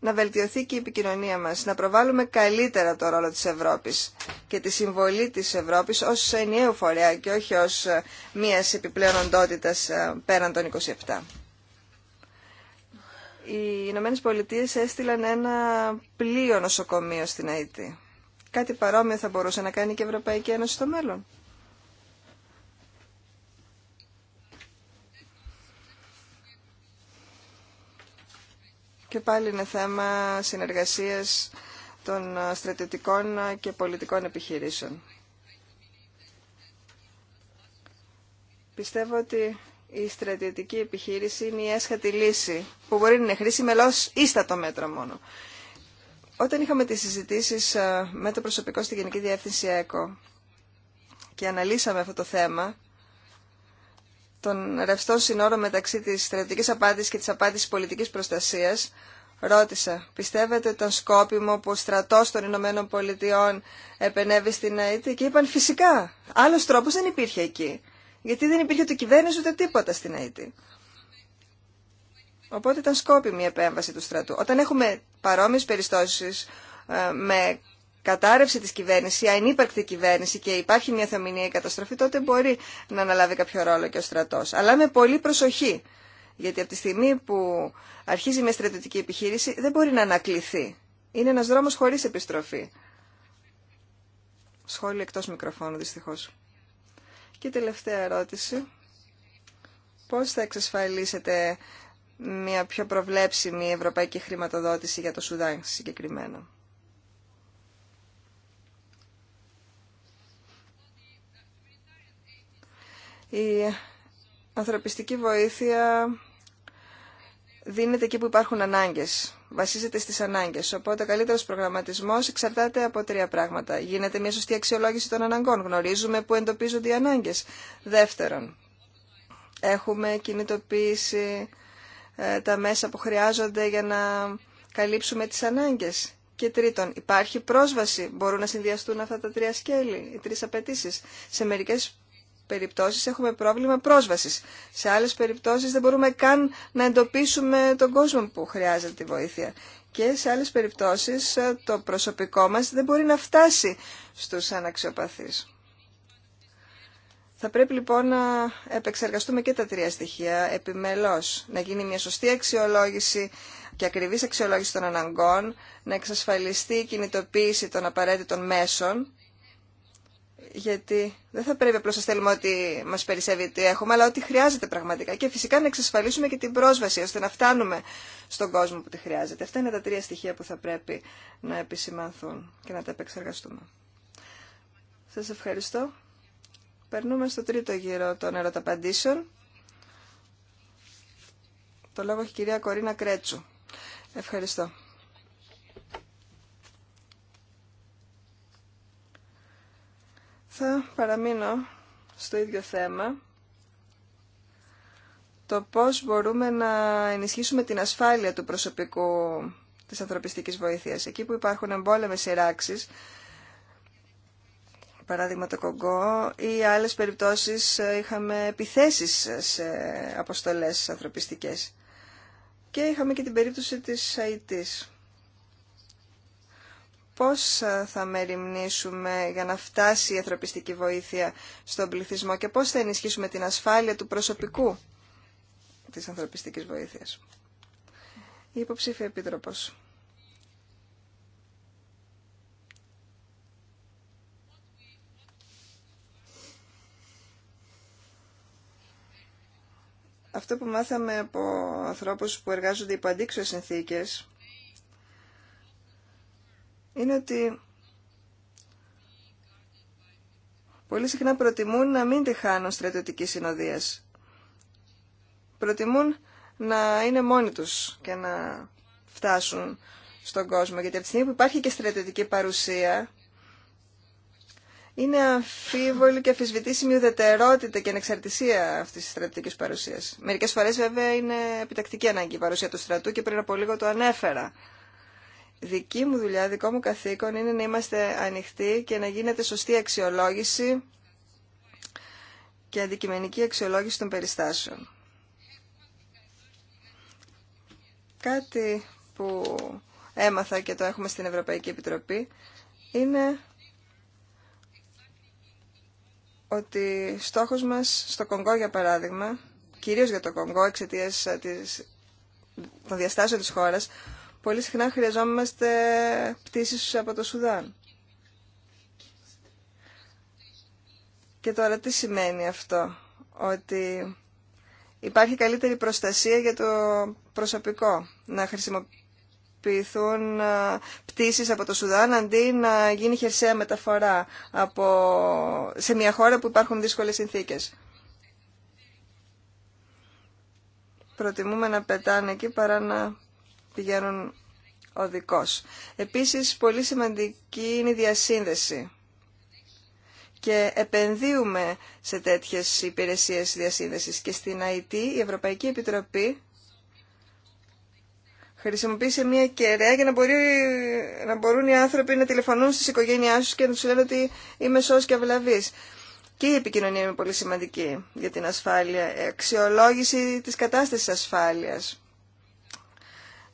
να βελτιωθεί και η επικοινωνία μας, να προβάλλουμε καλύτερα το ρόλο της Ευρώπης και τη συμβολή της Ευρώπης ως ενιαίου φορέα και όχι ως ε, μία επιπλέον οντότητας ε, πέραν των 27. Οι Ηνωμένε Πολιτείε έστειλαν ένα πλοίο νοσοκομείο στην ΑΕΤ. Κάτι παρόμοιο θα μπορούσε να κάνει και η Ευρωπαϊκή Ένωση στο μέλλον. Και πάλι είναι θέμα συνεργασίας των ε, στρατιωτικών ε, και πολιτικών επιχειρήσεων. Πιστεύω ότι η στρατιωτική επιχείρηση είναι η έσχατη λύση που μπορεί να είναι χρήσιμη ίστατο μέτρο μόνο. Όταν είχαμε τις συζητήσεις ε, με το προσωπικό στη Γενική Διεύθυνση ΕΚΟ και αναλύσαμε αυτό το θέμα, των ρευστών συνόρων μεταξύ της στρατιωτικής απάντησης και της απάντησης πολιτικής προστασίας, ρώτησα, πιστεύετε ήταν σκόπιμο που ο στρατός των Ηνωμένων Πολιτειών επενεύει στην ΑΕΤ και είπαν φυσικά. Άλλος τρόπος δεν υπήρχε εκεί. Γιατί δεν υπήρχε το κυβέρνηση ούτε τίποτα στην ΑΕΤ. Οπότε ήταν σκόπιμη η επέμβαση του στρατού. Όταν έχουμε παρόμοιες περιστώσεις ε, με κατάρρευση της κυβέρνησης, η ανύπαρκτη κυβέρνηση και υπάρχει μια θεομηνία καταστροφή, τότε μπορεί να αναλάβει κάποιο ρόλο και ο στρατός. Αλλά με πολύ προσοχή, γιατί από τη στιγμή που αρχίζει μια στρατιωτική επιχείρηση δεν μπορεί να ανακληθεί. Είναι ένας δρόμος χωρίς επιστροφή. Σχόλιο εκτός μικροφώνου δυστυχώς. Και τελευταία ερώτηση. Πώς θα εξασφαλίσετε μια πιο προβλέψιμη ευρωπαϊκή χρηματοδότηση για το Σουδάν συγκεκριμένα. Η ανθρωπιστική βοήθεια δίνεται εκεί που υπάρχουν ανάγκες. Βασίζεται στις ανάγκες. Οπότε ο καλύτερος προγραμματισμός εξαρτάται από τρία πράγματα. Γίνεται μια σωστή αξιολόγηση των αναγκών. Γνωρίζουμε που εντοπίζονται οι ανάγκες. Δεύτερον, έχουμε κινητοποίηση ε, τα μέσα που χρειάζονται για να καλύψουμε τις ανάγκες. Και τρίτον, υπάρχει πρόσβαση. Μπορούν να συνδυαστούν αυτά τα τρία σκέλη, οι τρεις απαιτήσει. Σε περιπτώσεις έχουμε πρόβλημα πρόσβασης. Σε άλλες περιπτώσεις δεν μπορούμε καν να εντοπίσουμε τον κόσμο που χρειάζεται τη βοήθεια. Και σε άλλες περιπτώσεις ε, το προσωπικό μας δεν μπορεί να φτάσει στους αναξιοπαθείς. Θα πρέπει λοιπόν να επεξεργαστούμε και τα τρία στοιχεία επιμελώς. Να γίνει μια σωστή αξιολόγηση και ακριβής αξιολόγηση των αναγκών, να εξασφαλιστεί η κινητοποίηση των απαραίτητων μέσων γιατί δεν θα πρέπει απλώς να στέλνουμε ότι μας περισσεύει τι έχουμε, αλλά ότι χρειάζεται πραγματικά και φυσικά να εξασφαλίσουμε και την πρόσβαση ώστε να φτάνουμε στον κόσμο που τη χρειάζεται. Αυτά είναι τα τρία στοιχεία που θα πρέπει να επισημανθούν και να τα επεξεργαστούμε. Σας ευχαριστώ. Περνούμε στο τρίτο γύρο των ερωταπαντήσεων. Το λόγο έχει η κυρία Κορίνα Κρέτσου. Ευχαριστώ. Θα παραμείνω στο ίδιο θέμα. Το πώς μπορούμε να ενισχύσουμε την ασφάλεια του προσωπικού της ανθρωπιστικής βοήθειας. Εκεί που υπάρχουν εμπόλεμες σειράξεις, παράδειγμα το Κογκό, ή άλλες περιπτώσεις ε, είχαμε επιθέσεις σε αποστολές ανθρωπιστικές. Και είχαμε και την περίπτωση της ΑΙΤΙΣ πώς ε, θα μεριμνήσουμε για να φτάσει η ανθρωπιστική βοήθεια στον πληθυσμό και πώς θα ενισχύσουμε την ασφάλεια του προσωπικού της ανθρωπιστικής βοήθειας. Η υποψήφια επίτροπος. Αυτό που μάθαμε από ανθρώπους που εργάζονται υπό αντίξωες συνθήκες είναι ότι πολύ συχνά προτιμούν να μην τη χάνουν στρατιωτική συνοδείας. Προτιμούν να είναι μόνοι τους και να φτάσουν στον κόσμο. Γιατί από τη στιγμή που υπάρχει και στρατιωτική παρουσία, είναι αμφίβολη και αφισβητήσιμη ουδετερότητα και ανεξαρτησία αυτή τη στρατιωτική παρουσία. Μερικέ φορέ, βέβαια, είναι επιτακτική ανάγκη η παρουσία του στρατού και πριν από λίγο το ανέφερα δική μου δουλειά, δικό μου καθήκον είναι να είμαστε ανοιχτοί και να γίνεται σωστή αξιολόγηση και αντικειμενική αξιολόγηση των περιστάσεων. Κάτι που έμαθα και το έχουμε στην Ευρωπαϊκή Επιτροπή είναι ότι στόχος μας στο Κονγκό για παράδειγμα, κυρίως για το Κονγκό εξαιτία των διαστάσεων της χώρας, πολύ συχνά χρειαζόμαστε πτήσεις από το Σουδάν. Και τώρα τι σημαίνει αυτό, ότι υπάρχει καλύτερη προστασία για το προσωπικό, να χρησιμοποιηθούν πτήσεις από το Σουδάν αντί να γίνει χερσαία μεταφορά από... σε μια χώρα που υπάρχουν δύσκολες συνθήκες. Προτιμούμε να πετάνε εκεί παρά να πηγαίνουν οδικώς. Επίσης, πολύ σημαντική είναι η διασύνδεση και επενδύουμε σε τέτοιες υπηρεσίες διασύνδεσης. Και στην IT η Ευρωπαϊκή Επιτροπή χρησιμοποίησε μια κεραία για να, μπορεί, να μπορούν οι άνθρωποι να τηλεφωνούν στις οικογένειάς τους και να τους λένε ότι είμαι σώος και αυλαβής. Και η επικοινωνία είναι πολύ σημαντική για την ασφάλεια, αξιολόγηση της κατάστασης ασφάλειας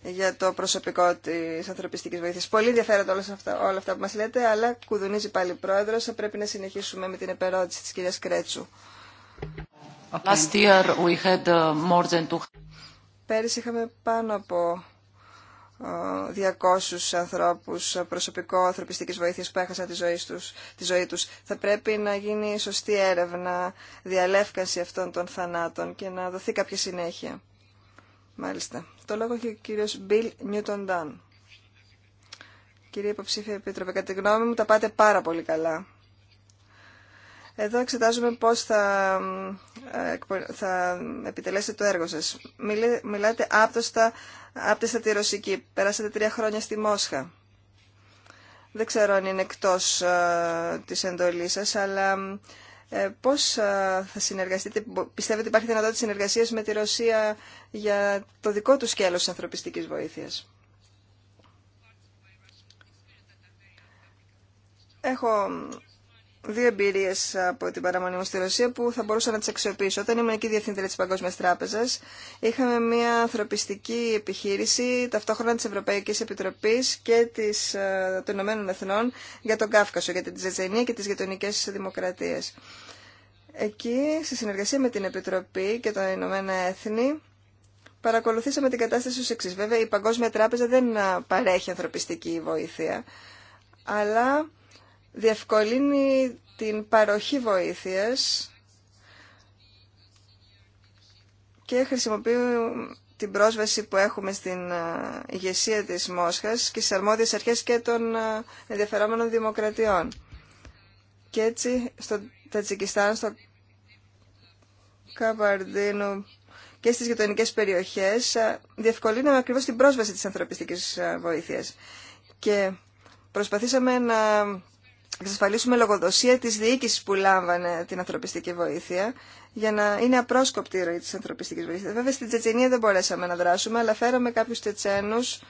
για το προσωπικό τη ανθρωπιστική βοήθεια. Πολύ ενδιαφέροντα όλα αυτά, όλα αυτά που μα λέτε, αλλά κουδουνίζει πάλι η πρόεδρο, Θα πρέπει να συνεχίσουμε με την επερώτηση τη κυρία Κρέτσου. Okay. Uh, two... Πέρυσι είχαμε πάνω από 200 ανθρώπους προσωπικό ανθρωπιστικής βοήθειας που έχασαν τη ζωή, τους, τη ζωή τους. Θα πρέπει να γίνει σωστή έρευνα, διαλεύκανση αυτών των θανάτων και να δοθεί κάποια συνέχεια. Μάλιστα. Το λόγο έχει ο κύριος Μπιλ Νιούτον Ντάν. Κύριε Υποψήφια Επίτροπε, κατά τη γνώμη μου τα πάτε πάρα πολύ καλά. Εδώ εξετάζουμε πώς θα, ε, θα επιτελέσετε το έργο σας. μιλάτε άπτωστα, άπτεστα τη Ρωσική. Περάσατε τρία χρόνια στη Μόσχα. Δεν ξέρω αν είναι εκτός ε, της εντολής σας, αλλά ε, πώς ε, θα συνεργαστείτε, πιστεύετε υπάρχει δυνατότητα συνεργασίας με τη Ρωσία για το δικό του σκέλος της ανθρωπιστικής βοήθειας. Έχω δύο εμπειρίε από την παραμονή μου στη Ρωσία που θα μπορούσα να τι αξιοποιήσω. Όταν ήμουν εκεί διευθύντρια τη Παγκόσμια Τράπεζα, είχαμε μια ανθρωπιστική επιχείρηση ταυτόχρονα τη Ευρωπαϊκή Επιτροπή και της, ε, των Ηνωμένων Εθνών για τον Κάφκασο, για την Τζετζενία και τι γειτονικέ δημοκρατίε. Εκεί, σε συνεργασία με την Επιτροπή και τα Ηνωμένα Έθνη, παρακολουθήσαμε την κατάσταση ως εξής. Βέβαια, η Παγκόσμια Τράπεζα δεν παρέχει ανθρωπιστική βοήθεια, αλλά διευκολύνει την παροχή βοήθειας και χρησιμοποιεί την πρόσβαση που έχουμε στην ηγεσία της Μόσχας και στις αρμόδιες αρχές και των ενδιαφερόμενων δημοκρατιών. Και έτσι, στον Τατζικιστάν, στο Καμπαρδίνο και στις γειτονικές περιοχές ε, διευκολύναμε ακριβώς την πρόσβαση της ανθρωπιστικής ε, βοήθειας. Και προσπαθήσαμε να εξασφαλίσουμε λογοδοσία της διοίκησης που λάμβανε την ανθρωπιστική βοήθεια για να είναι απρόσκοπτη η ροή της ανθρωπιστικής βοήθειας. Βέβαια στην Τσετσενία δεν μπορέσαμε να δράσουμε, αλλά φέραμε κάποιους Τσετσένους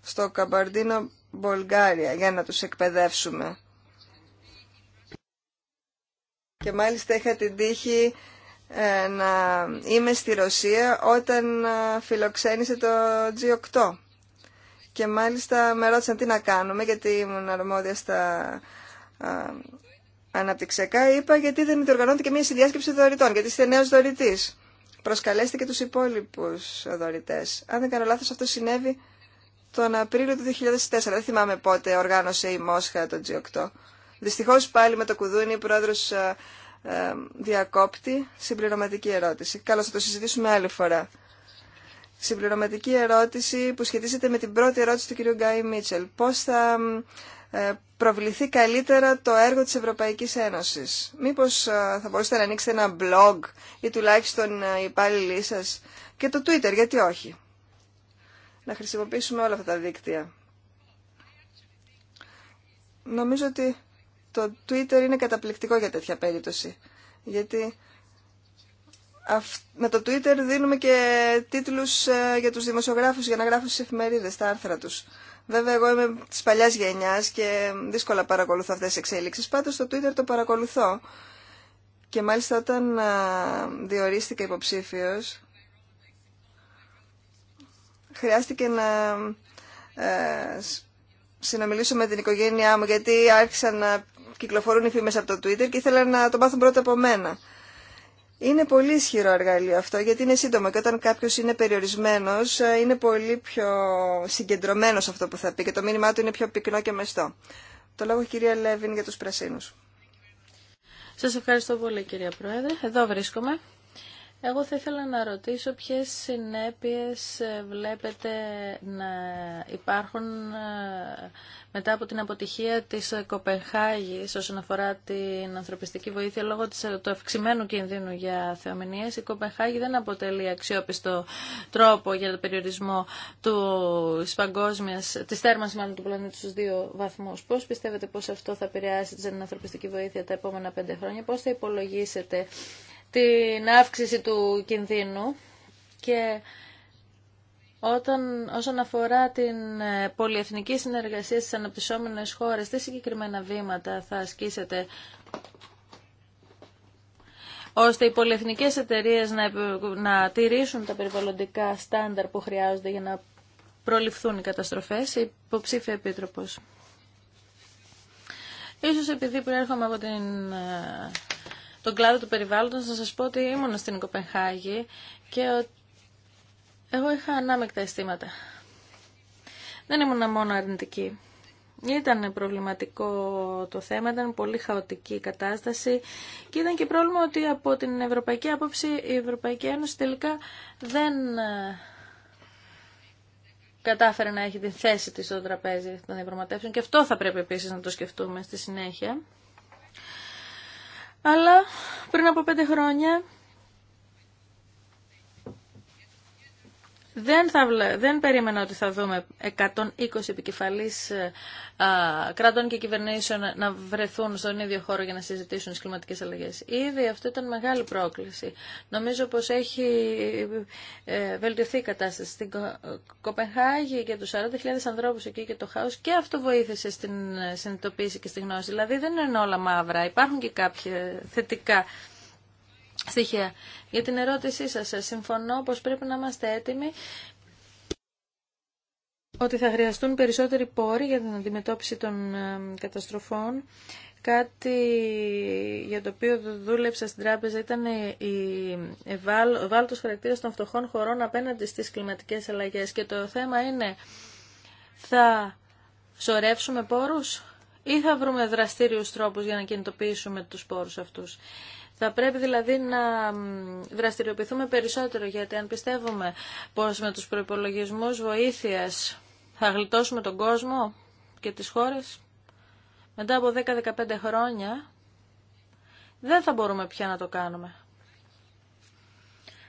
στο Καμπαρντίνο Βολγάρια για να τους εκπαιδεύσουμε. Και μάλιστα είχα την τύχη ε, να είμαι στη Ρωσία όταν ε, φιλοξένησε το G8. Και μάλιστα με ρώτησαν τι να κάνουμε γιατί ήμουν αρμόδια στα ε, αναπτυξιακά. Είπα γιατί δεν διοργανώνεται και μια συνδιάσκεψη δωρητών, γιατί είστε νέο δωρητή. Προσκαλέστε και τους υπόλοιπους δωρητές. Αν δεν κάνω λάθος αυτό συνέβη τον Απρίλιο του 2004. Δεν θυμάμαι πότε οργάνωσε η Μόσχα το G8. Δυστυχώ πάλι με το κουδούνι η πρόεδρο ε, ε, διακόπτη συμπληρωματική ερώτηση. Καλώ θα το συζητήσουμε άλλη φορά. Συμπληρωματική ερώτηση που σχετίζεται με την πρώτη ερώτηση του κυρίου Γκάι Μίτσελ. Πώς θα ε, προβληθεί καλύτερα το έργο της Ευρωπαϊκής Ένωσης. Μήπως θα μπορούσατε να ανοίξετε ένα blog ή τουλάχιστον οι υπάλληλοι σας και το Twitter, γιατί όχι να χρησιμοποιήσουμε όλα αυτά τα δίκτυα. Νομίζω ότι το Twitter είναι καταπληκτικό για τέτοια περίπτωση. Γιατί με το Twitter δίνουμε και τίτλους ε, για τους δημοσιογράφους για να γράφουν στις εφημερίδες, τα άρθρα τους. Βέβαια, εγώ είμαι της παλιάς γενιάς και δύσκολα παρακολουθώ αυτές τις εξέλιξεις. Πάντως, το Twitter το παρακολουθώ. Και μάλιστα όταν ε, διορίστηκα υποψήφιο χρειάστηκε να ε, συνομιλήσω με την οικογένειά μου γιατί άρχισαν να κυκλοφορούν οι φήμες από το Twitter και ήθελα να το μάθουν πρώτα από μένα. Είναι πολύ ισχυρό εργαλείο αυτό γιατί είναι σύντομο και όταν κάποιο είναι περιορισμένο ε, είναι πολύ πιο συγκεντρωμένο αυτό που θα πει και το μήνυμά του είναι πιο πυκνό και μεστό. Το λόγο κυρία Λέβιν για του πρασίνου. Σα ευχαριστώ πολύ κυρία Πρόεδρε. Εδώ βρίσκομαι. Εγώ θα ήθελα να ρωτήσω ποιες συνέπειες ε, βλέπετε να υπάρχουν ε, μετά από την αποτυχία της ε, Κοπενχάγης όσον αφορά την ανθρωπιστική βοήθεια λόγω του αυξημένου κινδύνου για θεομηνίες. Η Κοπεχάγη δεν αποτελεί αξιόπιστο τρόπο για το περιορισμό του παγκόσμιας, της θέρμανσης μάλλον του πλανήτη στους δύο βαθμούς. Πώς πιστεύετε πως αυτό θα επηρεάσει την ανθρωπιστική βοήθεια τα επόμενα πέντε χρόνια, πώς θα υπολογίσετε την αύξηση του κινδύνου και όταν, όσον αφορά την ε, πολυεθνική συνεργασία στις αναπτυσσόμενες χώρες, τι συγκεκριμένα βήματα θα ασκήσετε ώστε οι πολυεθνικές εταιρείες να, να τηρήσουν τα περιβαλλοντικά στάνταρ που χρειάζονται για να προληφθούν οι καταστροφές, η υποψήφια επίτροπος. Ίσως επειδή προέρχομαι από την ε, τον κλάδο του περιβάλλοντος, να σας πω ότι ήμουν στην Κοπενχάγη και εγώ είχα ανάμεκτα αισθήματα. Δεν ήμουν μόνο αρνητική. Ήταν προβληματικό το θέμα, ήταν πολύ χαοτική η κατάσταση και ήταν και πρόβλημα ότι από την Ευρωπαϊκή Άποψη η Ευρωπαϊκή Ένωση τελικά δεν ε, κατάφερε να έχει την θέση της στο τραπέζι των διαπραγματεύσεων και αυτό θα πρέπει επίσης να το σκεφτούμε στη συνέχεια αλλά πριν από πέντε χρόνια Δεν, θα, δεν περίμενα ότι θα δούμε 120 επικεφαλής ε, κρατών και κυβερνήσεων να βρεθούν στον ίδιο χώρο για να συζητήσουν τις κλιματικές αλλαγές. Ήδη αυτό ήταν μεγάλη πρόκληση. Νομίζω πως έχει ε, βελτιωθεί η κατάσταση στην Κο, Κοπενχάγη για τους 40.000 ανθρώπους εκεί και το χάος και αυτό βοήθησε στην συνειδητοποίηση και στη γνώση. Δηλαδή δεν είναι όλα μαύρα. Υπάρχουν και κάποια θετικά στοιχεία. Για την ερώτησή σας, ε, συμφωνώ πως πρέπει να είμαστε έτοιμοι ότι θα χρειαστούν περισσότεροι πόροι για την αντιμετώπιση των ε, καταστροφών. Κάτι για το οποίο δούλεψα στην τράπεζα ήταν ο βάλτος χαρακτήρα των φτωχών χωρών απέναντι στις κλιματικές αλλαγές. Και το θέμα είναι, θα σωρεύσουμε πόρους ή θα βρούμε δραστήριους τρόπους για να κινητοποιήσουμε τους πόρους αυτούς. Θα πρέπει δηλαδή να δραστηριοποιηθούμε περισσότερο γιατί αν πιστεύουμε πως με τους προϋπολογισμούς βοήθειας θα γλιτώσουμε τον κόσμο και τις χώρες μετά από 10-15 χρόνια δεν θα μπορούμε πια να το κάνουμε.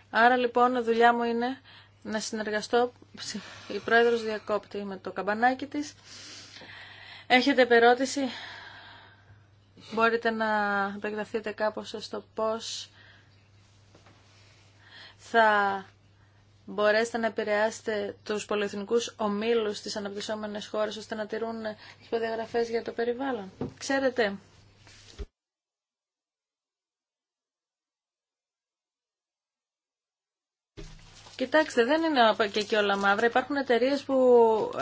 Άρα λοιπόν η δουλειά μου είναι να συνεργαστώ, η πρόεδρος διακόπτη με το καμπανάκι της. Έχετε περώτηση Μπορείτε να επεκταθείτε κάπως στο πώς θα μπορέσετε να επηρεάσετε τους πολυεθνικούς ομίλους στις αναπτυσσόμενες χώρες ώστε να τηρούν τις προδιαγραφές για το περιβάλλον. Ξέρετε, Κοιτάξτε, δεν είναι και εκεί όλα μαύρα. Υπάρχουν εταιρείε που ε,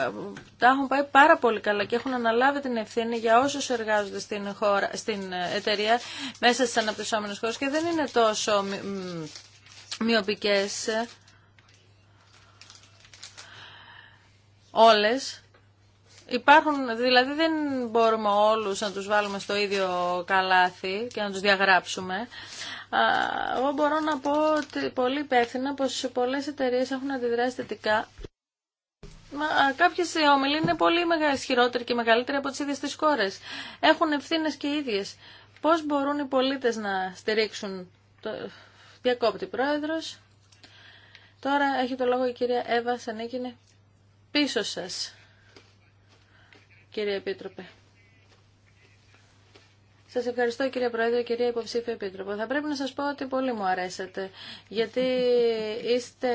τα έχουν πάει πάρα πολύ καλά και έχουν αναλάβει την ευθύνη για όσου εργάζονται στην, χώρα, στην ε, εταιρεία μέσα στι αναπτυσσόμενε χώρε και δεν είναι τόσο μειοπικέ Όλε. Υπάρχουν, δηλαδή δεν μπορούμε όλους να τους βάλουμε στο ίδιο καλάθι και να τους διαγράψουμε εγώ μπορώ να πω ότι πολύ υπεύθυνα πως πολλές εταιρείες έχουν αντιδράσει θετικά. Μα κάποιες όμιλοι είναι πολύ ισχυρότεροι και μεγαλύτεροι από τις ίδιες τις χώρες. Έχουν ευθύνες και οι ίδιες. Πώς μπορούν οι πολίτες να στηρίξουν το... Διακόπτη πρόεδρος. Τώρα έχει το λόγο η κυρία Εύα Σανίκινη. Πίσω σας, κύριε Επίτροπε. Σας ευχαριστώ κύριε Πρόεδρε, κυρία Υποψήφια Επίτροπο. Θα πρέπει να σας πω ότι πολύ μου αρέσετε, γιατί είστε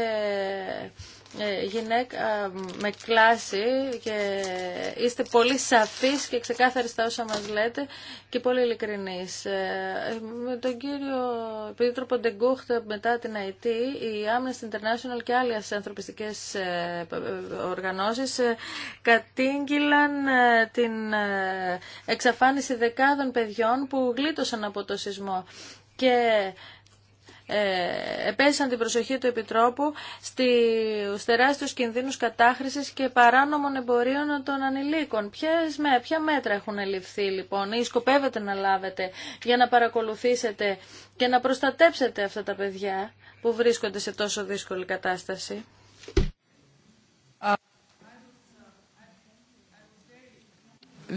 ε, γυναίκα με κλάση και είστε πολύ σαφείς και ξεκάθαροι στα όσα μας λέτε και πολύ ειλικρινείς. Ε, με τον κύριο Επίτροπο Ντεγκούχτ μετά την ΑΕΤ, η Amnesty International και άλλε ανθρωπιστικές ε, οργανώσεις κατήγγυλαν την εξαφάνιση δεκάδων παιδιών που γλίτωσαν από το σεισμό. Και ε, επέσαν την προσοχή του Επιτρόπου στου τεράστιου κινδύνου κατάχρησης και παράνομων εμπορίων των ανηλίκων. Ποιες, με, ποια μέτρα έχουν ληφθεί λοιπόν ή σκοπεύετε να λάβετε για να παρακολουθήσετε και να προστατέψετε αυτά τα παιδιά που βρίσκονται σε τόσο δύσκολη κατάσταση.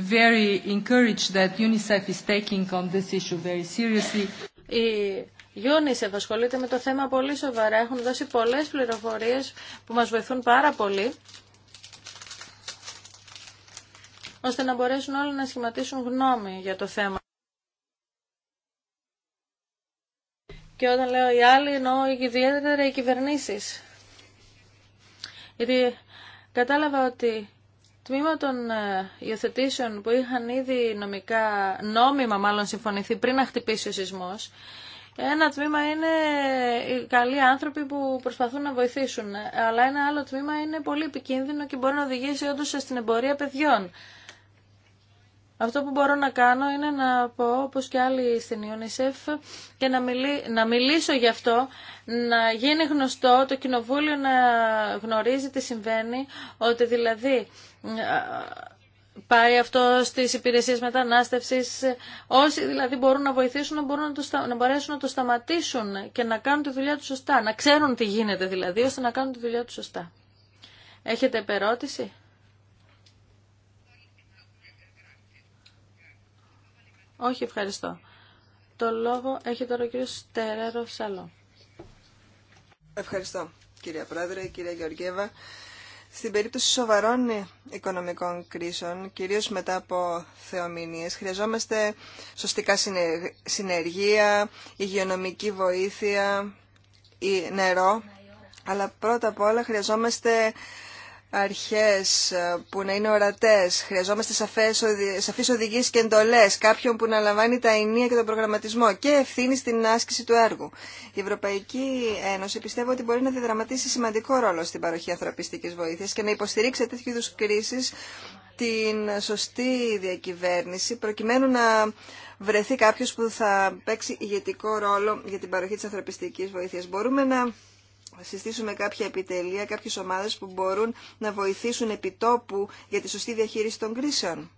Very encouraged that UNICEF is taking on this issue very seriously. UNICEF ασχολείται με το θέμα πολύ σοβαρά. Έχουν δώσει πολλές πληροφορίες που μας βοηθούν πάρα πολύ ώστε να μπορέσουν όλοι να σχηματίσουν γνώμη για το θέμα. Και όταν λέω οι άλλοι, εννοώ ιδιαίτερα οι κυβερνήσεις. Γιατί κατάλαβα ότι τμήμα των ε, υιοθετήσεων που είχαν ήδη νομικά, νόμιμα μάλλον συμφωνηθεί πριν να χτυπήσει ο σεισμός, ένα τμήμα είναι οι καλοί άνθρωποι που προσπαθούν να βοηθήσουν, αλλά ένα άλλο τμήμα είναι πολύ επικίνδυνο και μπορεί να οδηγήσει όντω στην εμπορία παιδιών. Αυτό που μπορώ να κάνω είναι να πω, όπω και άλλοι στην UNICEF, και να, να μιλήσω γι' αυτό, να γίνει γνωστό, το κοινοβούλιο να γνωρίζει τι συμβαίνει, ότι δηλαδή ε, πάει αυτό στις υπηρεσίες μετανάστευσης. Όσοι δηλαδή μπορούν να βοηθήσουν να, μπορούν να, το να μπορέσουν να το σταματήσουν και να κάνουν τη δουλειά του σωστά. Να ξέρουν τι γίνεται δηλαδή ώστε να κάνουν τη δουλειά του σωστά. Έχετε επερώτηση? Όχι, ευχαριστώ. Το λόγο έχει τώρα ο κύριος Τερέρο Σαλό. Ευχαριστώ κυρία Πρόεδρε, κυρία Γεωργέβα. Στην περίπτωση σοβαρών οικονομικών κρίσεων, κυρίως μετά από θεομηνίες, χρειαζόμαστε σωστικά συνεργεία, υγειονομική βοήθεια, ή νερό, αλλά πρώτα απ' όλα χρειαζόμαστε αρχές ε, που να είναι ορατές. Χρειαζόμαστε σαφές, σαφείς οδηγίες και εντολές, κάποιον που να λαμβάνει τα ενία και τον προγραμματισμό και ευθύνη στην άσκηση του έργου. Η Ευρωπαϊκή Ένωση πιστεύω ότι μπορεί να διδραματίσει σημαντικό ρόλο στην παροχή ανθρωπιστικής βοήθειας και να υποστηρίξει σε τέτοιου είδους κρίσεις την σωστή διακυβέρνηση προκειμένου να βρεθεί κάποιος που θα παίξει ηγετικό ρόλο για την παροχή της ανθρωπιστικής βοήθειας. Μπορούμε να συστήσουμε κάποια επιτελεία, κάποιες ομάδες που μπορούν να βοηθήσουν επιτόπου για τη σωστή διαχείριση των κρίσεων.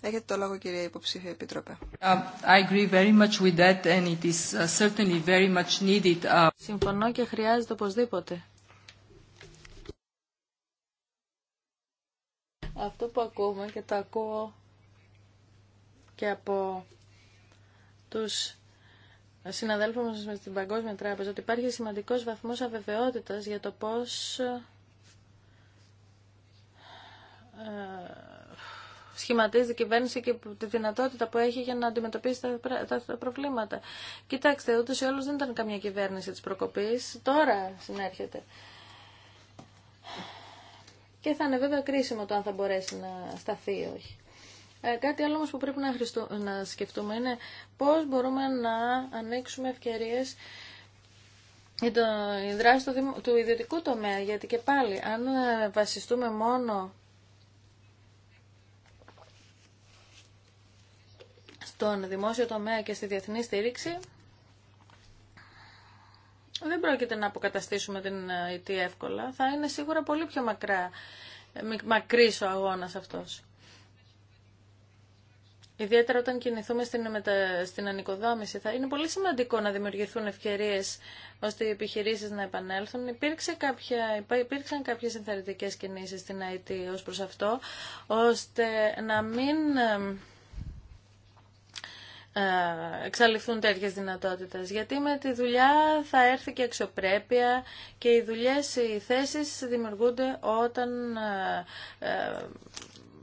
Έχετε το λόγο κυρία υποψήφια Επίτροπε. Uh, uh, Συμφωνώ και χρειάζεται οπωσδήποτε. Αυτό που ακούμε και το ακούω και από τους συναδέλφων μας με την Παγκόσμια Τράπεζα ότι υπάρχει σημαντικός βαθμός αβεβαιότητας για το πώς ε, σχηματίζει η κυβέρνηση και τη δυνατότητα που έχει για να αντιμετωπίσει τα, προβλήματα. Κοιτάξτε, ούτως ή όλως δεν ήταν καμία κυβέρνηση της προκοπής. Τώρα συνέρχεται. Και θα είναι βέβαια κρίσιμο το αν θα μπορέσει να σταθεί ή όχι. Ε, κάτι άλλο όμως που πρέπει να, να σκεφτούμε είναι πώς μπορούμε να ανοίξουμε ευκαιρίες για το, η δράση του, ιδιωτικού τομέα, γιατί και πάλι αν ε, βασιστούμε μόνο στον δημόσιο τομέα και στη διεθνή στήριξη, δεν πρόκειται να αποκαταστήσουμε την ΙΤ ε, εύκολα. Θα είναι σίγουρα πολύ πιο μακρά, μακρύς ο αγώνας αυτός. Ιδιαίτερα όταν κινηθούμε στην, μετα... στην ανοικοδόμηση, θα είναι πολύ σημαντικό να δημιουργηθούν ευκαιρίες ώστε οι επιχειρήσεις να επανέλθουν. Υπήρξε κάποια... Υπήρξαν κάποιε ενθαρρυντικέ κινήσει στην ΑΕΤ ω προ αυτό, ώστε να μην ε, εξαλειφθούν τέτοιε δυνατότητε. Γιατί με τη δουλειά θα έρθει και αξιοπρέπεια και οι δουλειέ, οι θέσει δημιουργούνται όταν ε, ε,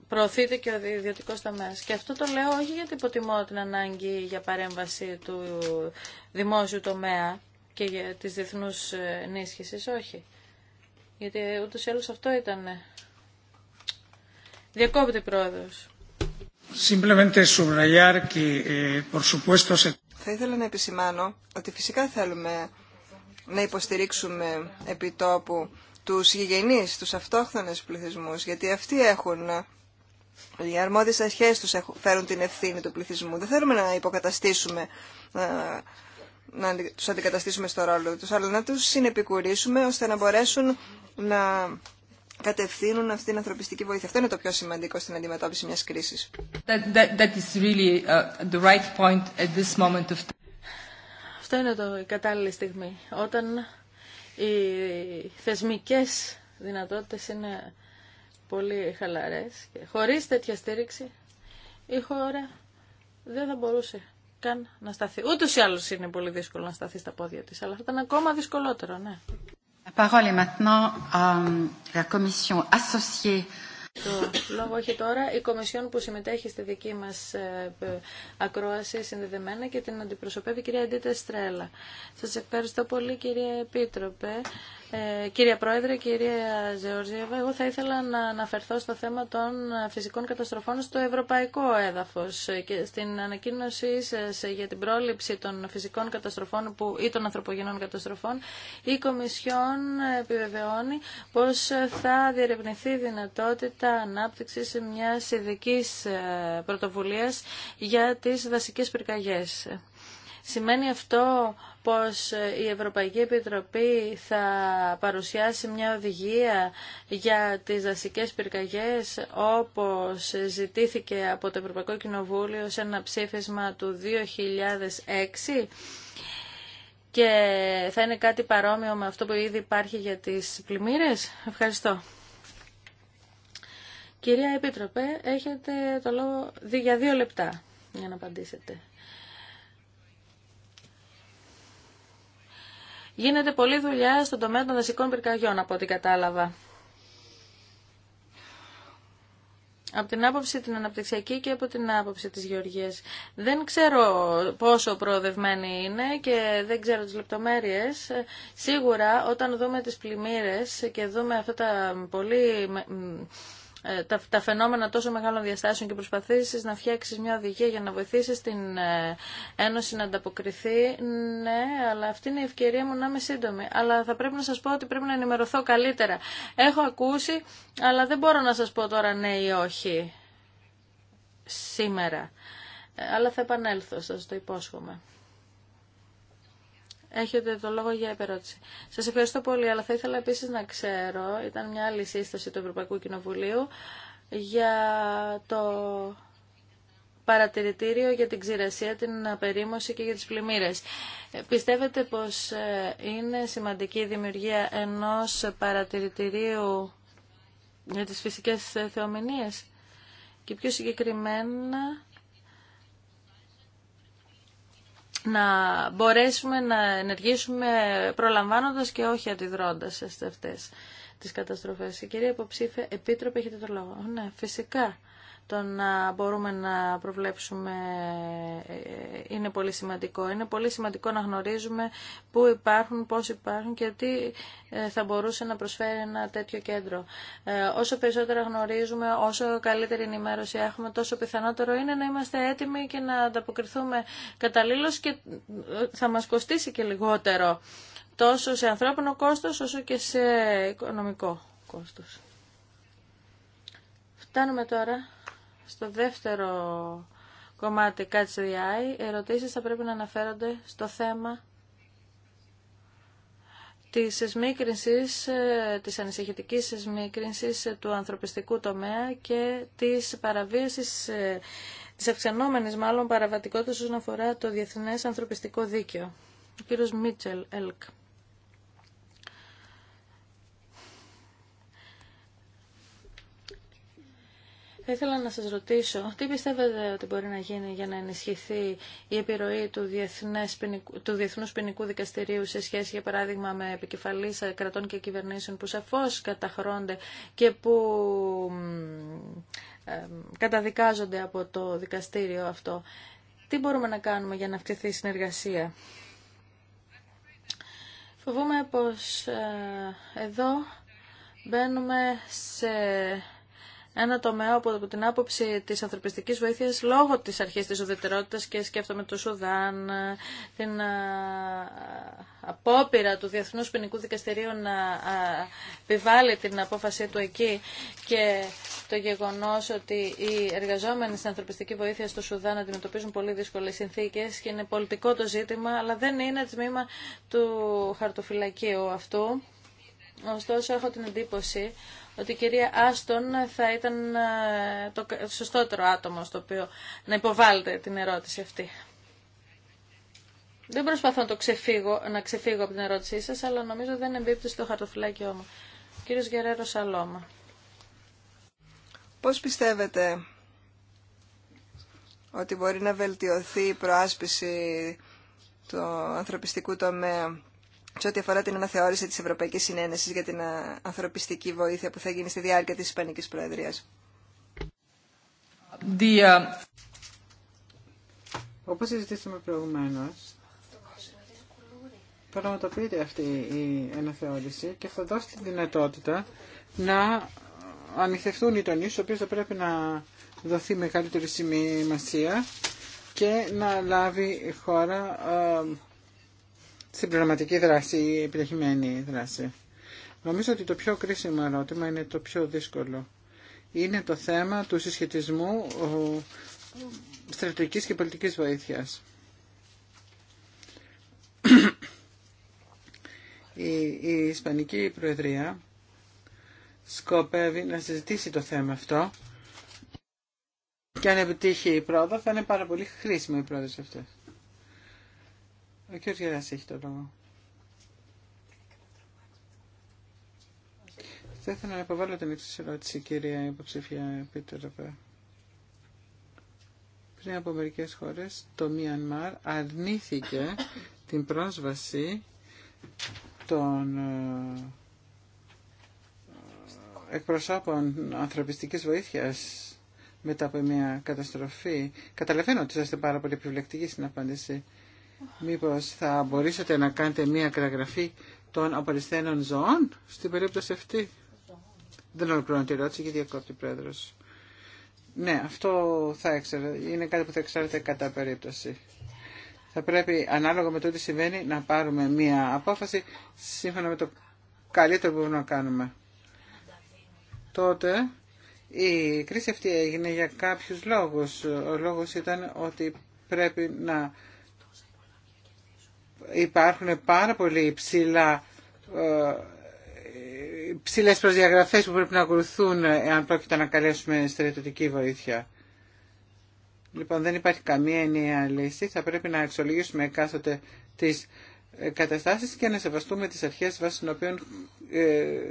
προωθείται και ο ιδιωτικό τομέα. Και αυτό το λέω όχι γιατί υποτιμώ την ανάγκη για παρέμβαση του δημόσιου τομέα και για διεθνού διεθνούς όχι. Γιατί ούτω ή άλλω αυτό ήταν. Διακόπτη πρόεδρο. Simplemente subrayar que, eh, por Θα ήθελα να επισημάνω ότι φυσικά θέλουμε να υποστηρίξουμε επιτόπου τους γηγενείς, τους αυτόχθονες πληθυσμούς, γιατί αυτοί έχουν οι αρμόδιες αρχές τους φέρουν την ευθύνη του πληθυσμού. Δεν θέλουμε να υποκαταστήσουμε, να, να τους αντικαταστήσουμε στο ρόλο τους, αλλά να τους συνεπικουρήσουμε ώστε να μπορέσουν να κατευθύνουν αυτή την ανθρωπιστική βοήθεια. Αυτό είναι το πιο σημαντικό στην αντιμετώπιση μιας κρίσης. Αυτό είναι το, η κατάλληλη στιγμή. Όταν οι θεσμικές δυνατότητες είναι πολύ χαλαρές. Χωρίς τέτοια στήριξη η χώρα δεν θα μπορούσε καν να σταθεί. Ούτως ή άλλως είναι πολύ δύσκολο να σταθεί στα πόδια της, αλλά θα ήταν ακόμα δυσκολότερο, ναι. Euh, Το λόγο έχει τώρα η Κομισιόν που συμμετέχει στη δική μας ε, ακρόαση συνδεδεμένα και την αντιπροσωπεύει η κυρία Αντίτα Στρέλα. Σας ευχαριστώ πολύ κυρία Επίτροπε. Ε, κύριε Πρόεδρε, κύριε Ζεωρζίεβα, εγώ θα ήθελα να αναφερθώ στο θέμα των φυσικών καταστροφών στο ευρωπαϊκό έδαφος και στην ανακοίνωσή σας για την πρόληψη των φυσικών καταστροφών που, ή των ανθρωπογενών καταστροφών η Κομισιόν επιβεβαιώνει πως θα διερευνηθεί δυνατότητα ανάπτυξης μιας ειδικής ε, πρωτοβουλίας για τις δασικές πυρκαγιές. Σημαίνει αυτό πως η Ευρωπαϊκή Επιτροπή θα παρουσιάσει μια οδηγία για τις δασικές πυρκαγιές όπως ζητήθηκε από το Ευρωπαϊκό Κοινοβούλιο σε ένα ψήφισμα του 2006 και θα είναι κάτι παρόμοιο με αυτό που ήδη υπάρχει για τις πλημμύρες. Ευχαριστώ. Κυρία Επίτροπε, έχετε το λόγο για δύο λεπτά για να απαντήσετε. Γίνεται πολλή δουλειά στον τομέα των δασικών πυρκαγιών, από ό,τι κατάλαβα. Από την άποψη την αναπτυξιακή και από την άποψη της γεωργίας. Δεν ξέρω πόσο προοδευμένη είναι και δεν ξέρω τις λεπτομέρειες. Σίγουρα όταν δούμε τις πλημμύρες και δούμε αυτά τα πολύ ε, τα, τα φαινόμενα τόσο μεγάλων διαστάσεων και προσπαθήσεις να φτιάξεις μια οδηγία για να βοηθήσεις την ε, Ένωση να ανταποκριθεί. Ναι, αλλά αυτή είναι η ευκαιρία μου να είμαι σύντομη. Αλλά θα πρέπει να σας πω ότι πρέπει να ενημερωθώ καλύτερα. Έχω ακούσει, αλλά δεν μπορώ να σας πω τώρα ναι ή όχι σήμερα. Ε, αλλά θα επανέλθω, σας το υπόσχομαι. Έχετε το λόγο για επερώτηση. Σας ευχαριστώ πολύ, αλλά θα ήθελα επίσης να ξέρω, ήταν μια άλλη σύσταση του Ευρωπαϊκού Κοινοβουλίου, για το παρατηρητήριο για την ξηρασία, την απερίμωση και για τις πλημμύρες. Πιστεύετε πως ε, είναι σημαντική η δημιουργία ενός παρατηρητηρίου για τις φυσικές θεομηνίες και πιο συγκεκριμένα να μπορέσουμε να ενεργήσουμε προλαμβάνοντας και όχι αντιδρώντας σε αυτές τις καταστροφές. Η κυρία Υποψήφια, Επίτροπε, έχετε το λόγο. Ναι, φυσικά το να μπορούμε να προβλέψουμε ε, ε, είναι πολύ σημαντικό. Είναι πολύ σημαντικό να γνωρίζουμε πού υπάρχουν, πώς υπάρχουν και τι ε, θα μπορούσε να προσφέρει ένα τέτοιο κέντρο. Όσο περισσότερα γνωρίζουμε, όσο καλύτερη ενημέρωση έχουμε, τόσο πιθανότερο είναι να είμαστε έτοιμοι και να ανταποκριθούμε καταλήλως και θα μας κοστίσει και λιγότερο τόσο σε ανθρώπινο κόστος όσο και σε οικονομικό κόστος. Φτάνουμε τώρα στο δεύτερο κομμάτι Catch the Eye, ερωτήσεις θα πρέπει να αναφέρονται στο θέμα της εσμίκρινσης, ε, της ανησυχητικής εσμίκρινσης ε, του ανθρωπιστικού τομέα και της παραβίασης, ε, της αυξανόμενης μάλλον παραβατικότητας όσον αφορά το διεθνές ανθρωπιστικό δίκαιο. Ο κύριος Μίτσελ Ελκ. Θα ήθελα να σας ρωτήσω, τι πιστεύετε ότι μπορεί να γίνει για να ενισχυθεί η επιρροή του, ποινικού, του Διεθνούς Ποινικού Δικαστηρίου σε σχέση, για παράδειγμα, με επικεφαλής κρατών και κυβερνήσεων που σαφώς καταχρώνται και που ε, καταδικάζονται από το δικαστήριο αυτό. Τι μπορούμε να κάνουμε για να αυξηθεί η συνεργασία. Φοβούμαι πως ε, εδώ μπαίνουμε σε ένα τομέα από την άποψη της ανθρωπιστικής βοήθειας λόγω της αρχή τη ουδετερότητα και σκέφτομαι το Σουδάν, την απόπειρα του Διεθνούς Ποινικού Δικαστηρίου να επιβάλλει την απόφασή του εκεί και το γεγονός ότι οι εργαζόμενοι στην ανθρωπιστική βοήθεια στο Σουδάν αντιμετωπίζουν πολύ δύσκολε συνθήκες και είναι πολιτικό το ζήτημα, αλλά δεν είναι τμήμα του χαρτοφυλακίου αυτού. Ωστόσο, έχω την εντύπωση ότι η κυρία Άστον θα ήταν ε, το σωστότερο άτομο στο οποίο να υποβάλλεται την ερώτηση αυτή. Δεν προσπαθώ να, το ξεφύγω, να ξεφύγω από την ερώτησή σας, αλλά νομίζω δεν εμπίπτει στο χαρτοφυλάκιό μου. Κύριος Γεραίρος Σαλώμα. Πώς πιστεύετε ότι μπορεί να βελτιωθεί η προάσπιση του ανθρωπιστικού τομέα σε ό,τι αφορά την αναθεώρηση της Ευρωπαϊκής Συνένεσης για την ανθρωπιστική βοήθεια που θα γίνει στη διάρκεια της Ισπανικής Προεδρίας. Διά, ε, Όπως συζητήσαμε προηγουμένως, πραγματοποιείται αυτή η αναθεώρηση και θα δώσει τη δυνατότητα να ε, ανοιχτευτούν οι τονίες οι οποίο θα πρέπει να δοθεί μεγαλύτερη σημασία και να λάβει η χώρα ε, συμπληρωματική δράση ή επιτυχημένη δράση. Νομίζω ότι το πιο κρίσιμο ερώτημα είναι το πιο δύσκολο. Είναι το θέμα του συσχετισμού στρατηγικής και πολιτικής βοήθειας. η, η Ισπανική Προεδρία σκοπεύει να συζητήσει το θέμα αυτό και αν επιτύχει η πρόοδο θα είναι πάρα πολύ χρήσιμο η πρόοδο αυτή. Ο κ. Γεράς έχει το λόγο. Θα ήθελα να υποβάλλω την εξή ερώτηση, κυρία υποψήφια επίτροπε. Πριν από μερικέ χώρε το Μιανμάρ αρνήθηκε την πρόσβαση των ε, ε, εκπροσώπων ανθρωπιστικής βοήθεια μετά από μια καταστροφή. Καταλαβαίνω ότι είστε πάρα πολύ επιβλεκτικοί στην απάντηση. Μήπως θα μπορούσατε να κάνετε μία καταγραφή των απολυσθένων ζώων στην περίπτωση αυτή. Δεν ολοκληρώνω τη ρώτηση και διακόπτει ο πρόεδρος. Ναι, αυτό θα έξερα. Είναι κάτι που θα ξέρετε κατά περίπτωση. Θα πρέπει ανάλογα με το τι συμβαίνει να πάρουμε μία απόφαση σύμφωνα με το καλύτερο που μπορούμε να κάνουμε. Τότε η κρίση αυτή έγινε για κάποιους λόγους. Ο λόγος ήταν ότι πρέπει να υπάρχουν πάρα πολύ υψηλά ε, ψηλές προδιαγραφές που πρέπει να ακολουθούν ε, αν πρόκειται να καλέσουμε στρατιωτική βοήθεια. Λοιπόν, δεν υπάρχει καμία ενιαία λύση. Θα πρέπει να αξιολογήσουμε εκάστοτε τις ε, καταστάσεις και να σεβαστούμε τις αρχές βάσει των οποίων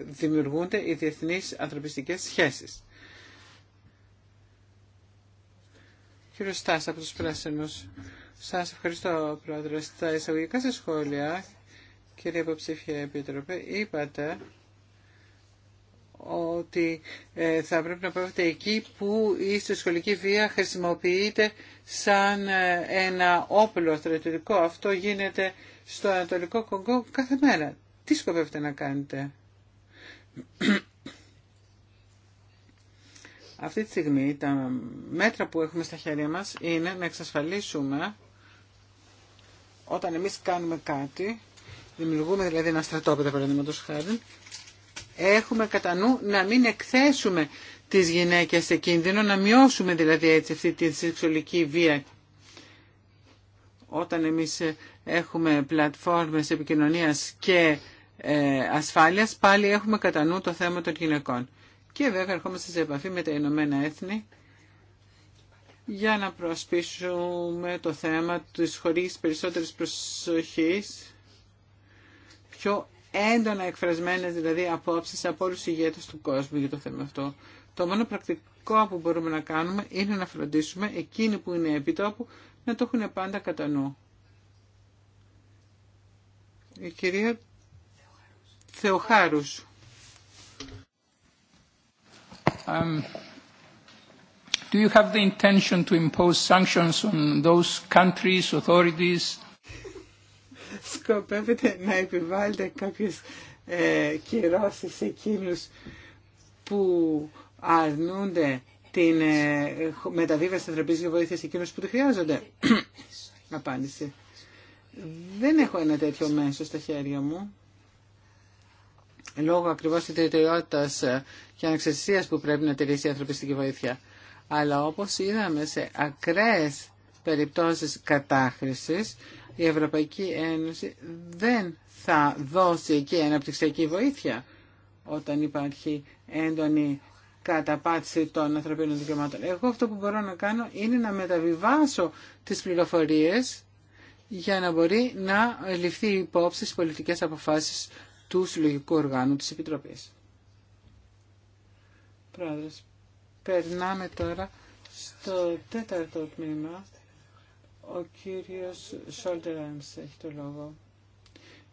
δημιουργούνται οι διεθνείς ανθρωπιστικές σχέσεις. Κύριο Στάς από τους Πράσινους. Σας ευχαριστώ, Πρόεδρε. Στα εισαγωγικά σας σχόλια, κύριε Υποψήφια Επίτροπε, είπατε ότι ε, θα πρέπει να πάρετε εκεί που η σχολική βία χρησιμοποιείται σαν ε, ένα όπλο στρατιωτικό. Αυτό γίνεται στο Ανατολικό Κονγκό κάθε μέρα. Τι σκοπεύετε να κάνετε. Αυτή τη στιγμή τα μέτρα που έχουμε στα χέρια μας είναι να εξασφαλίσουμε όταν εμείς κάνουμε κάτι, δημιουργούμε δηλαδή ένα στρατόπεδο παραδείγματο χάρη, έχουμε κατά νου να μην εκθέσουμε τις γυναίκες σε κίνδυνο, να μειώσουμε δηλαδή έτσι αυτή τη σεξουαλική βία. Όταν εμείς ε, έχουμε πλατφόρμες επικοινωνίας και ε, ασφάλειας, πάλι έχουμε κατά νου το θέμα των γυναικών. Και βέβαια ερχόμαστε σε επαφή με τα Ηνωμένα Έθνη για να προασπίσουμε το θέμα της χωρίς περισσότερης προσοχής, πιο έντονα εκφρασμένες δηλαδή απόψεις από όλους τους ηγέτες του κόσμου για το θέμα αυτό. Το μόνο πρακτικό που μπορούμε να κάνουμε είναι να φροντίσουμε εκείνοι που είναι επιτόπου να το έχουν πάντα κατά νου. Η κυρία Θεοχάρους. Do you have the intention to impose sanctions on those countries, authorities? Σκοπεύετε να επιβάλλετε κάποιες κυρώσει κυρώσεις σε εκείνους που αρνούνται την ε, μεταβίβαση της βοήθεια σε εκείνους που τη χρειάζονται. Απάντηση. Δεν έχω ένα τέτοιο μέσο στα χέρια μου. Λόγω ακριβώς τη ιδιαιτερότητας ε, και ανεξαρτησίας που πρέπει να τηρήσει η ανθρωπιστική βοήθεια. Αλλά όπως είδαμε σε ακραίες περιπτώσεις κατάχρησης, η Ευρωπαϊκή Ένωση δεν θα δώσει εκεί αναπτυξιακή βοήθεια όταν υπάρχει έντονη καταπάτηση των ανθρωπίνων δικαιωμάτων. Εγώ αυτό που μπορώ να κάνω είναι να μεταβιβάσω τις πληροφορίες για να μπορεί να ληφθεί υπόψη στις πολιτικές αποφάσεις του συλλογικού οργάνου της Επιτροπής. Περνάμε τώρα στο τέταρτο τμήμα. Ο κύριος Σόλτερανς έχει το λόγο.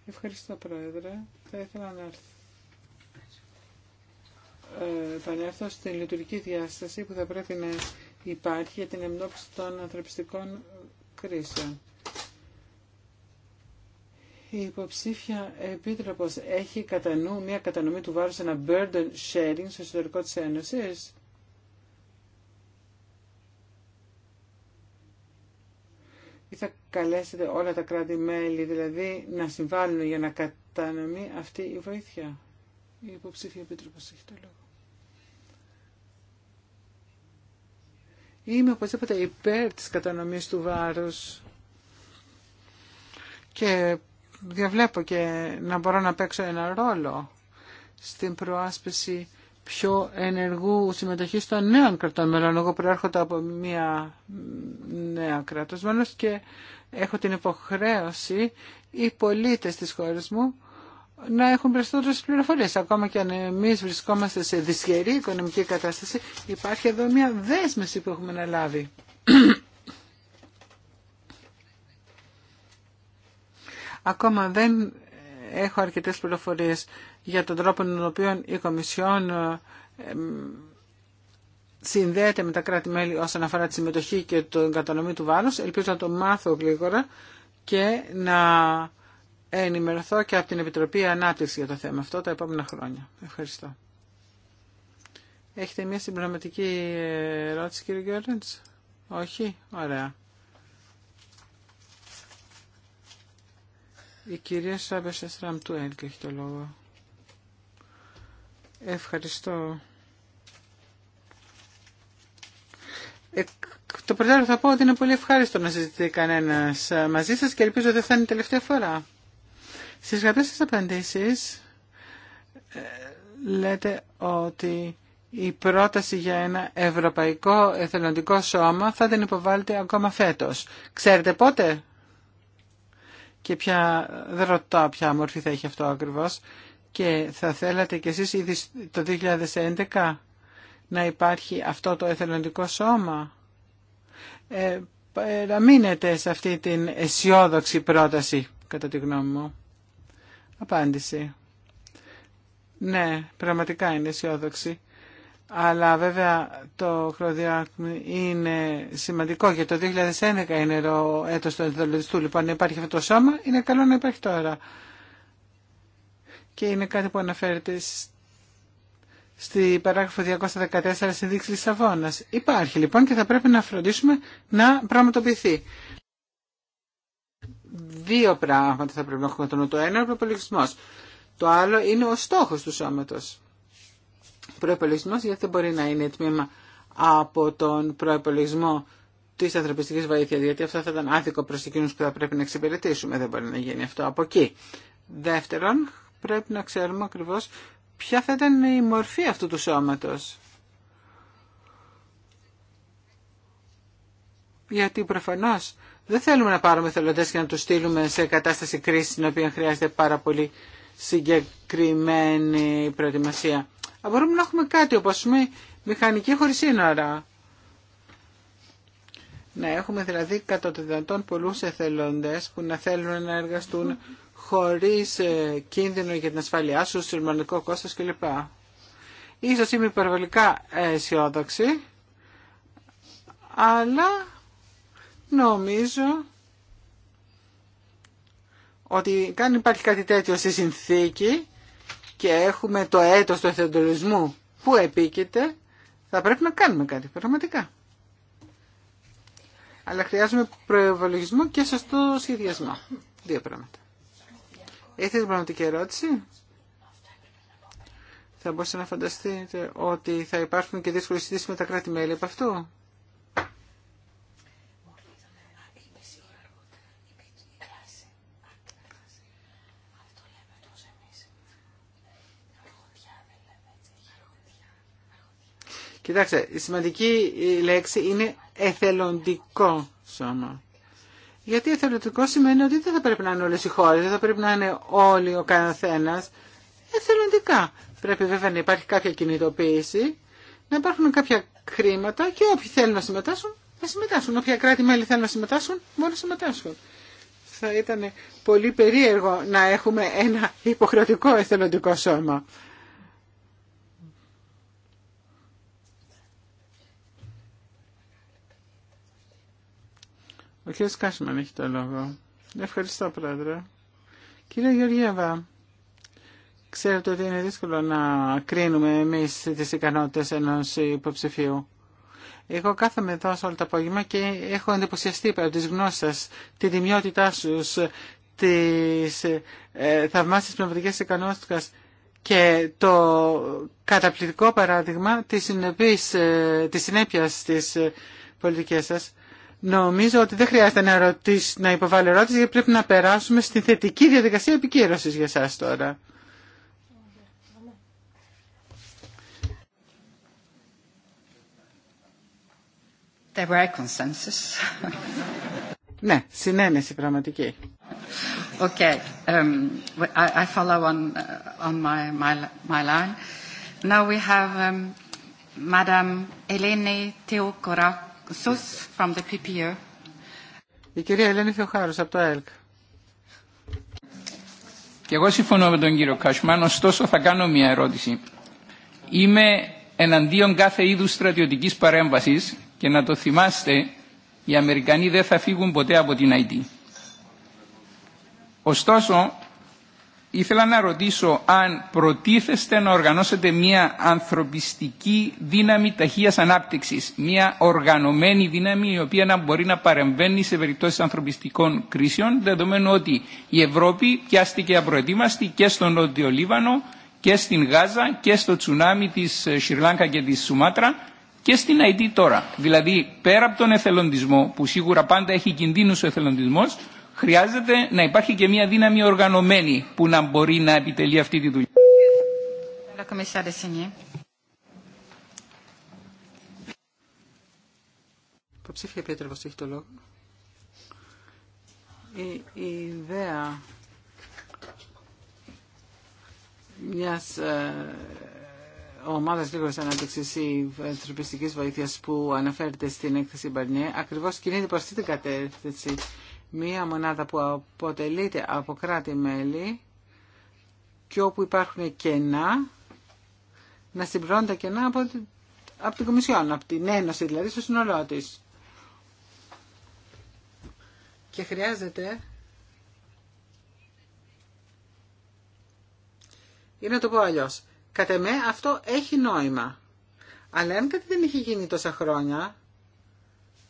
Ευχαριστώ Πρόεδρε. Θα ήθελα να επανέλθω στην λειτουργική διάσταση που θα πρέπει να υπάρχει για την εμπνόψη των ανθρωπιστικών κρίσεων. Η υποψήφια επίτροπος έχει κατά νου μια κατανομή του βάρους, ένα burden sharing στο εσωτερικό της Ένωσης. θα καλέσετε όλα τα κράτη-μέλη δηλαδή να συμβάλλουν για να κατανομεί αυτή η βοήθεια. Η υποψήφια επίτροπος έχει το λόγο. Είμαι οπωσδήποτε υπέρ της κατανομής του βάρους και διαβλέπω και να μπορώ να παίξω ένα ρόλο στην προάσπιση πιο ενεργού συμμετοχή των νέων κρατών μελών. Εγώ προέρχομαι από μια νέα κράτος μέλος και έχω την υποχρέωση οι πολίτες της χώρας μου να έχουν περισσότερε πληροφορίες. Ακόμα και αν εμείς βρισκόμαστε σε δυσχερή οικονομική κατάσταση, υπάρχει εδώ μια δέσμευση που έχουμε να λάβει. Ακόμα δεν έχω αρκετές πληροφορίες για τον τρόπο με τον οποίο η Κομισιόν ε, συνδέεται με τα κράτη-μέλη όσον αφορά τη συμμετοχή και τον κατανομή του βάρους. Ελπίζω να το μάθω γρήγορα και να ενημερωθώ και από την Επιτροπή Ανάπτυξη για το θέμα αυτό τα επόμενα χρόνια. Ευχαριστώ. Έχετε μια συμπληρωματική ερώτηση κύριε Γκέρντς. Όχι. Ωραία. Η κυρία Σάμπερ Σαστραμ του ΕΛΚ έχει το λόγο. Ευχαριστώ. Ε, το πρωτάριο θα πω ότι είναι πολύ ευχάριστο να συζητεί κανένας μαζί σας και ελπίζω δεν θα είναι η τελευταία φορά. Στις γραπτές σας απαντήσεις ε, λέτε ότι η πρόταση για ένα ευρωπαϊκό εθελοντικό σώμα θα την υποβάλλετε ακόμα φέτος. Ξέρετε πότε? Και ποια, δεν ποια μορφή θα έχει αυτό ακριβώς. Και θα θέλατε κι εσείς ήδη το 2011 να υπάρχει αυτό το εθελοντικό σώμα. Ε, μείνετε σε αυτή την αισιόδοξη πρόταση, κατά τη γνώμη μου. Απάντηση. Ναι, πραγματικά είναι αισιόδοξη. Αλλά βέβαια το χροδιάκμι είναι σημαντικό για το 2011 είναι το έτος του εθελοντιστού. Λοιπόν, υπάρχει αυτό το σώμα, είναι καλό να υπάρχει τώρα και είναι κάτι που αναφέρεται στη παράγραφο 214 συνδείξη Λισαβόνα. Υπάρχει λοιπόν και θα πρέπει να φροντίσουμε να πραγματοποιηθεί. Δύο πράγματα θα πρέπει να έχουμε το νου. Το ένα είναι ο προπολογισμό. Το άλλο είναι ο στόχο του σώματο. Προπολογισμό γιατί δεν μπορεί να είναι τμήμα από τον προπολογισμό τη ανθρωπιστική βοήθεια, γιατί αυτό θα ήταν άδικο προ εκείνου που θα πρέπει να εξυπηρετήσουμε. Δεν μπορεί να γίνει αυτό από εκεί. Δεύτερον, πρέπει να ξέρουμε ακριβώς ποια θα ήταν η μορφή αυτού του σώματος. Γιατί προφανώς δεν θέλουμε να πάρουμε θελοντές και να τους στείλουμε σε κατάσταση κρίσης στην οποία χρειάζεται πάρα πολύ συγκεκριμένη προετοιμασία. Αλλά μπορούμε να έχουμε κάτι όπως πούμε μηχανική χωρίς σύνορα. Να έχουμε δηλαδή κατά το δυνατόν πολλούς εθελοντές που να θέλουν να εργαστούν χωρίς ε, κίνδυνο για την ασφαλειά σου, συρμανικό κόστος κλπ. Ίσως είμαι υπερβολικά ε, αισιόδοξη, αλλά νομίζω ότι αν υπάρχει κάτι τέτοιο στη συνθήκη και έχουμε το έτος του εθελοντισμού που επίκειται, θα πρέπει να κάνουμε κάτι πραγματικά. Αλλά χρειάζομαι προεβολογισμό και σωστό σχεδιασμό. Δύο πράγματα. Έχετε την πραγματική ερώτηση. Θα μπορούσατε να φανταστείτε ότι θα υπάρχουν και δύσκολε συζητήσει με τα κράτη-μέλη από αυτού. Κοιτάξτε, η σημαντική λέξη είναι εθελοντικό σώμα. Γιατί εθελοντικό σημαίνει ότι δεν θα πρέπει να είναι όλες οι χώρες, δεν θα πρέπει να είναι όλοι ο καθένας. Εθελοντικά. Πρέπει βέβαια να υπάρχει κάποια κινητοποίηση, να υπάρχουν κάποια χρήματα και όποιοι θέλουν να συμμετάσχουν, να συμμετάσχουν. Όποια κράτη-μέλη θέλουν να συμμετάσχουν, μόνο να συμμετάσχουν. Θα ήταν πολύ περίεργο να έχουμε ένα υποχρεωτικό εθελοντικό σώμα. Ο κ. Κάσμαν έχει το λόγο. Ευχαριστώ, Πρόεδρε. Κύριε Γεωργίευα, ξέρετε ότι είναι δύσκολο να κρίνουμε εμεί τι ικανότητε ενό υποψηφίου. Εγώ κάθομαι εδώ σε όλο το απόγευμα και έχω εντυπωσιαστεί από τι γνώσει σα, τη δημιότητά σου, τι ε, θαυμάσιες ικανότητε ικανότητε και το καταπληκτικό παράδειγμα τη ε, συνέπεια τη ε, πολιτική σα. Νομίζω ότι δεν χρειάζεται να, ρωτήσει, να υποβάλει ερώτηση γιατί πρέπει να περάσουμε στη θετική διαδικασία επικύρωσης για σας τώρα. There were consensus. ναι, συνένεση πραγματική. Okay, um, I, follow on uh, on my my, my line. Now we have um, Madame Eleni Teokorak η κυρία Ελένη Θεοχάρου από το ΕΛΚ. Και εγώ συμφωνώ με τον κύριο Κασμάν, ωστόσο θα κάνω μια ερώτηση. Είμαι εναντίον κάθε είδου στρατιωτική παρέμβασης και να το θυμάστε, οι Αμερικανοί δεν θα φύγουν ποτέ από την ΑΕΤ. Ωστόσο, ήθελα να ρωτήσω αν προτίθεστε να οργανώσετε μια ανθρωπιστική δύναμη ταχείας ανάπτυξης, μια οργανωμένη δύναμη η οποία να μπορεί να παρεμβαίνει σε περιπτώσεις ανθρωπιστικών κρίσεων, δεδομένου ότι η Ευρώπη πιάστηκε απροετοίμαστη και στον Νότιο Λίβανο και στην Γάζα και στο τσουνάμι της ε, Σιρλάνκα και της Σουμάτρα και στην Αϊτή τώρα. Δηλαδή πέρα από τον εθελοντισμό που σίγουρα πάντα έχει κινδύνους ο εθελοντισμός χρειάζεται να υπάρχει και μια δύναμη οργανωμένη που να μπορεί να επιτελεί αυτή τη δουλειά. Υποψήφια Πέτρεβος έχει το λόγο. Η, η ιδέα μιας ε, ομάδας γρήγορης ανάπτυξης ή ανθρωπιστικής βοήθειας που αναφέρεται στην έκθεση Μπαρνιέ ακριβώς κινείται προς την κατεύθυνση μία μονάδα που αποτελείται από κράτη-μέλη και όπου υπάρχουν κενά, να συμπληρώνουν τα κενά από, από την Κομισιόν, από την Ένωση δηλαδή, στο σύνολό τη. Και χρειάζεται... είναι να το πω αλλιώ. Κατ' αυτό έχει νόημα. Αλλά αν κάτι δεν είχε γίνει τόσα χρόνια,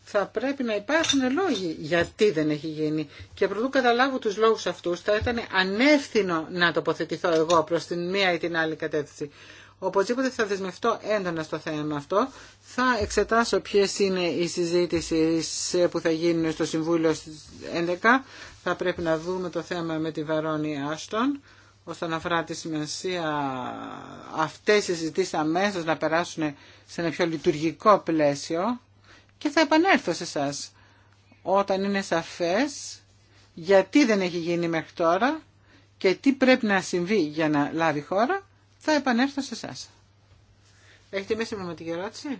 θα πρέπει να υπάρχουν λόγοι γιατί δεν έχει γίνει. Και προτού καταλάβω τους λόγους αυτούς θα ήταν ανεύθυνο να τοποθετηθώ εγώ προς την μία ή την άλλη κατεύθυνση. Οπωσδήποτε θα δεσμευτώ έντονα στο θέμα αυτό. Θα εξετάσω ποιε είναι οι συζήτησεις που θα γίνουν στο Συμβούλιο στις 11. Θα πρέπει να δούμε το θέμα με τη Βαρόνη Άστον να αφορά τη σημασία αυτές οι συζητήσεις αμέσως να περάσουν σε ένα πιο λειτουργικό πλαίσιο και θα επανέλθω σε εσά όταν είναι σαφές γιατί δεν έχει γίνει μέχρι τώρα και τι πρέπει να συμβεί για να λάβει χώρα, θα επανέλθω σε εσά. Έχετε με την ερώτηση.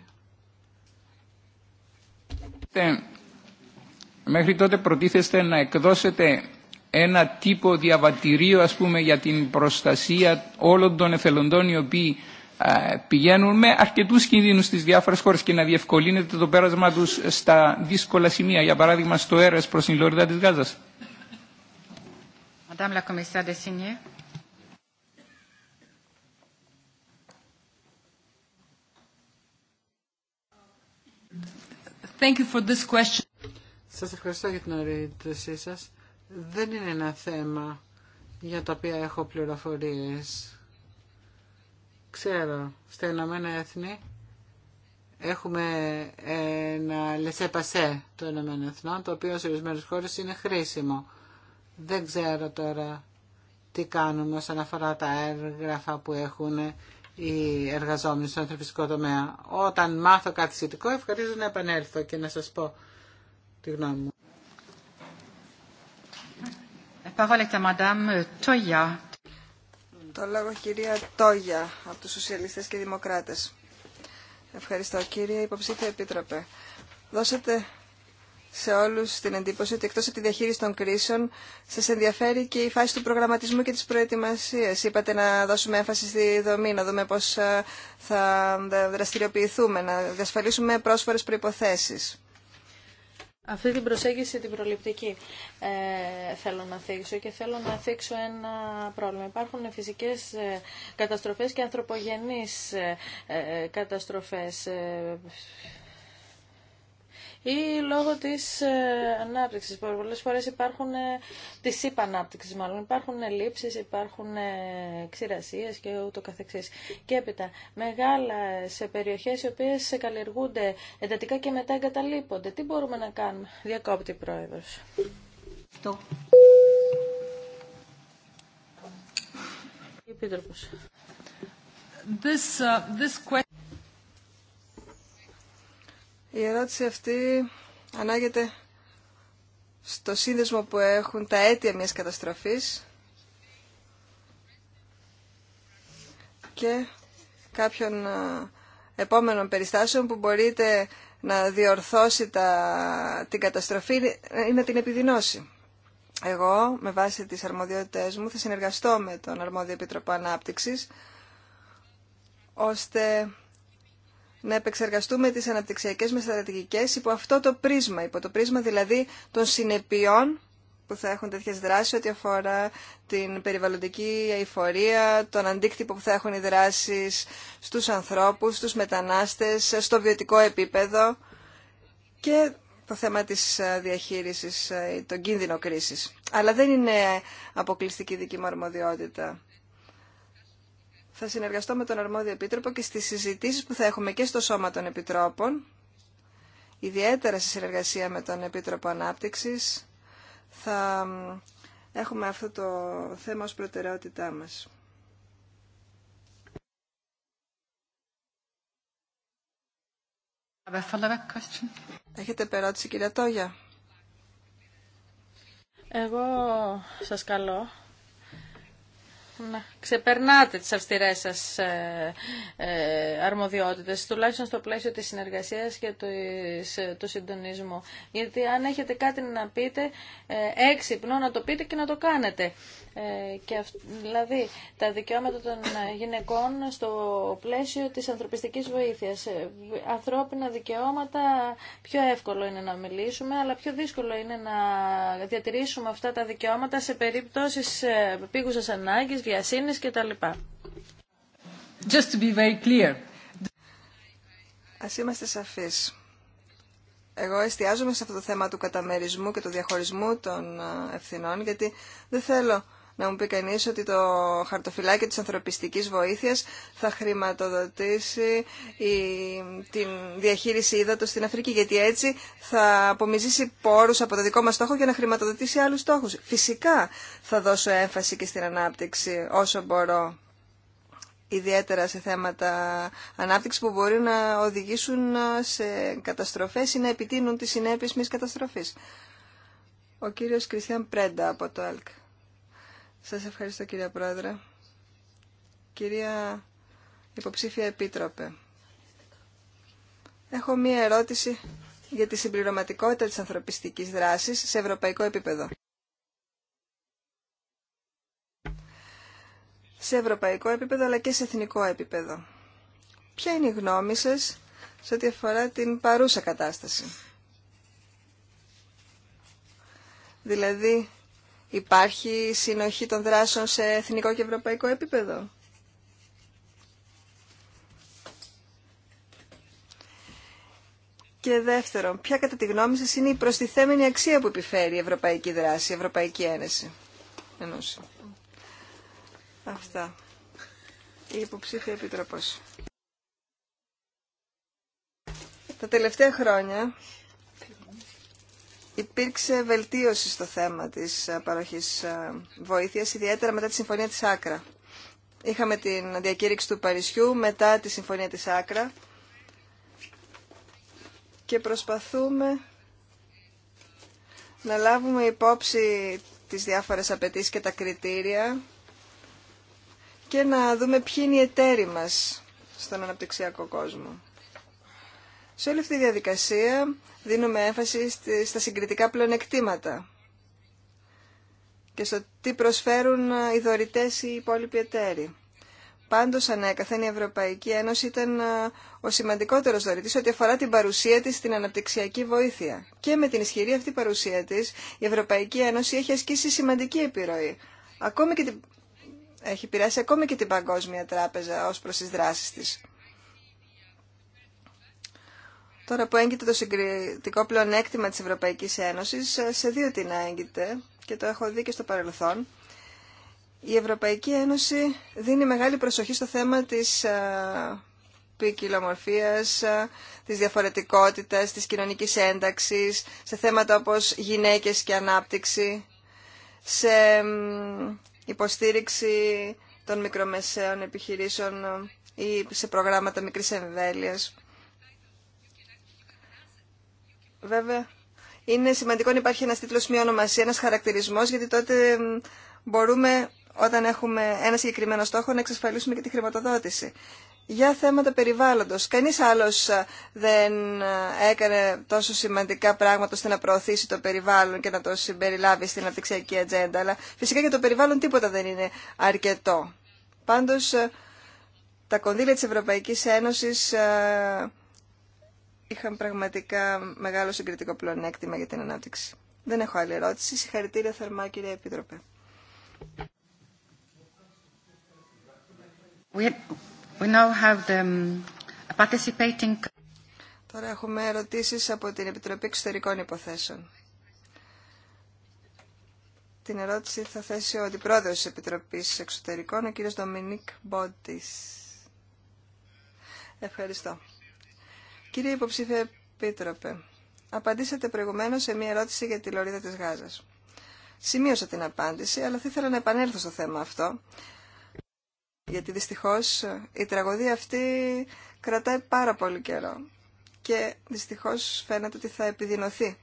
Μέχρι τότε προτίθεστε να εκδώσετε ένα τύπο διαβατηρίου ας πούμε για την προστασία όλων των εθελοντών οι οποίοι ε, πηγαίνουν με αρκετούς κινδύνους στις διάφορες χώρες και να διευκολύνεται το πέρασμα του στα δύσκολα σημεία, για παράδειγμα στο ΕΡΕΣ προ την Λόριδα τη Γάζα. Thank Σας ευχαριστώ για την ερώτησή σας. Δεν είναι ένα θέμα για το οποίο έχω πληροφορίες. Ξέρω, στα Ηνωμένα Έθνη έχουμε ένα λεσέπασέ των Ηνωμένων Εθνών, το οποίο σε ορισμένε χώρε είναι χρήσιμο. Δεν ξέρω τώρα τι κάνουμε όσον αφορά τα έγγραφα που έχουν οι εργαζόμενοι στον ανθρωπιστικό τομέα. Όταν μάθω κάτι σχετικό, ευχαρίζω να επανέλθω και να σας πω τη γνώμη μου το λόγο κυρία Τόγια από τους Σοσιαλιστές και Δημοκράτες. Ευχαριστώ κύριε υποψήφια επίτροπε. Δώσατε σε όλους την εντύπωση ότι εκτός από τη διαχείριση των κρίσεων σας ενδιαφέρει και η φάση του προγραμματισμού και της προετοιμασίας. Είπατε να δώσουμε έμφαση στη δομή, να δούμε πώς ε, θα δραστηριοποιηθούμε, να διασφαλίσουμε πρόσφορες προϋποθέσεις. Αυτή την προσέγγιση την προληπτική ε, θέλω να θίξω και θέλω να θίξω ένα πρόβλημα. Υπάρχουν φυσικές ε, καταστροφές και ανθρωπογενείς ε, ε, καταστροφές ή λόγω της ε, ανάπτυξη. Πολλέ φορέ υπάρχουν, ε, τη υπανάπτυξη, μάλλον, υπάρχουν λήψεις, υπάρχουν ε, ξηρασίες και ούτω καθεξής. Και έπειτα, μεγάλα σε περιοχές οι οποίες καλλιεργούνται εντατικά και μετά εγκαταλείπονται. Τι μπορούμε να κάνουμε, διακόπτη πρόεδρος. This, uh, this... Η ερώτηση αυτή ανάγεται στο σύνδεσμο που έχουν τα αίτια μιας καταστροφής και κάποιων επόμενων περιστάσεων που μπορείτε να διορθώσει τα, την καταστροφή ή να την επιδεινώσει. Εγώ, με βάση τις αρμοδιότητες μου, θα συνεργαστώ με τον Αρμόδιο Επιτροπό Ανάπτυξης, ώστε να επεξεργαστούμε τις αναπτυξιακές μας στρατηγικές υπό αυτό το πρίσμα, υπό το πρίσμα δηλαδή των συνεπειών που θα έχουν τέτοιε δράσει ό,τι αφορά την περιβαλλοντική αηφορία, τον αντίκτυπο που θα έχουν οι δράσεις στους ανθρώπους, στους μετανάστες, στο βιωτικό επίπεδο και το θέμα της διαχείρισης, ε, τον κίνδυνο κρίσης. Αλλά δεν είναι αποκλειστική δική μου αρμοδιότητα θα συνεργαστώ με τον Αρμόδιο Επίτροπο και στις συζητήσεις που θα έχουμε και στο Σώμα των Επιτρόπων, ιδιαίτερα στη συνεργασία με τον Επίτροπο Ανάπτυξης, θα έχουμε αυτό το θέμα ως προτεραιότητά μας. Έχετε περώτηση κυρία Τόγια. Εγώ σας καλώ να ξεπερνάτε τις αυστηρές σας ε, ε, αρμοδιότητες, τουλάχιστον στο πλαίσιο της συνεργασίας και ε, του συντονισμού. Γιατί αν έχετε κάτι να πείτε, έξυπνο να το πείτε και να το κάνετε. Ε, και δηλαδή τα δικαιώματα των γυναικών στο πλαίσιο της ανθρωπιστικής βοήθειας. Ε, ανθρώπινα δικαιώματα πιο εύκολο είναι να μιλήσουμε, αλλά πιο δύσκολο είναι να διατηρήσουμε αυτά τα δικαιώματα σε περιπτώσεις ε, πήγουσας ανάγκης, βιασύνης κτλ. Just to be very clear. Ας είμαστε σαφείς. Εγώ εστιάζομαι σε αυτό το θέμα του καταμερισμού και του διαχωρισμού των ευθυνών, γιατί δεν θέλω να μου πει κανείς ότι το χαρτοφυλάκι της ανθρωπιστικής βοήθειας θα χρηματοδοτήσει η, την διαχείριση ύδατος στην Αφρική, γιατί έτσι θα απομυζήσει πόρους από το δικό μας στόχο για να χρηματοδοτήσει άλλους στόχους. Φυσικά θα δώσω έμφαση και στην ανάπτυξη όσο μπορώ ιδιαίτερα σε θέματα ανάπτυξη που μπορεί να οδηγήσουν σε καταστροφές ή να επιτείνουν τις συνέπειες μιας καταστροφής. Ο κύριος Κριστιαν Πρέντα από το ΕΛΚ. Σας ευχαριστώ κυρία Πρόεδρε. Κυρία Υποψήφια Επίτροπε, έχω μία ερώτηση για τη συμπληρωματικότητα της ανθρωπιστικής δράσης σε ευρωπαϊκό επίπεδο. Σε ευρωπαϊκό επίπεδο αλλά και σε εθνικό επίπεδο. Ποια είναι η γνώμη σας σε ό,τι αφορά την παρούσα κατάσταση. Δηλαδή, Υπάρχει συνοχή των δράσεων σε εθνικό και ευρωπαϊκό επίπεδο. Και δεύτερον, ποια κατά τη γνώμη σας είναι η προστιθέμενη αξία που επιφέρει η ευρωπαϊκή δράση, η ευρωπαϊκή ένεση. Ενώση. Αυτά. Η υποψήφια επιτροπός. Τα τελευταία χρόνια υπήρξε βελτίωση στο θέμα της ε, παροχής ε, βοήθειας, ιδιαίτερα μετά τη Συμφωνία της Άκρα. Είχαμε την διακήρυξη του Παρισιού μετά τη Συμφωνία της Άκρα και προσπαθούμε να λάβουμε υπόψη τις διάφορες απαιτήσεις και τα κριτήρια και να δούμε ποιοι είναι οι εταίροι μας στον αναπτυξιακό κόσμο. Σε όλη αυτή τη διαδικασία δίνουμε έμφαση στα συγκριτικά πλεονεκτήματα και στο τι προσφέρουν ε, οι δωρητές ή οι υπόλοιποι εταίροι. Πάντως ανέκαθεν η Ευρωπαϊκή Ένωση ήταν ε, ο σημαντικότερος δωρητής ό,τι αφορά την παρουσία της στην αναπτυξιακή βοήθεια. Και με την ισχυρή αυτή παρουσία της η Ευρωπαϊκή Ένωση έχει ασκήσει σημαντική επιρροή. Ακόμη Έχει πειράσει ακόμη και την Παγκόσμια Τράπεζα ως προς τις δράσεις της. Τώρα που έγκυται το συγκριτικό πλεονέκτημα της Ευρωπαϊκής Ένωσης, σε δύο τι έγκυται και το έχω δει και στο παρελθόν. Η Ευρωπαϊκή Ένωση δίνει μεγάλη προσοχή στο θέμα της ε, ποικιλομορφίας, ε, της διαφορετικότητας, της κοινωνικής ένταξης, σε θέματα όπως γυναίκες και ανάπτυξη, σε υποστήριξη των μικρομεσαίων επιχειρήσεων ε, ή σε προγράμματα μικρής εμβέλειας. Βέβαια, είναι σημαντικό να υπάρχει ένας τίτλος, μια ονομασία, ένας χαρακτηρισμός, γιατί τότε μπορούμε, όταν έχουμε ένα συγκεκριμένο στόχο, να εξασφαλίσουμε και τη χρηματοδότηση. Για θέματα περιβάλλοντος. Κανείς άλλος δεν έκανε τόσο σημαντικά πράγματα ώστε να προωθήσει το περιβάλλον και να το συμπεριλάβει στην αναπτυξιακή ατζέντα. Αλλά φυσικά για το περιβάλλον τίποτα δεν είναι αρκετό. Πάντως, τα κονδύλια της Ευρωπαϊκής Ένωσης είχαν πραγματικά μεγάλο συγκριτικό πλονέκτημα για την ανάπτυξη. Δεν έχω άλλη ερώτηση. Συγχαρητήρια θερμά κύριε Επίτροπε. We, we the um, participating... Τώρα έχουμε ερωτήσεις από την Επιτροπή Εξωτερικών Υποθέσεων. Την ερώτηση θα θέσει ο Αντιπρόεδρος της Επιτροπής Εξωτερικών, ο κύριος Δομινίκ Μπόντις. Ευχαριστώ. Κύριε Υποψήφια Επίτροπε, απαντήσατε προηγουμένως σε μία ερώτηση για τη Λωρίδα της Γάζας. Σημείωσα την απάντηση, αλλά θα ήθελα να επανέλθω στο θέμα αυτό, γιατί δυστυχώς η τραγωδία αυτή κρατάει πάρα πολύ καιρό και δυστυχώς φαίνεται ότι θα επιδεινωθεί.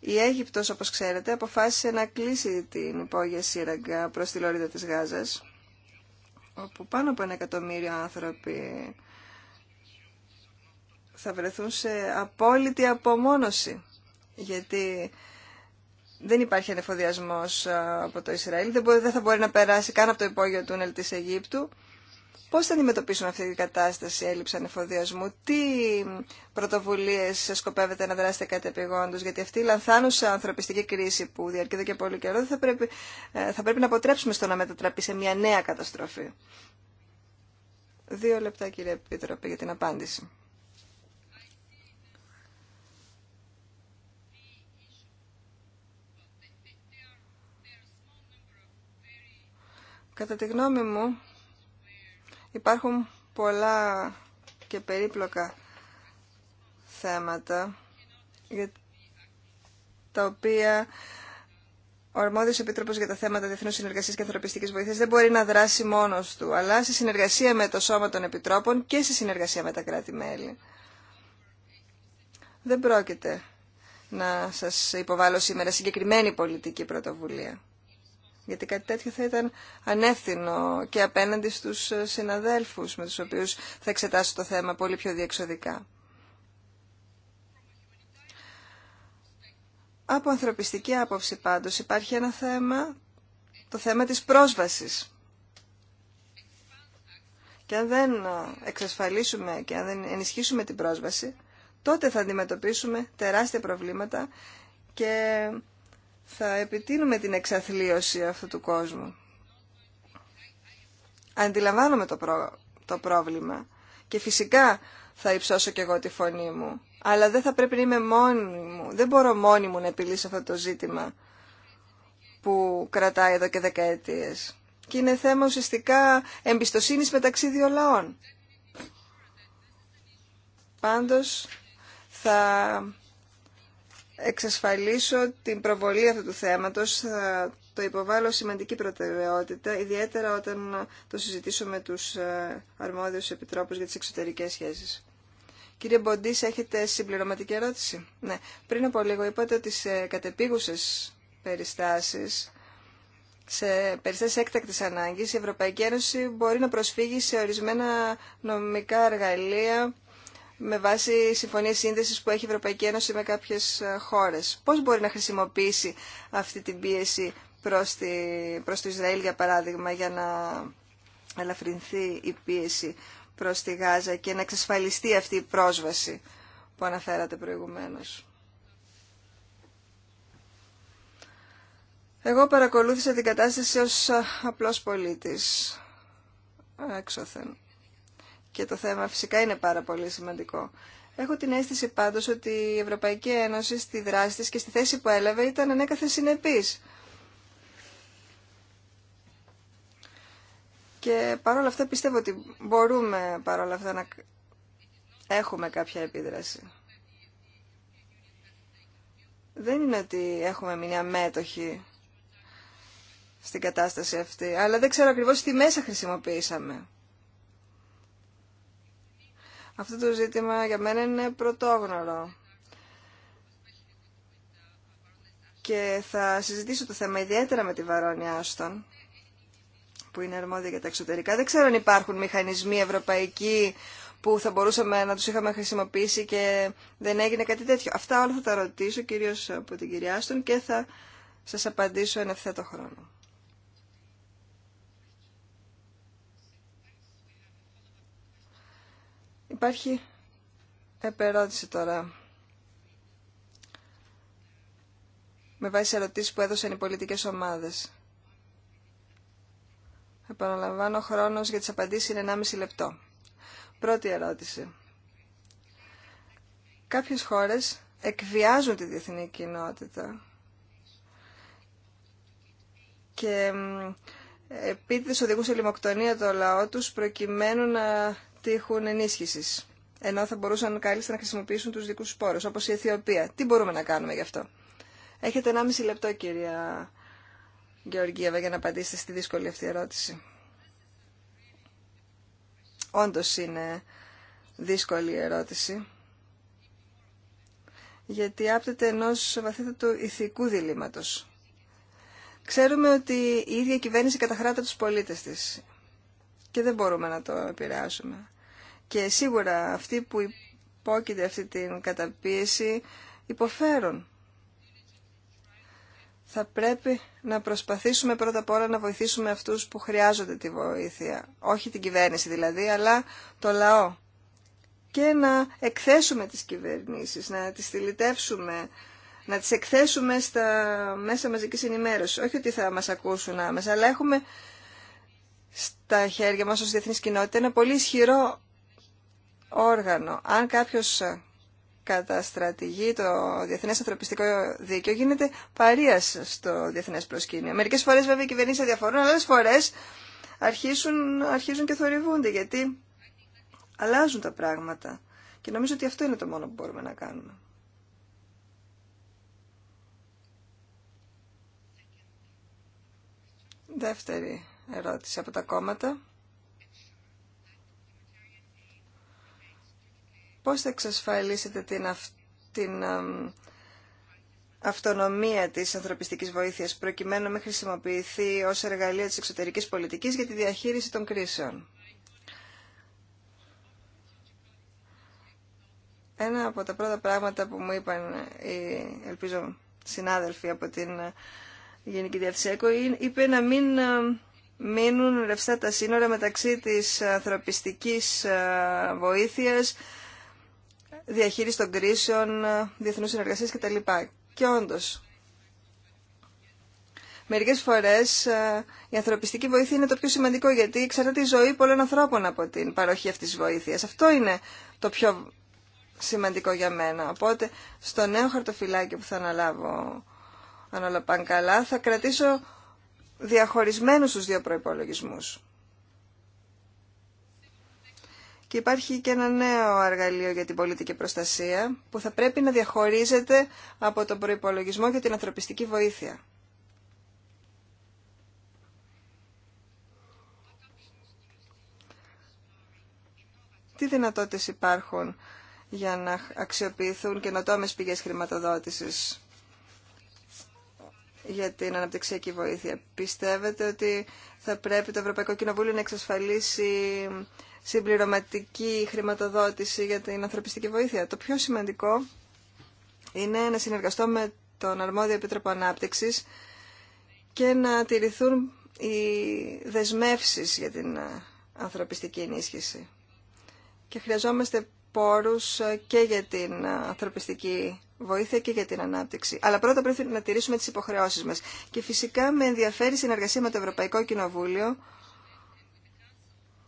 Η Αίγυπτος, όπως ξέρετε, αποφάσισε να κλείσει την υπόγεια σύραγγα προς τη Λωρίδα της Γάζας, όπου πάνω από ένα εκατομμύριο άνθρωποι θα βρεθούν σε απόλυτη απομόνωση. Γιατί δεν υπάρχει ανεφοδιασμός από το Ισραήλ, δεν, θα μπορεί να περάσει καν από το υπόγειο τούνελ της Αιγύπτου. Πώς θα αντιμετωπίσουμε αυτή την κατάσταση έλλειψη ανεφοδιασμού, τι πρωτοβουλίες σκοπεύετε να δράσετε κάτι επιγόντως, γιατί αυτή η λανθάνουσα ανθρωπιστική κρίση που διαρκεί εδώ και πολύ καιρό θα πρέπει, ε, θα πρέπει να αποτρέψουμε στο να μετατραπεί σε μια νέα καταστροφή. Δύο λεπτά κύριε Επίτροπε για την απάντηση. Κατά τη γνώμη μου υπάρχουν πολλά και περίπλοκα θέματα για τα οποία ο αρμόδιος επίτροπος για τα θέματα διεθνούς συνεργασίας και ανθρωπιστικής βοήθειας δεν μπορεί να δράσει μόνος του, αλλά σε συνεργασία με το Σώμα των Επιτρόπων και σε συνεργασία με τα κράτη-μέλη. Δεν πρόκειται να σας υποβάλω σήμερα συγκεκριμένη πολιτική πρωτοβουλία γιατί κάτι τέτοιο θα ήταν ανεύθυνο και απέναντι στους συναδέλφους με τους οποίους θα εξετάσω το θέμα πολύ πιο διεξοδικά. Από ανθρωπιστική άποψη πάντως υπάρχει ένα θέμα, το θέμα της πρόσβασης. Και αν δεν εξασφαλίσουμε και αν δεν ενισχύσουμε την πρόσβαση, τότε θα αντιμετωπίσουμε τεράστια προβλήματα και θα επιτείνουμε την εξαθλίωση αυτού του κόσμου. Αντιλαμβάνομαι το, το πρόβλημα και φυσικά θα υψώσω και εγώ τη φωνή μου, αλλά δεν θα πρέπει να είμαι μόνη μου. Δεν μπορώ μόνη μου να επιλύσω αυτό το ζήτημα που κρατάει εδώ και δεκαετίες. Και είναι θέμα ουσιαστικά εμπιστοσύνης μεταξύ δύο λαών. Πάντως θα εξασφαλίσω την προβολή αυτού του θέματος. Θα το υποβάλω σημαντική προτεραιότητα, ιδιαίτερα όταν το συζητήσω με τους ε, αρμόδιους επιτρόπους για τις εξωτερικές σχέσεις. Κύριε Μποντή, έχετε συμπληρωματική ερώτηση. Ναι. Πριν από λίγο είπατε ότι σε κατεπίγουσες περιστάσεις, σε περιστάσεις έκτακτης ανάγκης, η Ευρωπαϊκή Ένωση μπορεί να προσφύγει σε ορισμένα νομικά εργαλεία με βάση συμφωνίες σύνδεσης που έχει η Ευρωπαϊκή Ένωση με κάποιες ε, χώρες. Πώς μπορεί να χρησιμοποιήσει αυτή την πίεση προς, τη, προς το Ισραήλ, για παράδειγμα, για να ελαφρυνθεί η πίεση προς τη Γάζα και να εξασφαλιστεί αυτή η πρόσβαση που αναφέρατε προηγουμένως. Εγώ παρακολούθησα την κατάσταση ως ε, απλός πολίτης. Έξωθεν. Ε, και το θέμα φυσικά είναι πάρα πολύ σημαντικό. Έχω την αίσθηση πάντως ότι η Ευρωπαϊκή Ένωση στη δράση της και στη θέση που έλαβε ήταν ανέκαθε συνεπής. Και παρόλα αυτά πιστεύω ότι μπορούμε παρόλα αυτά να έχουμε κάποια επίδραση. Δεν είναι ότι έχουμε μείνει αμέτωχοι στην κατάσταση αυτή, αλλά δεν ξέρω ακριβώς τι μέσα χρησιμοποίησαμε. Αυτό το ζήτημα για μένα είναι πρωτόγνωρο. Και θα συζητήσω το θέμα ιδιαίτερα με τη Βαρόνια Άστον, που είναι αρμόδια για τα εξωτερικά. Δεν ξέρω αν υπάρχουν μηχανισμοί ευρωπαϊκοί που θα μπορούσαμε να τους είχαμε χρησιμοποιήσει και δεν έγινε κάτι τέτοιο. Αυτά όλα θα τα ρωτήσω κυρίως από την κυρία Άστον και θα σας απαντήσω εν ευθέτω χρόνο. Υπάρχει επερώτηση τώρα. Με βάση ερωτήσει που έδωσαν οι πολιτικές ομάδες. Επαναλαμβάνω, ο χρόνος για τι απαντήσει είναι 1,5 λεπτό. Πρώτη ερώτηση. Κάποιες χώρες εκβιάζουν τη διεθνή κοινότητα και επίτηδες οδηγούν σε λιμοκτονία το λαό τους προκειμένου να τύχουν ενίσχυσης, ενώ θα μπορούσαν κάλλιστα να χρησιμοποιήσουν τους δικούς σπόρους, όπως η Αιθιοπία. Τι μπορούμε να κάνουμε γι' αυτό. Έχετε 1,5 λεπτό, κυρία Γεωργίευα, για να απαντήσετε στη δύσκολη αυτή ερώτηση. Όντως είναι δύσκολη ερώτηση, γιατί άπτεται ενός βαθύτατου ηθικού διλήμματος. Ξέρουμε ότι η ίδια κυβέρνηση καταχράτα τους πολίτες τη και δεν μπορούμε να το επηρεάσουμε. Και σίγουρα αυτοί που υπόκειται αυτή την καταπίεση υποφέρουν. Θα πρέπει να προσπαθήσουμε πρώτα απ' όλα να βοηθήσουμε αυτούς που χρειάζονται τη βοήθεια. Όχι την κυβέρνηση δηλαδή, αλλά το λαό. Και να εκθέσουμε τις κυβερνήσεις, να τις θηλητεύσουμε, να τις εκθέσουμε στα μέσα μαζικής ενημέρωσης. Όχι ότι θα μας ακούσουν άμεσα, αλλά έχουμε στα χέρια μας ως διεθνής κοινότητα ένα πολύ ισχυρό όργανο. Αν κάποιος ε, καταστρατηγεί το διεθνές ανθρωπιστικό δίκαιο γίνεται παρείας στο διεθνές προσκήνιο. Μερικές φορές βέβαια οι κυβερνήσεις διαφορούν, αλλά άλλες φορές αρχίζουν, αρχίζουν και θορυβούνται γιατί αλλάζουν τα πράγματα. Και νομίζω ότι αυτό είναι το μόνο που μπορούμε να κάνουμε. Δεύτερη ερώτηση από τα κόμματα. Πώς θα εξασφαλίσετε την, την αυτονομία της ανθρωπιστικής βοήθειας προκειμένου να μην χρησιμοποιηθεί ως εργαλείο της εξωτερικής πολιτικής για τη διαχείριση των κρίσεων. Ένα από τα πρώτα πράγματα που μου είπαν οι, ελπίζω, συνάδελφοι από την Γενική Διεύθυνση είπε να μην μείνουν ρευστά τα σύνορα μεταξύ της ανθρωπιστικής ε, βοήθειας, διαχείριση των κρίσεων, ε, διεθνούς συνεργασίες κτλ. Και όντως, μερικές φορές ε, η ανθρωπιστική βοήθεια είναι το πιο σημαντικό γιατί εξαρτάται η ζωή πολλών ανθρώπων από την παροχή αυτής της βοήθειας. Αυτό είναι το πιο σημαντικό για μένα. Οπότε, στο νέο χαρτοφυλάκι που θα αναλάβω, αν όλα πάνε καλά, θα κρατήσω διαχωρισμένους στους δύο προϋπολογισμούς. Και υπάρχει και ένα νέο εργαλείο για την πολιτική προστασία που θα πρέπει να διαχωρίζεται από τον προϋπολογισμό για την ανθρωπιστική βοήθεια. Τι δυνατότητες υπάρχουν για να αξιοποιηθούν καινοτόμες πηγές χρηματοδότησης για την αναπτυξιακή βοήθεια. Πιστεύετε ότι θα πρέπει το Ευρωπαϊκό Κοινοβούλιο να εξασφαλίσει συμπληρωματική χρηματοδότηση για την ανθρωπιστική βοήθεια. Το πιο σημαντικό είναι να συνεργαστώ με τον Αρμόδιο Επίτροπο Ανάπτυξης και να τηρηθούν οι δεσμεύσεις για την ανθρωπιστική ενίσχυση. Και χρειαζόμαστε πόρους και για την ανθρωπιστική βοήθεια και για την ανάπτυξη. Αλλά πρώτα πρέπει να τηρήσουμε τις υποχρεώσεις μας. Και φυσικά με ενδιαφέρει η συνεργασία με το Ευρωπαϊκό Κοινοβούλιο,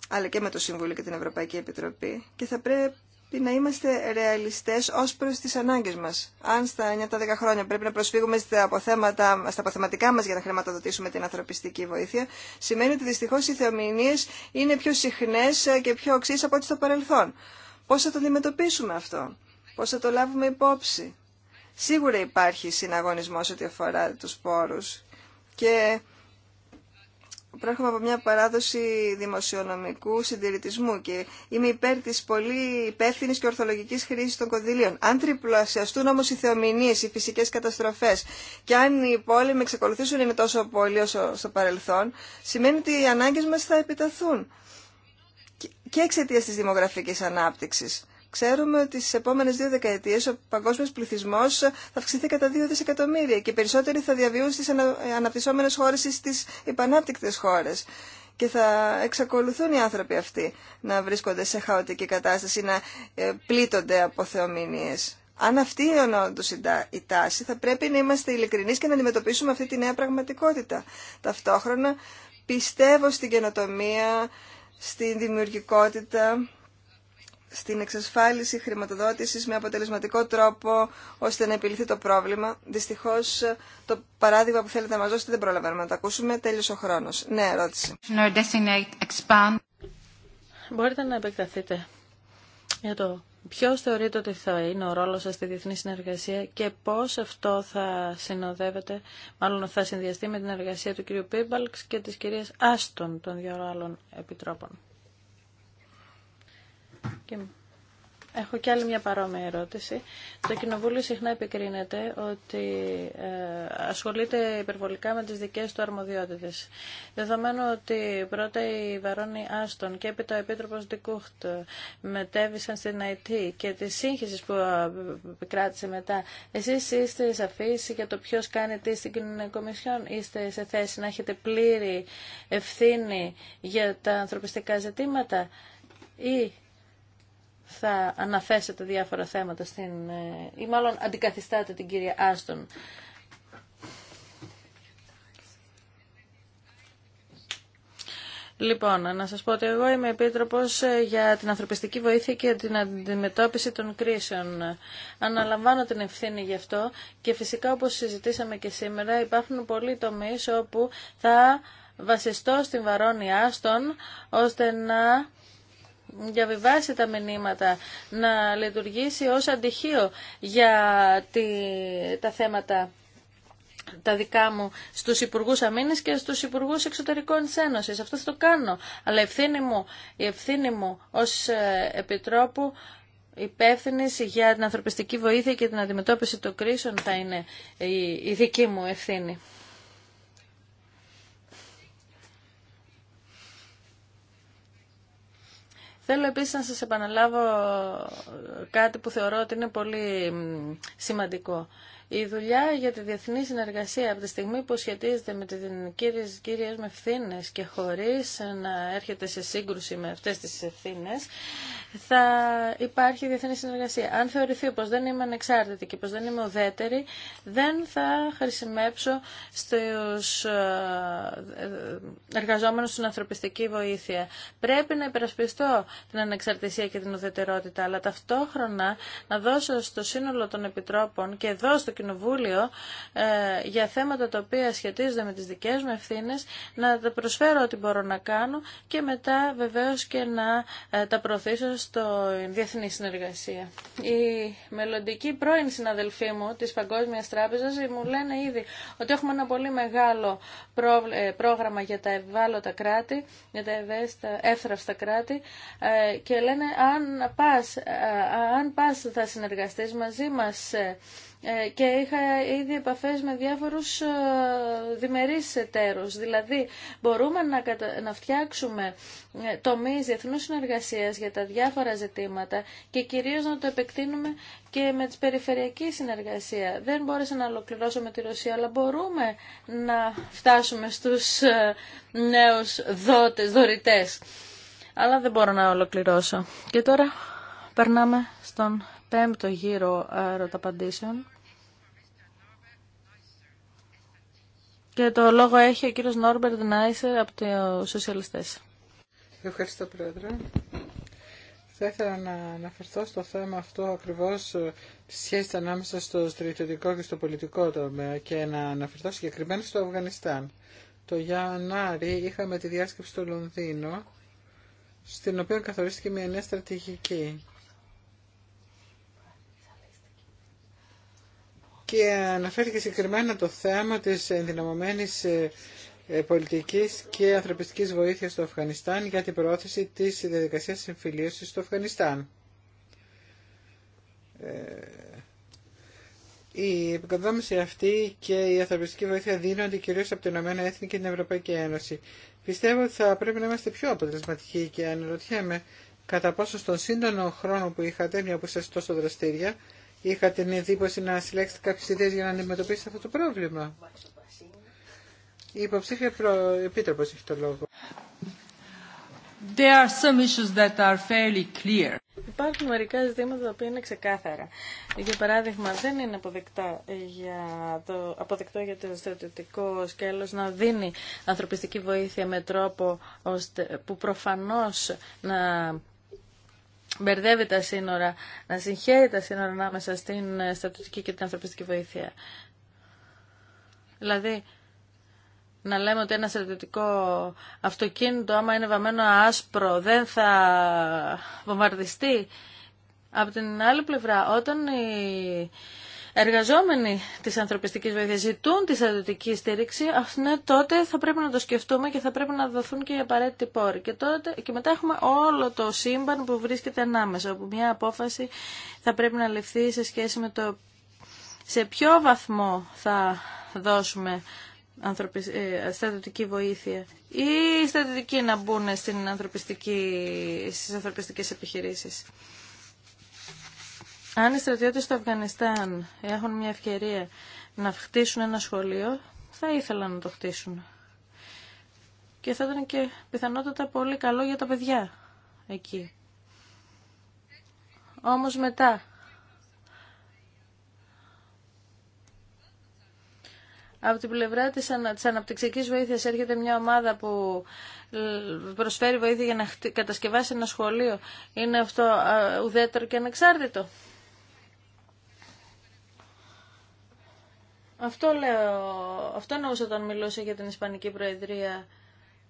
αλλά και με το Συμβούλιο και την Ευρωπαϊκή Επιτροπή. Και θα πρέπει να είμαστε ρεαλιστές ως προς τις ανάγκες μας. Αν στα 9-10 χρόνια πρέπει να προσφύγουμε στα, αποθέματα, στα αποθεματικά μας για να χρηματοδοτήσουμε την ανθρωπιστική βοήθεια, σημαίνει ότι δυστυχώ οι θεομηνίες είναι πιο συχνές και πιο οξύς από ό,τι στο παρελθόν. Πώς θα το αντιμετωπίσουμε αυτό, πώς θα το λάβουμε υπόψη. Σίγουρα υπάρχει συναγωνισμός ό,τι αφορά τους πόρους και προέρχομαι από μια παράδοση δημοσιονομικού συντηρητισμού και είμαι υπέρ της πολύ υπεύθυνη και ορθολογικής χρήσης των κονδυλίων. Αν τριπλασιαστούν όμως οι θεομηνίες, οι φυσικές καταστροφές και αν οι πόλεμοι εξακολουθήσουν είναι τόσο πολύ όσο στο παρελθόν, σημαίνει ότι οι ανάγκες μας θα επιταθούν και εξαιτία τη δημογραφικής ανάπτυξης. Ξέρουμε ότι στι επόμενε δύο δεκαετίε ο παγκόσμιο πληθυσμό θα αυξηθεί κατά 2 δισεκατομμύρια και οι περισσότεροι θα διαβιούν στι αναπτυσσόμενε χώρε ή στις υπανάπτυκτε χώρε. Και θα εξακολουθούν οι άνθρωποι αυτοί να βρίσκονται σε χαοτική κατάσταση, να ε, πλήττονται από θεομηνίε. Αν αυτή είναι όντω η τάση, θα πρέπει να είμαστε ειλικρινεί και να αντιμετωπίσουμε αυτή τη νέα πραγματικότητα. Ταυτόχρονα πιστεύω στην καινοτομία, στην δημιουργικότητα στην εξασφάλιση χρηματοδότησης με αποτελεσματικό τρόπο ώστε να επιληθεί το πρόβλημα. Δυστυχώς το παράδειγμα που θέλετε να μας δώσετε δεν προλαβαίνουμε να το ακούσουμε. Τέλειωσε ο χρόνος. Ναι, ερώτηση. Μπορείτε να επεκταθείτε για το ποιος θεωρείτε ότι θα είναι ο ρόλος σας στη διεθνή συνεργασία και πώς αυτό θα συνοδεύεται, μάλλον θα συνδυαστεί με την εργασία του κ. Πίμπαλξ και της κυρίας Άστον των δύο άλλων επιτρόπων έχω κι άλλη μια παρόμοια ερώτηση. Το Κοινοβούλιο συχνά επικρίνεται ότι ε, ασχολείται υπερβολικά με τις δικές του αρμοδιότητες. Δεδομένου ότι πρώτα η Βαρόνη Άστον και έπειτα ο Επίτροπος Ντικούχτ μετέβησαν στην ΑΕΤ και τη σύγχυση που ε, κράτησε μετά. Εσείς είστε σαφείς για το ποιο κάνει τι στην Κομισιόν. Είστε σε θέση να έχετε πλήρη ευθύνη για τα ανθρωπιστικά ζητήματα ή θα αναθέσετε διάφορα θέματα στην, ε, ή μάλλον αντικαθιστάτε την κυρία Άστον. Λοιπόν, να σας πω ότι εγώ είμαι επίτροπος ε, για την ανθρωπιστική βοήθεια και την αντιμετώπιση των κρίσεων. Αναλαμβάνω την ευθύνη γι' αυτό και φυσικά όπως συζητήσαμε και σήμερα υπάρχουν πολλοί τομείς όπου θα βασιστώ στην Βαρόνια Άστον ώστε να διαβιβάσει τα μηνύματα, να λειτουργήσει ως αντιχείο για τη, τα θέματα τα δικά μου στους Υπουργούς Αμήνης και στους Υπουργούς Εξωτερικών της Ένωσης. Αυτό θα το κάνω. Αλλά η ευθύνη μου, η ευθύνη μου ως ε, Επιτρόπου υπεύθυνη για την ανθρωπιστική βοήθεια και την αντιμετώπιση των κρίσεων θα είναι η, η δική μου ευθύνη. Θέλω επίσης να σας επαναλάβω κάτι που θεωρώ ότι είναι πολύ σημαντικό. Η δουλειά για τη διεθνή συνεργασία από τη στιγμή που σχετίζεται με τις κύριες, κύριες με ευθύνε και χωρίς να έρχεται σε σύγκρουση με αυτές τις ευθύνε, θα υπάρχει διεθνή συνεργασία. Αν θεωρηθεί πως δεν είμαι ανεξάρτητη και πως δεν είμαι ουδέτερη, δεν θα χρησιμεύσω στους ε, ε, εργαζόμενους στην ανθρωπιστική βοήθεια. Πρέπει να υπερασπιστώ την ανεξαρτησία και την ουδετερότητα, αλλά ταυτόχρονα να δώσω στο σύνολο των επιτρόπων και εδώ στο Κοινοβούλιο ε, για θέματα τα οποία σχετίζονται με τις δικές μου ευθύνε, να τα προσφέρω ό,τι μπορώ να κάνω και μετά βεβαίως και να ε, τα προωθήσω στο διεθνή συνεργασία. Οι μελλοντικοί πρώην συναδελφοί μου της Παγκόσμιας Τράπεζας μου λένε ήδη ότι έχουμε ένα πολύ μεγάλο ε, πρόγραμμα για τα ευάλωτα κράτη, για τα ευαίσθητα, εύθραυστα κράτη και λένε αν πας, αν πας θα συνεργαστείς μαζί μας ε, και είχα ήδη επαφές με διάφορους ε, διμερείς εταίρους. Δηλαδή, μπορούμε να, κατα... να φτιάξουμε ε, τομείς διεθνού συνεργασίας για τα διάφορα ζητήματα και κυρίως να το επεκτείνουμε και με τις περιφερειακή συνεργασία. Δεν μπόρεσα να ολοκληρώσω με τη Ρωσία, αλλά μπορούμε να φτάσουμε στους νέους δότες, δωρητές. Αλλά δεν μπορώ να ολοκληρώσω. Και τώρα περνάμε στον πέμπτο γύρο ερωταπαντήσεων. Και το λόγο έχει ο κύριος Νόρμπερντ Νάισερ από το Σοσιαλιστές. Ευχαριστώ Πρόεδρε. Θα ήθελα να αναφερθώ στο θέμα αυτό ακριβώς τη σχέση ανάμεσα στο στρατιωτικό και στο πολιτικό τομέα και να αναφερθώ συγκεκριμένα στο Αφγανιστάν. Το Γιάνναρη είχαμε τη διάσκεψη στο Λονδίνο στην οποία καθορίστηκε μια νέα στρατηγική και αναφέρθηκε συγκεκριμένα το θέμα της ενδυναμωμένης ε, ε, πολιτικής και ανθρωπιστικής βοήθειας στο Αφγανιστάν για την προώθηση της διαδικασίας συμφιλίωσης στο Αφγανιστάν. Ε, η επικοδόμηση αυτή και η ανθρωπιστική βοήθεια δίνονται κυρίως από την Ηνωμένα και την Ευρωπαϊκή Ένωση. Πιστεύω ότι θα πρέπει να είμαστε πιο αποτελεσματικοί και αναρωτιέμαι κατά πόσο στον σύντονο χρόνο που είχατε, μια που είστε τόσο δραστήρια, Είχατε την εντύπωση να συλλέξετε κάποιες ιδέες για να αντιμετωπίσετε αυτό το πρόβλημα. Η υποψήφια προ... επίτροπος έχει το λόγο. There are some issues that are fairly clear. Υπάρχουν μερικά ζητήματα τα οποία είναι ξεκάθαρα. Για παράδειγμα, δεν είναι αποδεκτό για το, αποδεκτό για το στρατιωτικό σκέλος να δίνει ανθρωπιστική βοήθεια με τρόπο που προφανώς να μπερδεύει τα σύνορα, να συγχαίρει τα σύνορα ανάμεσα στην ε, στρατιωτική και την ανθρωπιστική βοήθεια. Δηλαδή, να λέμε ότι ένα στρατιωτικό αυτοκίνητο, άμα είναι βαμμένο άσπρο, δεν θα βομβαρδιστεί. Από την άλλη πλευρά, όταν η εργαζόμενοι τη ανθρωπιστικής βοήθεια, ζητούν τη στρατιωτική στήριξη, ναι, τότε θα πρέπει να το σκεφτούμε και θα πρέπει να δοθούν και οι απαραίτητοι πόροι. Και, τότε, και μετά έχουμε όλο το σύμπαν που βρίσκεται ανάμεσα, όπου μια απόφαση θα πρέπει να ληφθεί σε σχέση με το σε ποιο βαθμό θα δώσουμε ε, στρατιωτική βοήθεια ή στρατιωτική να μπουν στην ανθρωπιστική, στις ανθρωπιστικές επιχειρήσεις. Αν οι στρατιώτες του Αφγανιστάν έχουν μια ευκαιρία να χτίσουν ένα σχολείο, θα ήθελαν να το χτίσουν. Και θα ήταν και πιθανότατα πολύ καλό για τα παιδιά εκεί. Όμως μετά, Από την πλευρά της, ανα, της αναπτυξιακής βοήθειας έρχεται μια ομάδα που προσφέρει βοήθεια για να κατασκευάσει ένα σχολείο. Είναι αυτό ουδέτερο και ανεξάρτητο. Αυτό λέω, αυτό εννοούσα όταν μιλούσα για την Ισπανική Προεδρία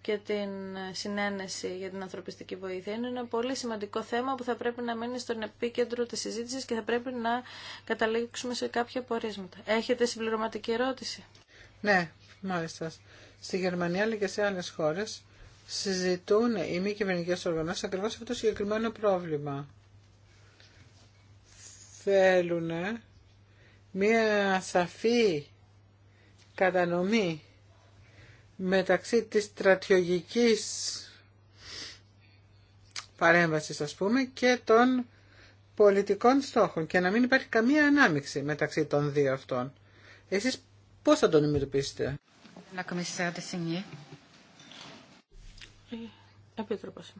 και την συνένεση για την ανθρωπιστική βοήθεια. Είναι ένα πολύ σημαντικό θέμα που θα πρέπει να μείνει στον επίκεντρο της συζήτησης και θα πρέπει να καταλήξουμε σε κάποια πορίσματα. Έχετε συμπληρωματική ερώτηση. Ναι, μάλιστα. Στη Γερμανία αλλά και σε άλλες χώρες συζητούν οι μη κυβερνητικέ οργανώσεις ακριβώς αυτό το συγκεκριμένο πρόβλημα. Θέλουν μία σαφή κατανομή μεταξύ της στρατιωγικής παρέμβασης ας πούμε και των πολιτικών στόχων και να μην υπάρχει καμία ανάμειξη μεταξύ των δύο αυτών. Εσείς πώς θα τον αντιμετωπίσετε. Επίτροπος.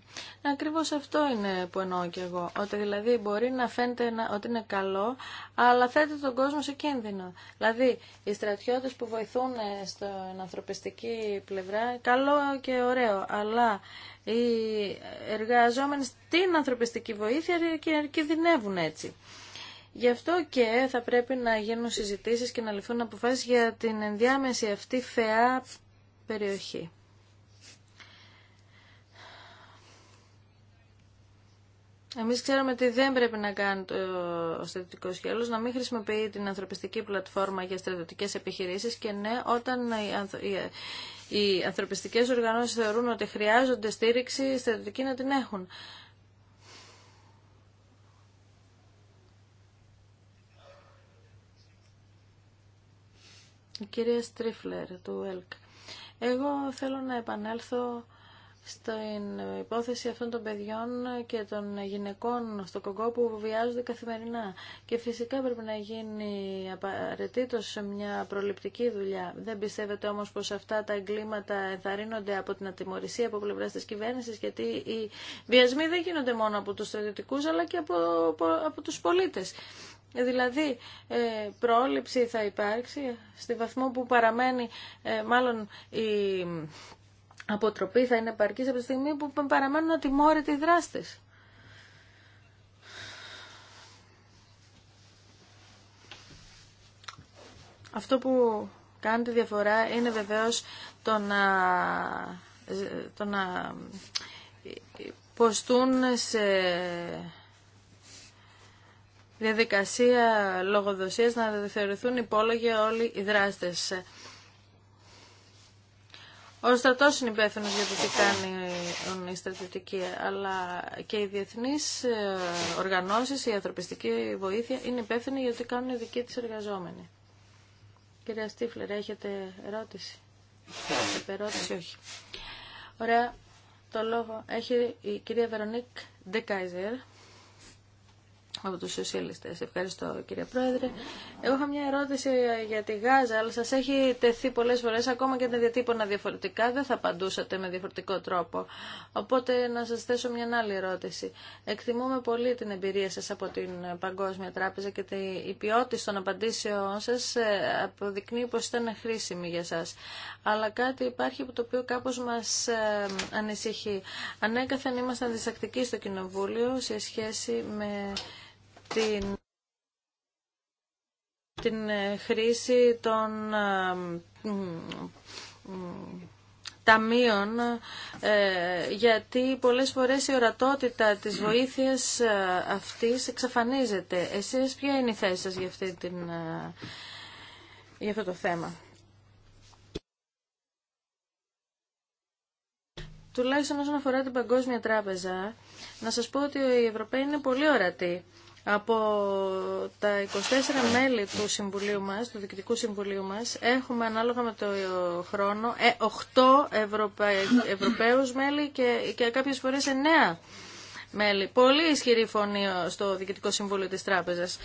Ακριβώς αυτό είναι που εννοώ και εγώ. Ότι δηλαδή μπορεί να φαίνεται ότι είναι καλό, αλλά θέτει τον κόσμο σε κίνδυνο. Δηλαδή, οι στρατιώτες που βοηθούν ε, στην ανθρωπιστική πλευρά, καλό και ωραίο, αλλά οι εργαζόμενοι στην ανθρωπιστική βοήθεια κινδυνεύουν έτσι. Γι' αυτό και θα πρέπει να γίνουν συζητήσεις και να ληφθούν αποφάσεις για την ενδιάμεση αυτή φαιά περιοχή. Εμείς ξέρουμε ότι δεν πρέπει να κάνει το στρατιωτικό σχέλος, να μην χρησιμοποιεί την ανθρωπιστική πλατφόρμα για στρατιωτικές επιχειρήσεις και ναι, όταν οι ανθρωπιστικές οργανώσεις θεωρούν ότι χρειάζονται στήριξη, οι στρατιωτικοί να την έχουν. Η κυρία Στρίφλερ του ΕΛΚ. Εγώ θέλω να επανέλθω στην υπόθεση αυτών των παιδιών και των γυναικών στο Κογκό που βιάζονται καθημερινά. Και φυσικά πρέπει να γίνει απαραίτητο σε μια προληπτική δουλειά. Δεν πιστεύετε όμως πως αυτά τα εγκλήματα ενθαρρύνονται από την ατιμορρησία από πλευρά της κυβέρνησης, γιατί οι βιασμοί δεν γίνονται μόνο από τους στρατιωτικούς αλλά και από, από, από τους πολίτες. Δηλαδή, ε, πρόληψη θα υπάρξει στη βαθμό που παραμένει ε, μάλλον η αποτροπή θα είναι επαρκής από τη στιγμή που παραμένουν ατιμόρυτοι οι δράστες. Αυτό που κάνει τη διαφορά είναι βεβαίως το να, το να σε διαδικασία λογοδοσίας να θεωρηθούν υπόλογοι όλοι οι δράστες. Ο στρατό είναι υπεύθυνο για το τι κάνει η στρατιωτικοί, αλλά και οι διεθνεί ε, οργανώσει, η ανθρωπιστική βοήθεια είναι υπεύθυνη για το τι κάνουν οι δικοί τη εργαζόμενοι. Κυρία Στίφλερ, έχετε ερώτηση. Ναι. Επερώτηση, όχι. Ωραία. Το λόγο έχει η κυρία Βερονίκ Ντεκάιζερ από τους σοσιαλιστές. Ευχαριστώ κύριε Πρόεδρε. Εγώ είχα μια ερώτηση για τη Γάζα, αλλά σας έχει τεθεί πολλές φορές, ακόμα και να διατύπωνα διαφορετικά, δεν θα απαντούσατε με διαφορετικό τρόπο. Οπότε να σας θέσω μια άλλη ερώτηση. Εκτιμούμε πολύ την εμπειρία σας από την Παγκόσμια Τράπεζα και η ποιότητα των απαντήσεών σας ε, αποδεικνύει πως ήταν χρήσιμη για σας. Αλλά κάτι υπάρχει που το οποίο κάπως μας ε, ανησυχεί. Ανέκαθεν ήμασταν διστακτικοί στο Κοινοβούλιο σε σχέση με την, ε, χρήση των ε, ταμείων ε, γιατί πολλές φορές η ορατότητα της βοήθειας αυτής εξαφανίζεται. Εσείς ποια είναι η θέση σας για, αυτή για αυτό το θέμα. Τουλάχιστον όσον αφορά την Παγκόσμια Τράπεζα, να σας πω ότι οι Ευρωπαίοι είναι πολύ ορατοί από τα 24 μέλη του Συμβουλίου μας, του Διοικητικού Συμβουλίου μας, έχουμε ανάλογα με το χρόνο 8 ε, Ευρωπα... Ευρωπαίους μέλη και, και κάποιες φορές 9 μέλη. Πολύ ισχυρή φωνή στο Διοικητικό Συμβούλιο της Τράπεζας.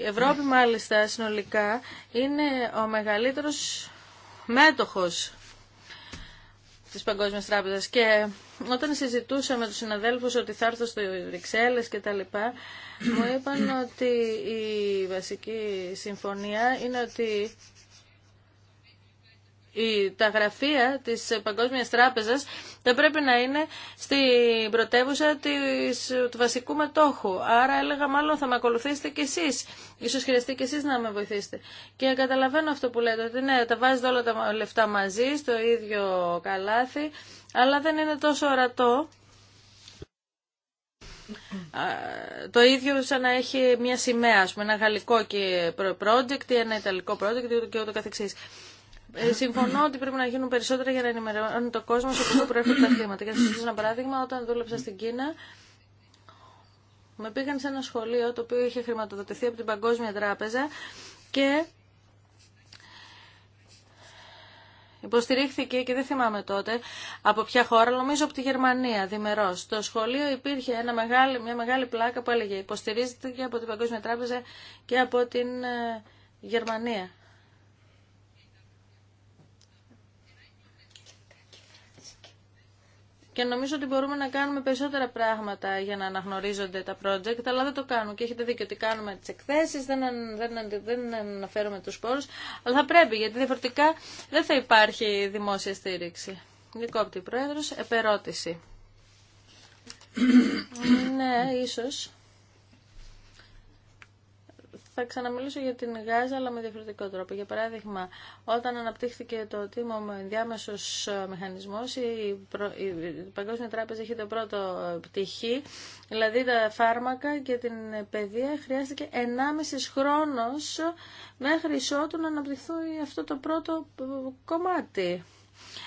Η Ευρώπη μάλιστα συνολικά είναι ο μεγαλύτερος μέτοχος Τη Παγκόσμια Τράπεζα. και όταν συζητούσα με του συναδέλφου ότι θα έρθω στο Βρυξέλλε και τα λοιπά μου είπαν ότι η βασική συμφωνία είναι ότι τα γραφεία της Παγκόσμιας Τράπεζας θα πρέπει να είναι στην πρωτεύουσα του βασικού μετόχου. Άρα έλεγα μάλλον θα με ακολουθήσετε κι εσείς. Ίσως χρειαστεί κι εσείς να με βοηθήσετε. Και καταλαβαίνω αυτό που λέτε, ότι ναι, τα βάζετε όλα τα λεφτά μαζί, στο ίδιο καλάθι, αλλά δεν είναι τόσο ορατό. Το ίδιο σαν να έχει μια σημαία, ας πούμε, ένα γαλλικό project ή ένα ιταλικό project και ούτω καθεξής. Ε, συμφωνώ ότι πρέπει να γίνουν περισσότερα για να ενημερώνει το κόσμο σε πού προέρχονται τα χρήματα. Για να σα ένα παράδειγμα, όταν δούλεψα στην Κίνα, με πήγαν σε ένα σχολείο το οποίο είχε χρηματοδοτηθεί από την Παγκόσμια Τράπεζα και Υποστηρίχθηκε και δεν θυμάμαι τότε από ποια χώρα, νομίζω από τη Γερμανία, διμερό. Στο σχολείο υπήρχε ένα μεγάλη, μια μεγάλη πλάκα που έλεγε Υποστηρίζεται και από την Παγκόσμια Τράπεζα και από την ε, Γερμανία. και νομίζω ότι μπορούμε να κάνουμε περισσότερα πράγματα για να αναγνωρίζονται τα project, αλλά δεν το κάνουμε. Και έχετε δίκιο ότι κάνουμε τι εκθέσει, δεν, δεν, δεν αναφέρουμε του πόρου, αλλά θα πρέπει, γιατί διαφορετικά δεν θα υπάρχει δημόσια στήριξη. Νικόπτη πρόέδρο. επερώτηση. ναι, ίσως θα ξαναμιλήσω για την Γάζα, αλλά με διαφορετικό τρόπο. Για παράδειγμα, όταν αναπτύχθηκε το τίμο με διάμεσο ε, μηχανισμό, η, προ... η Παγκόσμια Τράπεζα είχε το πρώτο ε, πτυχή, δηλαδή τα φάρμακα και την παιδεία, χρειάστηκε 1,5 χρόνο μέχρι ισότου να αναπτυχθούν αυτό το πρώτο ε, κομμάτι.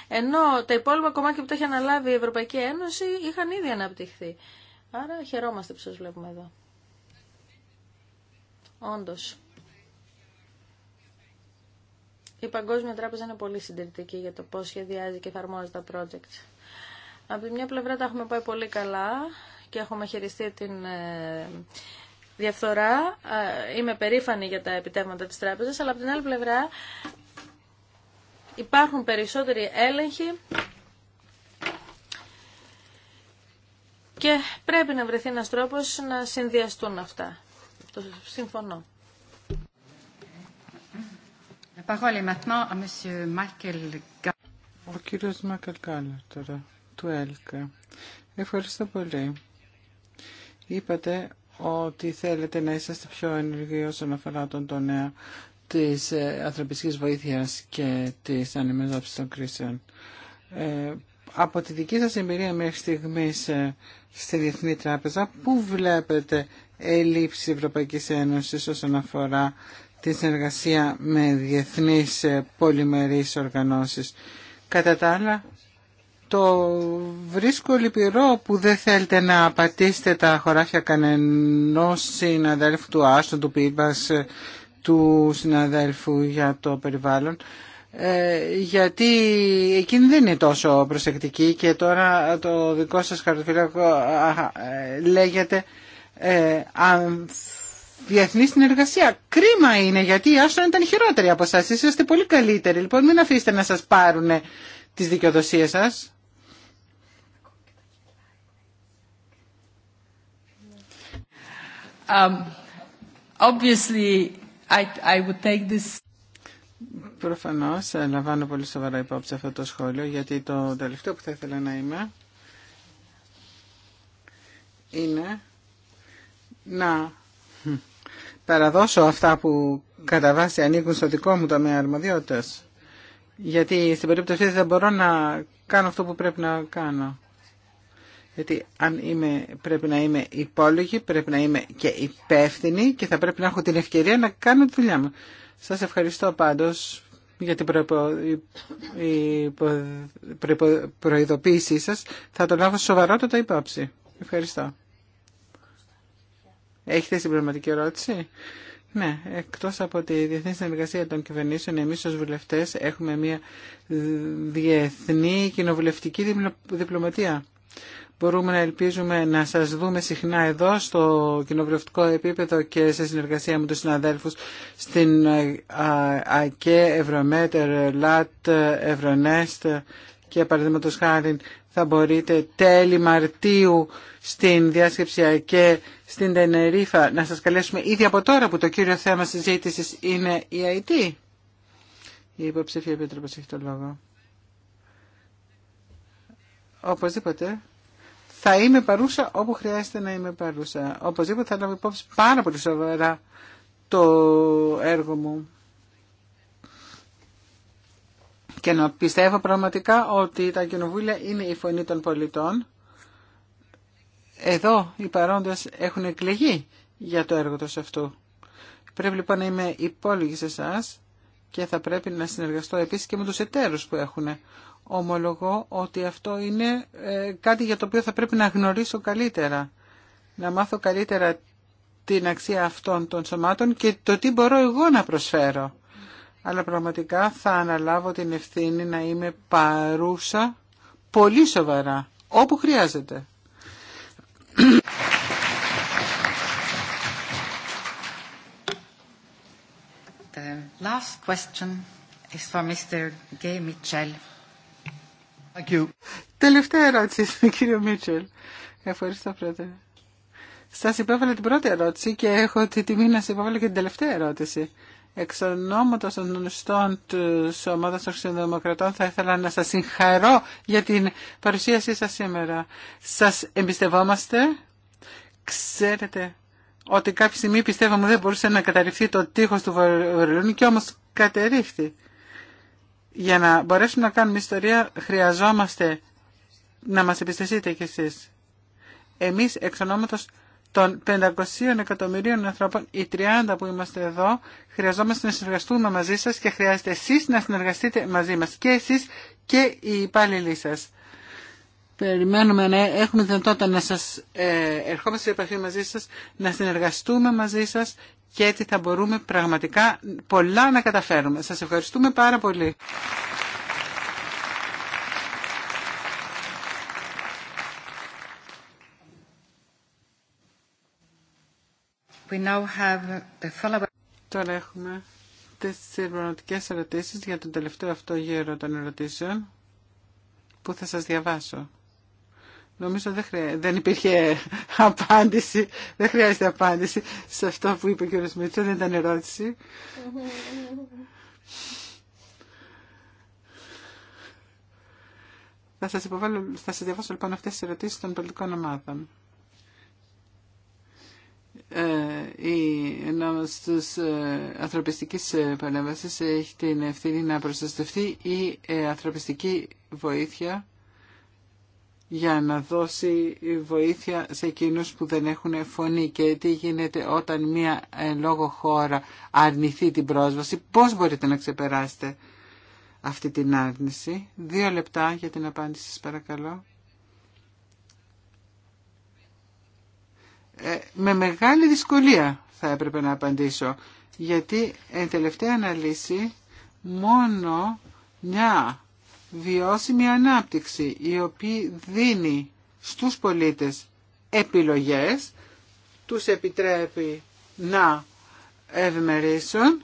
Ενώ τα υπόλοιπα κομμάτια που τα είχε αναλάβει η Ευρωπαϊκή Ένωση είχαν ήδη αναπτυχθεί. Άρα χαιρόμαστε που σας βλέπουμε εδώ. Όντω. η Παγκόσμια Τράπεζα είναι πολύ συντηρητική για το πώς σχεδιάζει και εφαρμόζει τα project. Από τη μια πλευρά τα έχουμε πάει πολύ καλά και έχουμε χειριστεί την ε, διαφθορά. Ε, είμαι περήφανη για τα επιτεύγματα της τράπεζας, αλλά από την άλλη πλευρά υπάρχουν περισσότεροι έλεγχοι και πρέπει να βρεθεί ένας τρόπος να συνδυαστούν αυτά. Αυτό συμφωνώ. Ο κύριο Μάκελ Γκάλερ τώρα, του ΕΛΚΑ. Ευχαριστώ πολύ. Είπατε ότι θέλετε να είσαστε πιο ενεργοί όσον αφορά τον τομέα της ε, ανθρωπιστική βοήθειας και τη αντιμετώπισης των κρίσεων. Ε, από τη δική σας εμπειρία μέχρι στιγμής ε, στη Διεθνή Τράπεζα, πού βλέπετε ελλείψη Ευρωπαϊκής Ένωσης όσον αφορά τη συνεργασία με διεθνείς ε, πολυμερείς οργανώσεις. Κατά τα άλλα, το βρίσκω λυπηρό που δεν θέλετε να απατήσετε τα χωράφια κανενός συναδέλφου του Άστον, του Πίπας, ε, του συναδέλφου για το περιβάλλον. Ε, γιατί εκείνη δεν είναι τόσο προσεκτική και τώρα το δικό σας χαρτοφυλάκο ε, λέγεται ε, διεθνή συνεργασία. Κρίμα είναι γιατί η Άστον ήταν χειρότερη από εσάς. Είσαστε πολύ καλύτεροι. Λοιπόν μην αφήσετε να σας πάρουν τις δικαιοδοσίες σας. Um, obviously I, I would take this Προφανώ ε, λαμβάνω πολύ σοβαρά υπόψη αυτό το σχόλιο γιατί το τελευταίο που θα ήθελα να είμαι είναι να παραδώσω αυτά που κατά βάση ανήκουν στο δικό μου τομέα αρμοδιότητας. Γιατί στην περίπτωση δεν μπορώ να κάνω αυτό που πρέπει να κάνω. Γιατί αν είμαι, πρέπει να είμαι υπόλογη, πρέπει να είμαι και υπεύθυνη και θα πρέπει να έχω την ευκαιρία να κάνω τη δουλειά μου. Σας ευχαριστώ πάντως για την προειδοποίησή σας. Θα το λάβω σοβαρότατα υπόψη. Ευχαριστώ. Έχετε συμπληρωματική ερώτηση. Ναι, εκτός από τη διεθνή συνεργασία των κυβερνήσεων, εμείς ως βουλευτές έχουμε μια διεθνή κοινοβουλευτική διπλωματία μπορούμε να ελπίζουμε να σας δούμε συχνά εδώ στο κοινοβουλευτικό επίπεδο και σε συνεργασία με τους συναδέλφους στην ε, ΑΚΕ, Ευρωμέτερ, ΛΑΤ, Ευρωνέστ και παραδείγματο χάρη θα μπορείτε τέλη Μαρτίου στην διάσκεψη ΑΚΕ στην Τενερίφα να σας καλέσουμε ήδη από τώρα που το κύριο θέμα συζήτησης είναι η ΑΕΤ. Η υποψήφια επίτροπος έχει το λόγο. Οπωσδήποτε θα είμαι παρούσα όπου χρειάζεται να είμαι παρούσα. Οπωσδήποτε θα λάβω υπόψη πάρα πολύ σοβαρά το έργο μου. Και να πιστεύω πραγματικά ότι τα κοινοβούλια είναι η φωνή των πολιτών. Εδώ οι παρόντες έχουν εκλεγεί για το έργο τους αυτού. Πρέπει λοιπόν να είμαι υπόλογη σε εσά και θα πρέπει να συνεργαστώ επίσης και με τους εταίρους που έχουν ομολογώ ότι αυτό είναι ε, κάτι για το οποίο θα πρέπει να γνωρίσω καλύτερα. Να μάθω καλύτερα την αξία αυτών των σωμάτων και το τι μπορώ εγώ να προσφέρω. Αλλά πραγματικά θα αναλάβω την ευθύνη να είμαι παρούσα πολύ σοβαρά, όπου χρειάζεται. The last question is Mr. Gay Mitchell Τελευταία ερώτηση στον κύριο Μίτσελ. Ευχαριστώ πρώτα. Σα υπέβαλα την πρώτη ερώτηση και έχω τη τιμή να σα υπέβαλα και την τελευταία ερώτηση. Εξ ονόματο των γνωστών τη ομάδα των Χριστιανοδημοκρατών θα ήθελα να σα συγχαρώ για την παρουσίασή σα σήμερα. Σα εμπιστευόμαστε. Ξέρετε ότι κάποια στιγμή πιστεύω μου δεν μπορούσε να καταρριφθεί το τείχος του Βερολίνου και όμως κατερρίφθη για να μπορέσουμε να κάνουμε ιστορία χρειαζόμαστε να μας εμπιστευτείτε κι εσείς. Εμείς εξ ονόματος των 500 εκατομμυρίων ανθρώπων, οι 30 που είμαστε εδώ, χρειαζόμαστε να συνεργαστούμε μαζί σας και χρειάζεται εσείς να συνεργαστείτε μαζί μας. Και εσείς και οι υπάλληλοι σας. Περιμένουμε να έχουμε δυνατότητα να σας ε, ερχόμαστε σε επαφή μαζί σας, να συνεργαστούμε μαζί σας και έτσι θα μπορούμε πραγματικά πολλά να καταφέρουμε. Σας ευχαριστούμε πάρα πολύ. We now have the Τώρα έχουμε τις συμπληρωματικές ερωτήσεις για τον τελευταίο αυτό γύρο των ερωτήσεων που θα σας διαβάσω. Νομίζω δεν, δεν υπήρχε απάντηση, δεν χρειάζεται απάντηση σε αυτό που είπε ο κ. Μίτσο, δεν ήταν ερώτηση. Θα σας, υποβάλω, θα σας διαβάσω λοιπόν αυτές τις ερωτήσεις των πολιτικών ομάδων. Ε, η νόμος της ε, ανθρωπιστικής ε, παρέμβασης έχει την ευθύνη να προστατευτεί η ε, ανθρωπιστική βοήθεια για να δώσει βοήθεια σε εκείνους που δεν έχουν φωνή και τι γίνεται όταν μια ε, λόγω χώρα αρνηθεί την πρόσβαση, πώς μπορείτε να ξεπεράσετε αυτή την άρνηση. Δύο λεπτά για την απάντηση σας παρακαλώ. Ε, με μεγάλη δυσκολία θα έπρεπε να απαντήσω, γιατί εν τελευταία αναλύση μόνο μια βιώσιμη ανάπτυξη η οποία δίνει στους πολίτες επιλογές, τους επιτρέπει να ευμερίσουν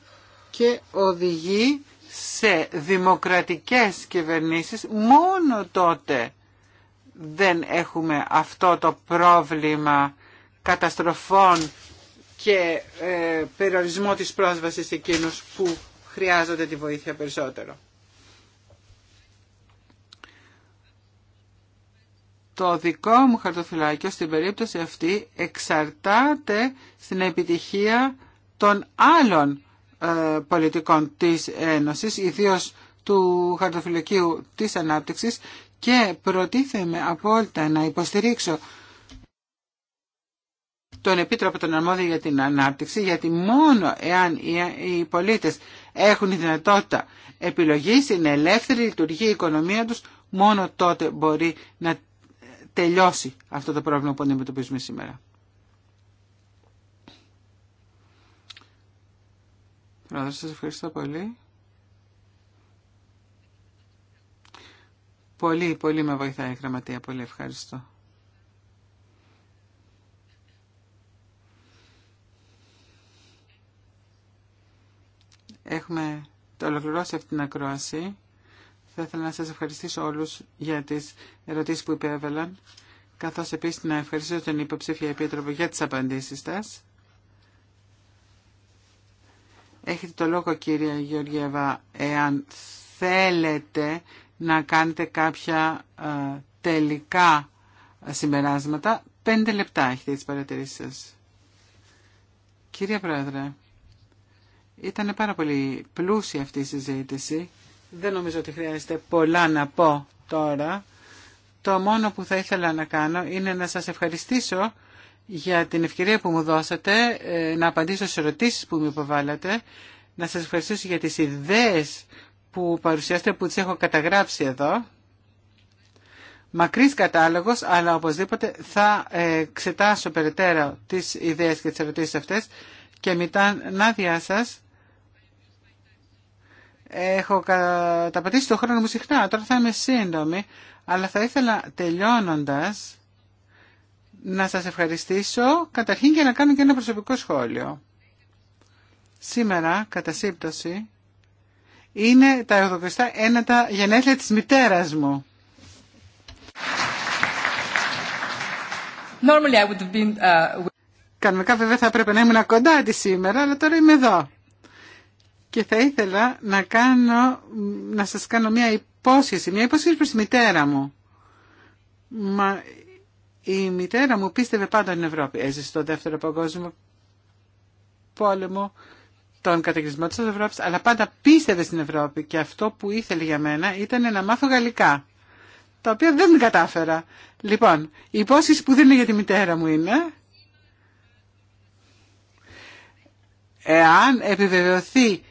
και οδηγεί σε δημοκρατικές κυβερνήσεις μόνο τότε δεν έχουμε αυτό το πρόβλημα καταστροφών και ε, περιορισμό της πρόσβασης εκείνους που χρειάζονται τη βοήθεια περισσότερο. το δικό μου χαρτοφυλάκιο στην περίπτωση αυτή εξαρτάται στην επιτυχία των άλλων ε, πολιτικών της Ένωσης, ιδίως του χαρτοφυλακίου της ανάπτυξης και προτίθεμαι απόλυτα να υποστηρίξω τον Επίτροπο των Αρμόδιων για την Ανάπτυξη, γιατί μόνο εάν οι πολίτες έχουν η δυνατότητα επιλογής, είναι ελεύθερη, λειτουργεί η οικονομία τους, μόνο τότε μπορεί να τελειώσει αυτό το πρόβλημα που αντιμετωπίζουμε σήμερα. Πρόεδρε, σας ευχαριστώ πολύ. Πολύ, πολύ με βοηθάει η γραμματεία. Πολύ ευχαριστώ. Έχουμε το ολοκληρώσει αυτή την ακρόαση. Θα ήθελα να σας ευχαριστήσω όλους για τις ερωτήσεις που υπέβαλαν, καθώς επίσης να ευχαριστήσω τον υποψήφια επίτροπο για τις απαντήσεις σας. Έχετε το λόγο κύριε Γεωργιέβα, εάν θέλετε να κάνετε κάποια ε, τελικά συμπεράσματα, πέντε λεπτά έχετε τις παρατηρήσεις σας. Κύριε Πρόεδρε, ήταν πάρα πολύ πλούσια αυτή η συζήτηση δεν νομίζω ότι χρειάζεται πολλά να πω τώρα. Το μόνο που θα ήθελα να κάνω είναι να σας ευχαριστήσω για την ευκαιρία που μου δώσατε ε, να απαντήσω στις ερωτήσεις που μου υποβάλλατε, να σας ευχαριστήσω για τις ιδέες που παρουσιάσετε, που τις έχω καταγράψει εδώ. Μακρύς κατάλογος, αλλά οπωσδήποτε θα ε, εξετάσω περαιτέρω τις ιδέες και τις ερωτήσεις αυτές και μετά να διά Έχω τα πατήσει το χρόνο μου συχνά, τώρα θα είμαι σύντομη, αλλά θα ήθελα τελειώνοντας να σας ευχαριστήσω καταρχήν και να κάνω και ένα προσωπικό σχόλιο. Σήμερα, κατά σύμπτωση, είναι τα 81 ένατα γενέθλια της μητέρας μου. Uh, Κανονικά βέβαια θα έπρεπε να ήμουν κοντά τη σήμερα, αλλά τώρα είμαι εδώ και θα ήθελα να, κάνω, να σας κάνω μια υπόσχεση, μια υπόσχεση προς τη μητέρα μου. Μα η μητέρα μου πίστευε πάντα στην Ευρώπη. Έζησε στο δεύτερο παγκόσμιο πόλεμο τον κατακρισμό της Ευρώπης, αλλά πάντα πίστευε στην Ευρώπη και αυτό που ήθελε για μένα ήταν να μάθω γαλλικά, τα οποία δεν κατάφερα. Λοιπόν, η υπόσχεση που δίνει για τη μητέρα μου είναι εάν επιβεβαιωθεί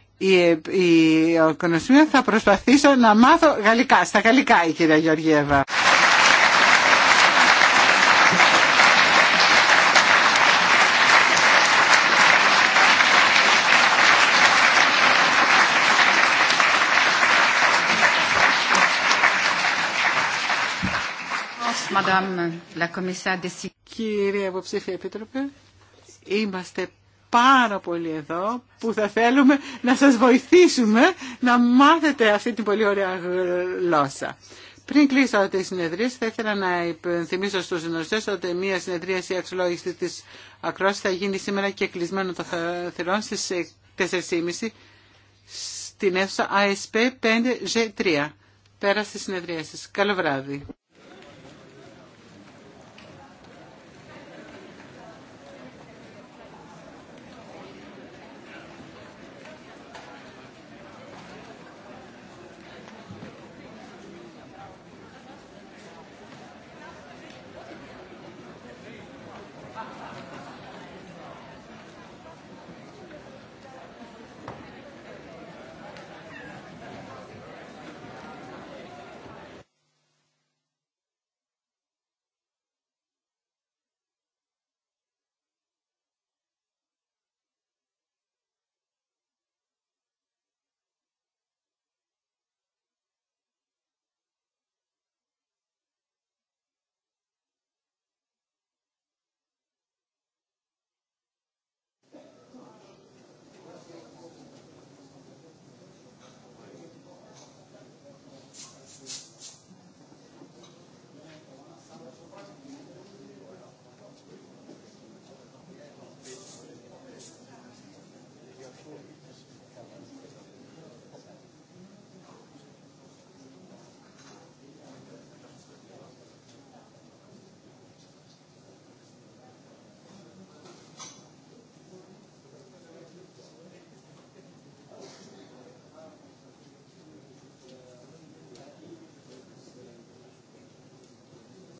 η οικονομία θα προσπαθήσω να μάθω γαλλικά, στα γαλλικά η κυρία Γεωργίευα. Κύριε Αποψήφια Επίτροπε, είμαστε πάρα πολύ εδώ που θα θέλουμε να σας βοηθήσουμε να μάθετε αυτή την πολύ ωραία γλώσσα. Πριν κλείσω τη συνεδρία, θα ήθελα να θυμίσω στους γνωστές ότι μια συνεδρίαση αξιολόγηση της ακρόσης θα γίνει σήμερα και κλεισμένο το θερόν στις 4.30 στην αίθουσα ASP 5G3. Πέρα στη συνεδρία σας. Καλό βράδυ.